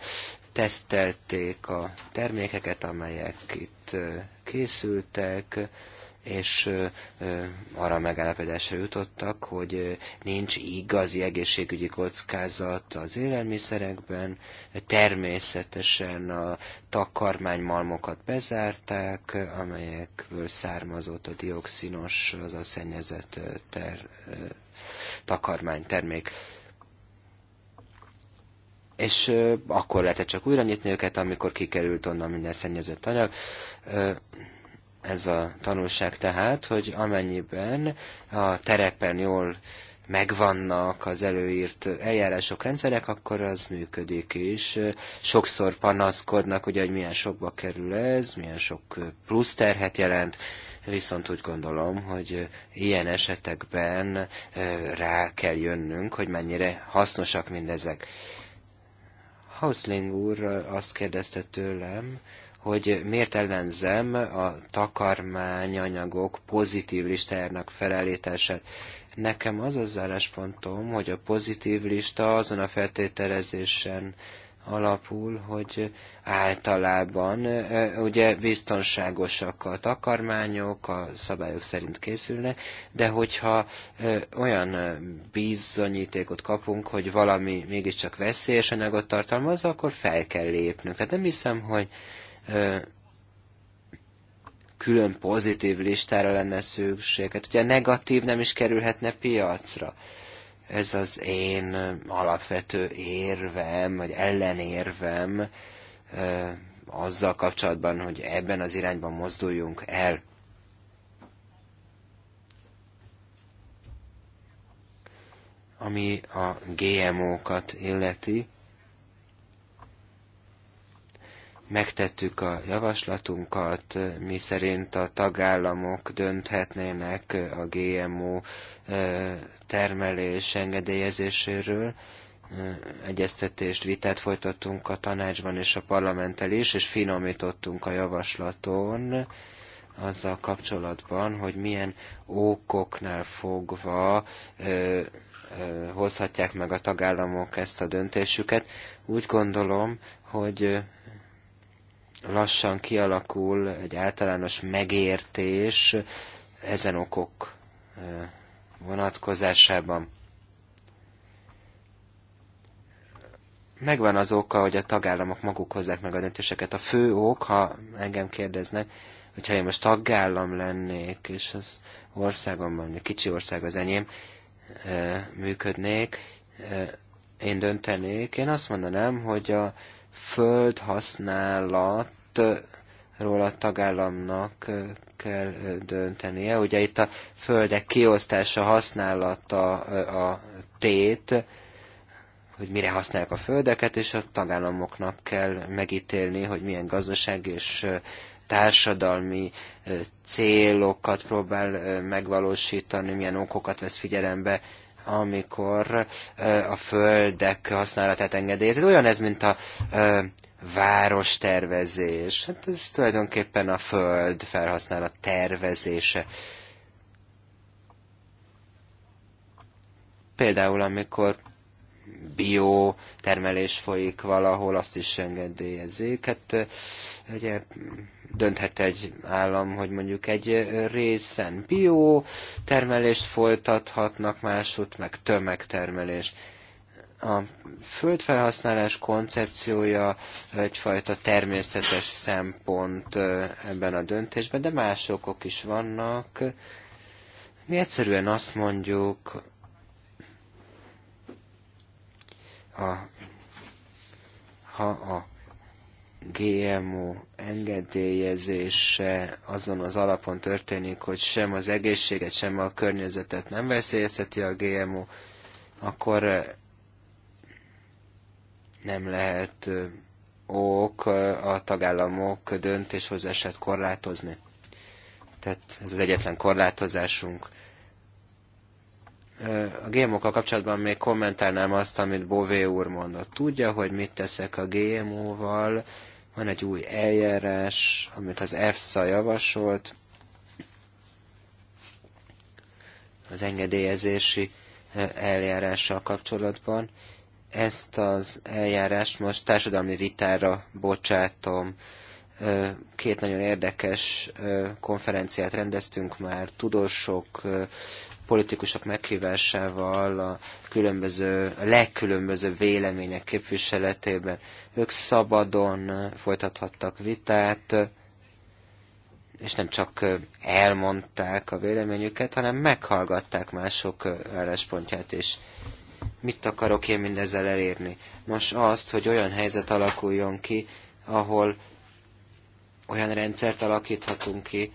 tesztelték a termékeket, amelyek itt készültek, és arra megállapodásra jutottak, hogy nincs igazi egészségügyi kockázat az élelmiszerekben, természetesen a takarmánymalmokat bezárták, amelyekből származott a dioxinos, az a szennyezett ter, takarmánytermék és akkor lehetett csak újra nyitni őket, amikor kikerült onnan minden szennyezett anyag ez a tanulság tehát, hogy amennyiben a terepen jól megvannak az előírt eljárások, rendszerek, akkor az működik is. Sokszor panaszkodnak, ugye, hogy milyen sokba kerül ez, milyen sok plusz terhet jelent, viszont úgy gondolom, hogy ilyen esetekben rá kell jönnünk, hogy mennyire hasznosak mindezek. Hausling úr azt kérdezte tőlem, hogy miért ellenzem a takarmányanyagok pozitív listájának felállítását. Nekem az az álláspontom, hogy a pozitív lista azon a feltételezésen alapul, hogy általában ugye biztonságosak a takarmányok, a szabályok szerint készülnek, de hogyha olyan bizonyítékot kapunk, hogy valami mégiscsak veszélyes anyagot tartalmaz, akkor fel kell lépnünk. Tehát nem hiszem, hogy külön pozitív listára lenne szükség. Hát ugye negatív nem is kerülhetne piacra. Ez az én alapvető érvem, vagy ellenérvem azzal kapcsolatban, hogy ebben az irányban mozduljunk el. Ami a GMO-kat illeti, megtettük a javaslatunkat, mi szerint a tagállamok dönthetnének a GMO termelés engedélyezéséről. Egyeztetést, vitát folytattunk a tanácsban és a parlamenttel is, és finomítottunk a javaslaton azzal kapcsolatban, hogy milyen okoknál fogva hozhatják meg a tagállamok ezt a döntésüket. Úgy gondolom, hogy lassan kialakul egy általános megértés ezen okok vonatkozásában. Megvan az oka, hogy a tagállamok maguk hozzák meg a döntéseket. A fő ok, ha engem kérdeznek, hogyha én most tagállam lennék, és az országomban, kicsi ország az enyém, működnék, én döntenék, én azt mondanám, hogy a földhasználatról a tagállamnak kell döntenie. Ugye itt a földek kiosztása, használata a tét, hogy mire használják a földeket, és a tagállamoknak kell megítélni, hogy milyen gazdaság és társadalmi célokat próbál megvalósítani, milyen okokat vesz figyelembe, amikor a földek használatát engedélyez. Ez olyan ez, mint a várostervezés. Hát ez tulajdonképpen a föld felhasználat tervezése. Például, amikor bio termelés folyik valahol, azt is engedélyezik. Hát ugye dönthet egy állam, hogy mondjuk egy részen bio termelést folytathatnak, másút meg tömegtermelés. A földfelhasználás koncepciója egyfajta természetes szempont ebben a döntésben, de más okok is vannak. Mi egyszerűen azt mondjuk a ha a GMO engedélyezése azon az alapon történik, hogy sem az egészséget, sem a környezetet nem veszélyezteti a GMO, akkor nem lehet ok a tagállamok döntéshozását korlátozni. Tehát ez az egyetlen korlátozásunk. A GMO-kkal kapcsolatban még kommentálnám azt, amit Bové úr mondott. Tudja, hogy mit teszek a GMO-val, van egy új eljárás, amit az EFSA javasolt, az engedélyezési e, eljárással kapcsolatban. Ezt az eljárást most társadalmi vitára bocsátom. E, két nagyon érdekes e, konferenciát rendeztünk már, tudósok, politikusok meghívásával a különböző, a legkülönböző vélemények képviseletében. Ők szabadon folytathattak vitát, és nem csak elmondták a véleményüket, hanem meghallgatták mások álláspontját is. Mit akarok én mindezzel elérni? Most azt, hogy olyan helyzet alakuljon ki, ahol olyan rendszert alakíthatunk ki,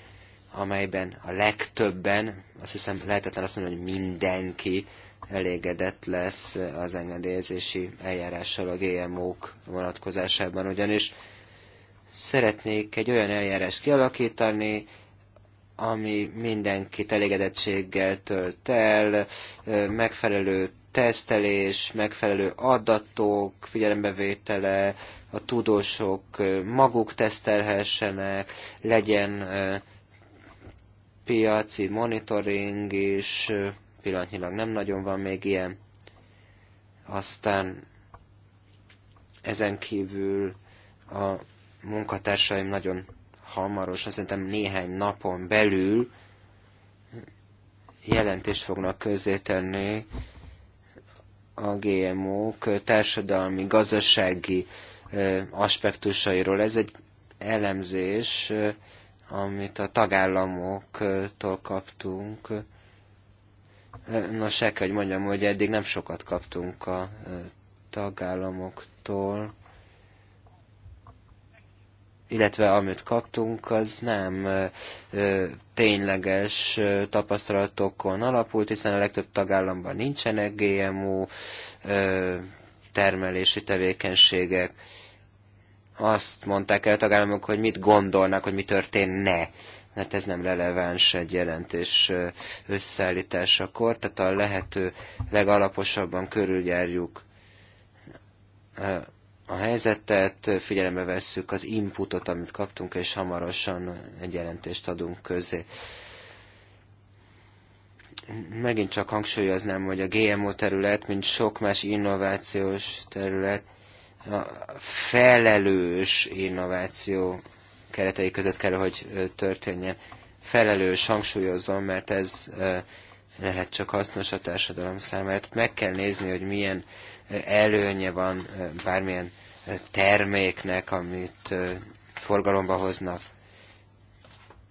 amelyben a legtöbben, azt hiszem lehetetlen azt mondani, hogy mindenki elégedett lesz az engedélyezési eljárással a GMO-k vonatkozásában, ugyanis szeretnék egy olyan eljárást kialakítani, ami mindenkit elégedettséggel tölt el, megfelelő tesztelés, megfelelő adatok figyelembevétele, a tudósok maguk tesztelhessenek, legyen piaci monitoring is, pillanatnyilag nem nagyon van még ilyen. Aztán ezen kívül a munkatársaim nagyon hamarosan, szerintem néhány napon belül jelentést fognak közzétenni a GMO-k társadalmi, gazdasági aspektusairól. Ez egy elemzés, amit a tagállamoktól kaptunk. Nos, el kell, hogy mondjam, hogy eddig nem sokat kaptunk a tagállamoktól, illetve amit kaptunk, az nem tényleges tapasztalatokon alapult, hiszen a legtöbb tagállamban nincsenek GMO termelési tevékenységek azt mondták el a tagállamok, hogy mit gondolnak, hogy mi történne. Hát ez nem releváns egy jelentés összeállításakor, tehát a lehető legalaposabban körüljárjuk a helyzetet, figyelembe vesszük az inputot, amit kaptunk, és hamarosan egy jelentést adunk közé. Megint csak hangsúlyoznám, hogy a GMO terület, mint sok más innovációs terület, a felelős innováció keretei között kell, hogy történjen. Felelős, hangsúlyozom, mert ez lehet csak hasznos a társadalom számára. Tehát meg kell nézni, hogy milyen előnye van bármilyen terméknek, amit forgalomba hoznak.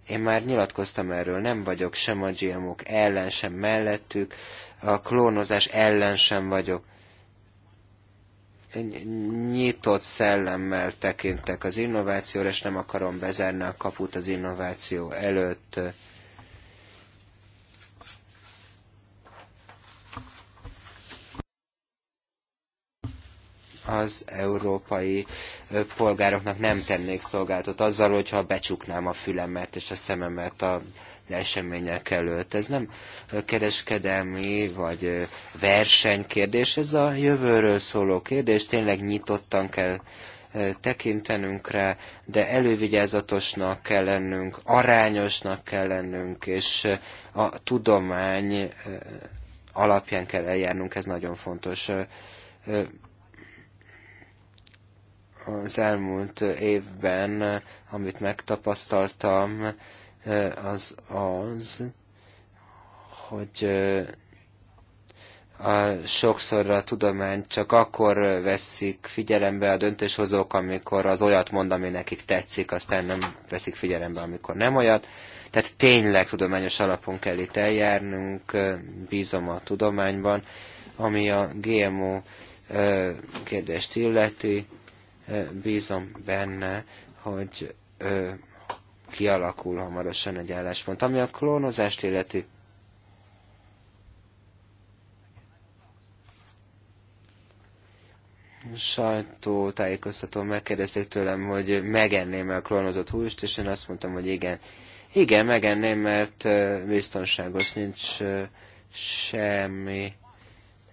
Én már nyilatkoztam erről, nem vagyok sem a GMO-k ellen, sem mellettük, a klónozás ellen sem vagyok nyitott szellemmel tekintek az innovációra, és nem akarom bezárni a kaput az innováció előtt. az európai polgároknak nem tennék szolgálatot azzal, hogyha becsuknám a fülemet és a szememet a események előtt. Ez nem kereskedelmi vagy versenykérdés, ez a jövőről szóló kérdés, tényleg nyitottan kell tekintenünk rá, de elővigyázatosnak kell lennünk, arányosnak kell lennünk, és a tudomány alapján kell eljárnunk, ez nagyon fontos. Az elmúlt évben, amit megtapasztaltam, az az, hogy a, sokszor a tudomány csak akkor veszik figyelembe a döntéshozók, amikor az olyat mond, ami nekik tetszik, aztán nem veszik figyelembe, amikor nem olyat. Tehát tényleg tudományos alapon kell itt eljárnunk, bízom a tudományban, ami a GMO kérdést illeti, bízom benne, hogy kialakul hamarosan egy álláspont. Ami a klónozást illeti, sajtótájékoztatón megkérdezték tőlem, hogy megenném-e a klónozott húst, és én azt mondtam, hogy igen. Igen, megenném, mert biztonságos, nincs semmi,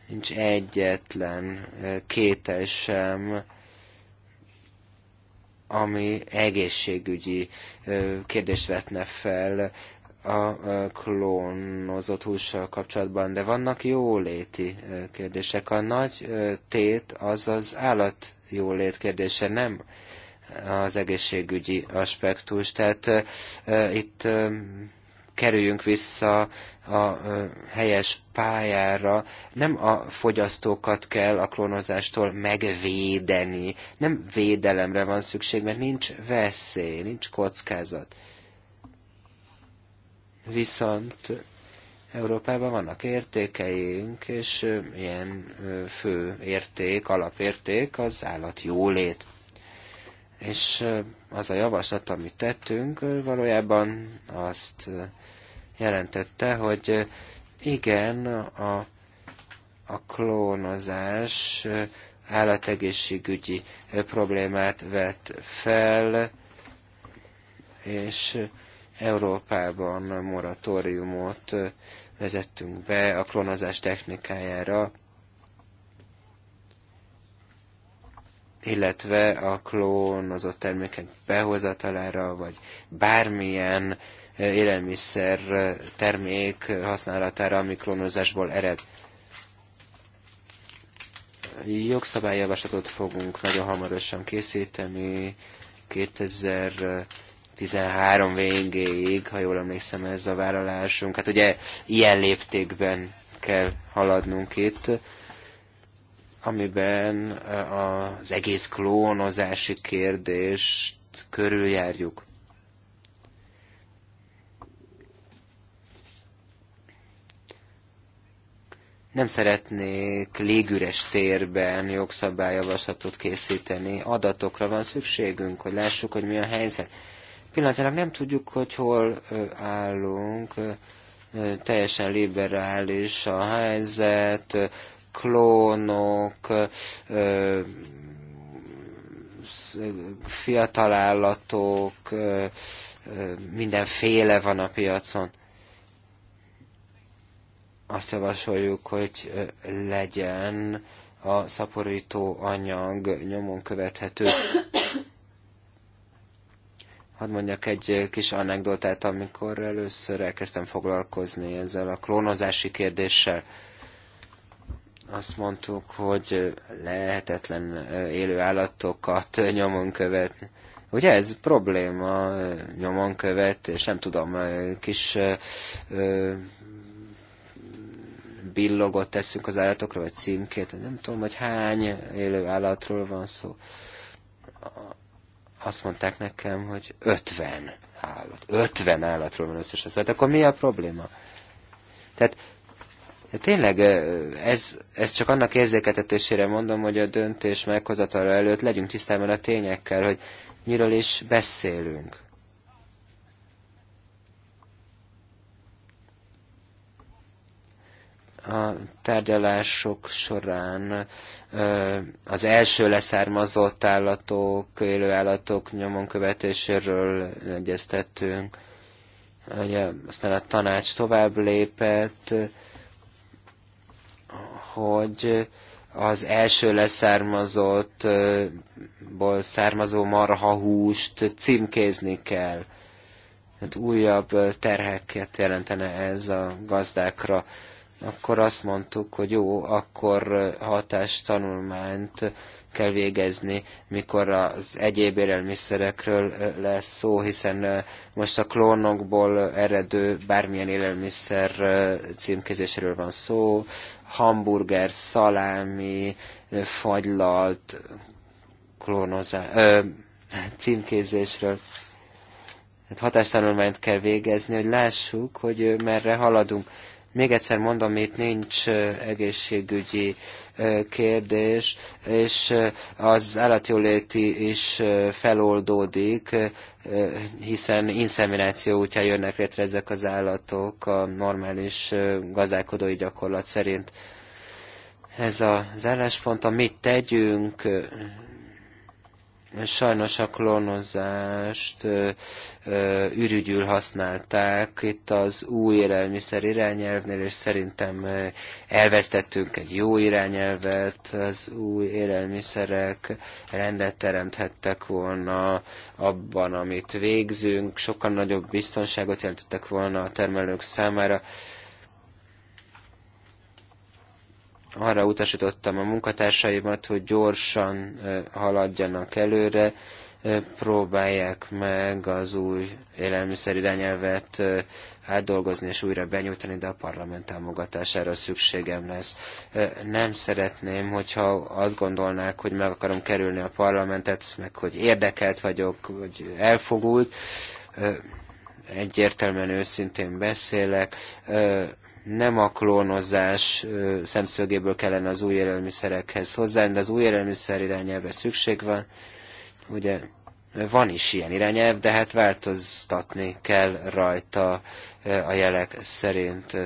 nincs egyetlen kétel sem ami egészségügyi kérdést vetne fel a klónozott hússal kapcsolatban, de vannak jóléti kérdések. A nagy tét az az állat jólét kérdése, nem az egészségügyi aspektus. Tehát itt kerüljünk vissza a helyes pályára, nem a fogyasztókat kell a klónozástól megvédeni, nem védelemre van szükség, mert nincs veszély, nincs kockázat. Viszont Európában vannak értékeink, és ilyen fő érték, alapérték az állat jólét. És az a javaslat, amit tettünk, valójában azt jelentette, hogy igen, a, a klónozás állategészségügyi problémát vet fel, és Európában moratóriumot vezettünk be a klónozás technikájára, illetve a klónozott termékek behozatalára, vagy bármilyen élelmiszer eh, termék használatára, ami klónozásból ered. Jogszabályjavaslatot fogunk nagyon hamarosan készíteni, 2013 végéig, ha jól emlékszem ez a vállalásunk. Hát ugye ilyen léptékben kell haladnunk itt amiben eh, az egész klónozási kérdést körüljárjuk. Nem szeretnék légüres térben jogszabályjavaslatot készíteni. Adatokra van szükségünk, hogy lássuk, hogy mi a helyzet. Pillanatilag nem tudjuk, hogy hol állunk. Teljesen liberális a helyzet, klónok, fiatalállatok, mindenféle van a piacon azt javasoljuk, hogy legyen a szaporító anyag nyomon követhető. Hadd mondjak egy kis anekdotát, amikor először elkezdtem foglalkozni ezzel a klónozási kérdéssel. Azt mondtuk, hogy lehetetlen élő állatokat nyomon követni. Ugye ez probléma, nyomon követ, és nem tudom, kis billogot teszünk az állatokra, vagy címkét, nem tudom, hogy hány élő állatról van szó. Azt mondták nekem, hogy 50 állat. 50 állatról van összesen szó. Hát akkor mi a probléma? Tehát tényleg ez, ez csak annak érzéketetésére mondom, hogy a döntés meghozatalra előtt legyünk tisztában a tényekkel, hogy miről is beszélünk. a tárgyalások során az első leszármazott állatok, élőállatok nyomon követéséről egyeztettünk. Ugye, aztán a tanács tovább lépett, hogy az első leszármazottból származó marhahúst címkézni kell. Hát újabb terheket jelentene ez a gazdákra akkor azt mondtuk, hogy jó, akkor hatástanulmányt kell végezni, mikor az egyéb élelmiszerekről lesz szó, hiszen most a klónokból eredő bármilyen élelmiszer címkézéséről van szó, hamburger, szalámi, fagylalt, klónozá, ö, címkézésről. Hát hatástanulmányt kell végezni, hogy lássuk, hogy merre haladunk. Még egyszer mondom, itt nincs egészségügyi kérdés, és az állatjóléti is feloldódik, hiszen inszemináció útján jönnek létre ezek az állatok a normális gazdálkodói gyakorlat szerint. Ez az álláspont, amit tegyünk, Sajnos a klónozást ürügyül használták itt az új élelmiszer irányelvnél, és szerintem elvesztettünk egy jó irányelvet, az új élelmiszerek rendet teremthettek volna abban, amit végzünk, sokkal nagyobb biztonságot jelentettek volna a termelők számára, arra utasítottam a munkatársaimat, hogy gyorsan haladjanak előre, próbálják meg az új irányelvet átdolgozni és újra benyújtani, de a parlament támogatására szükségem lesz. Nem szeretném, hogyha azt gondolnák, hogy meg akarom kerülni a parlamentet, meg hogy érdekelt vagyok, vagy elfogult. Egyértelműen őszintén beszélek nem a klónozás szemszögéből kellene az új élelmiszerekhez hozzá, de az új élelmiszer irányelve szükség van. Ugye van is ilyen irányelv, de hát változtatni kell rajta a jelek szerint.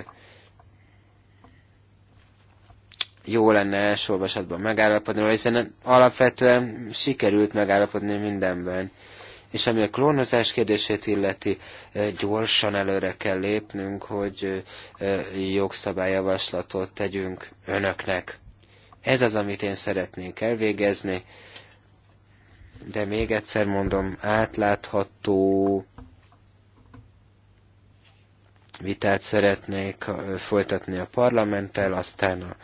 Jó lenne első olvasatban megállapodni, hiszen alapvetően sikerült megállapodni mindenben. És ami a klónozás kérdését illeti, eh, gyorsan előre kell lépnünk, hogy eh, jogszabályjavaslatot tegyünk önöknek. Ez az, amit én szeretnék elvégezni, de még egyszer mondom, átlátható vitát szeretnék eh, folytatni a parlamenttel, aztán a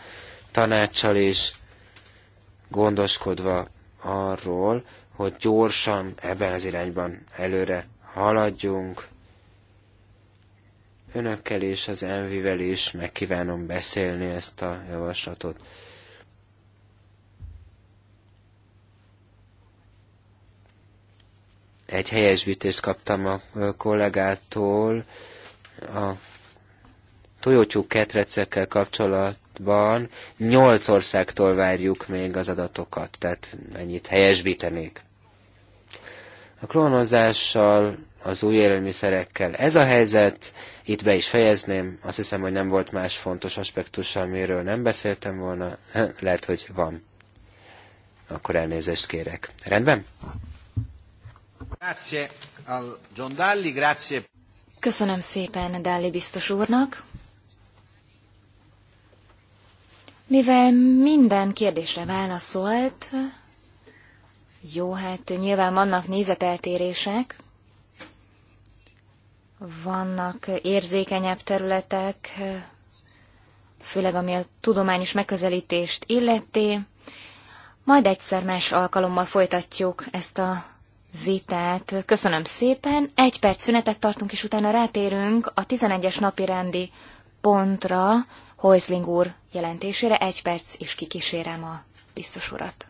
tanácssal is, gondoskodva arról, hogy gyorsan ebben az irányban előre haladjunk. Önökkel és az Envivel is megkívánom beszélni ezt a javaslatot. Egy helyesbítést kaptam a kollégától a tojótyúk ketrecekkel kapcsolatban. Nyolc országtól várjuk még az adatokat, tehát ennyit helyesbítenék. A klónozással, az új élelmiszerekkel ez a helyzet, itt be is fejezném, azt hiszem, hogy nem volt más fontos aspektus, amiről nem beszéltem volna, lehet, hogy van. Akkor elnézést kérek. Rendben? Grazie al John Dalli, grazie. Köszönöm szépen Dalli biztos úrnak. Mivel minden kérdésre válaszolt, jó, hát nyilván vannak nézeteltérések, vannak érzékenyebb területek, főleg ami a tudományos megközelítést illeti. Majd egyszer más alkalommal folytatjuk ezt a vitát. Köszönöm szépen. Egy perc szünetet tartunk, és utána rátérünk a 11-es napi rendi pontra, Hoisling úr jelentésére. Egy perc, és kikísérem a biztos urat.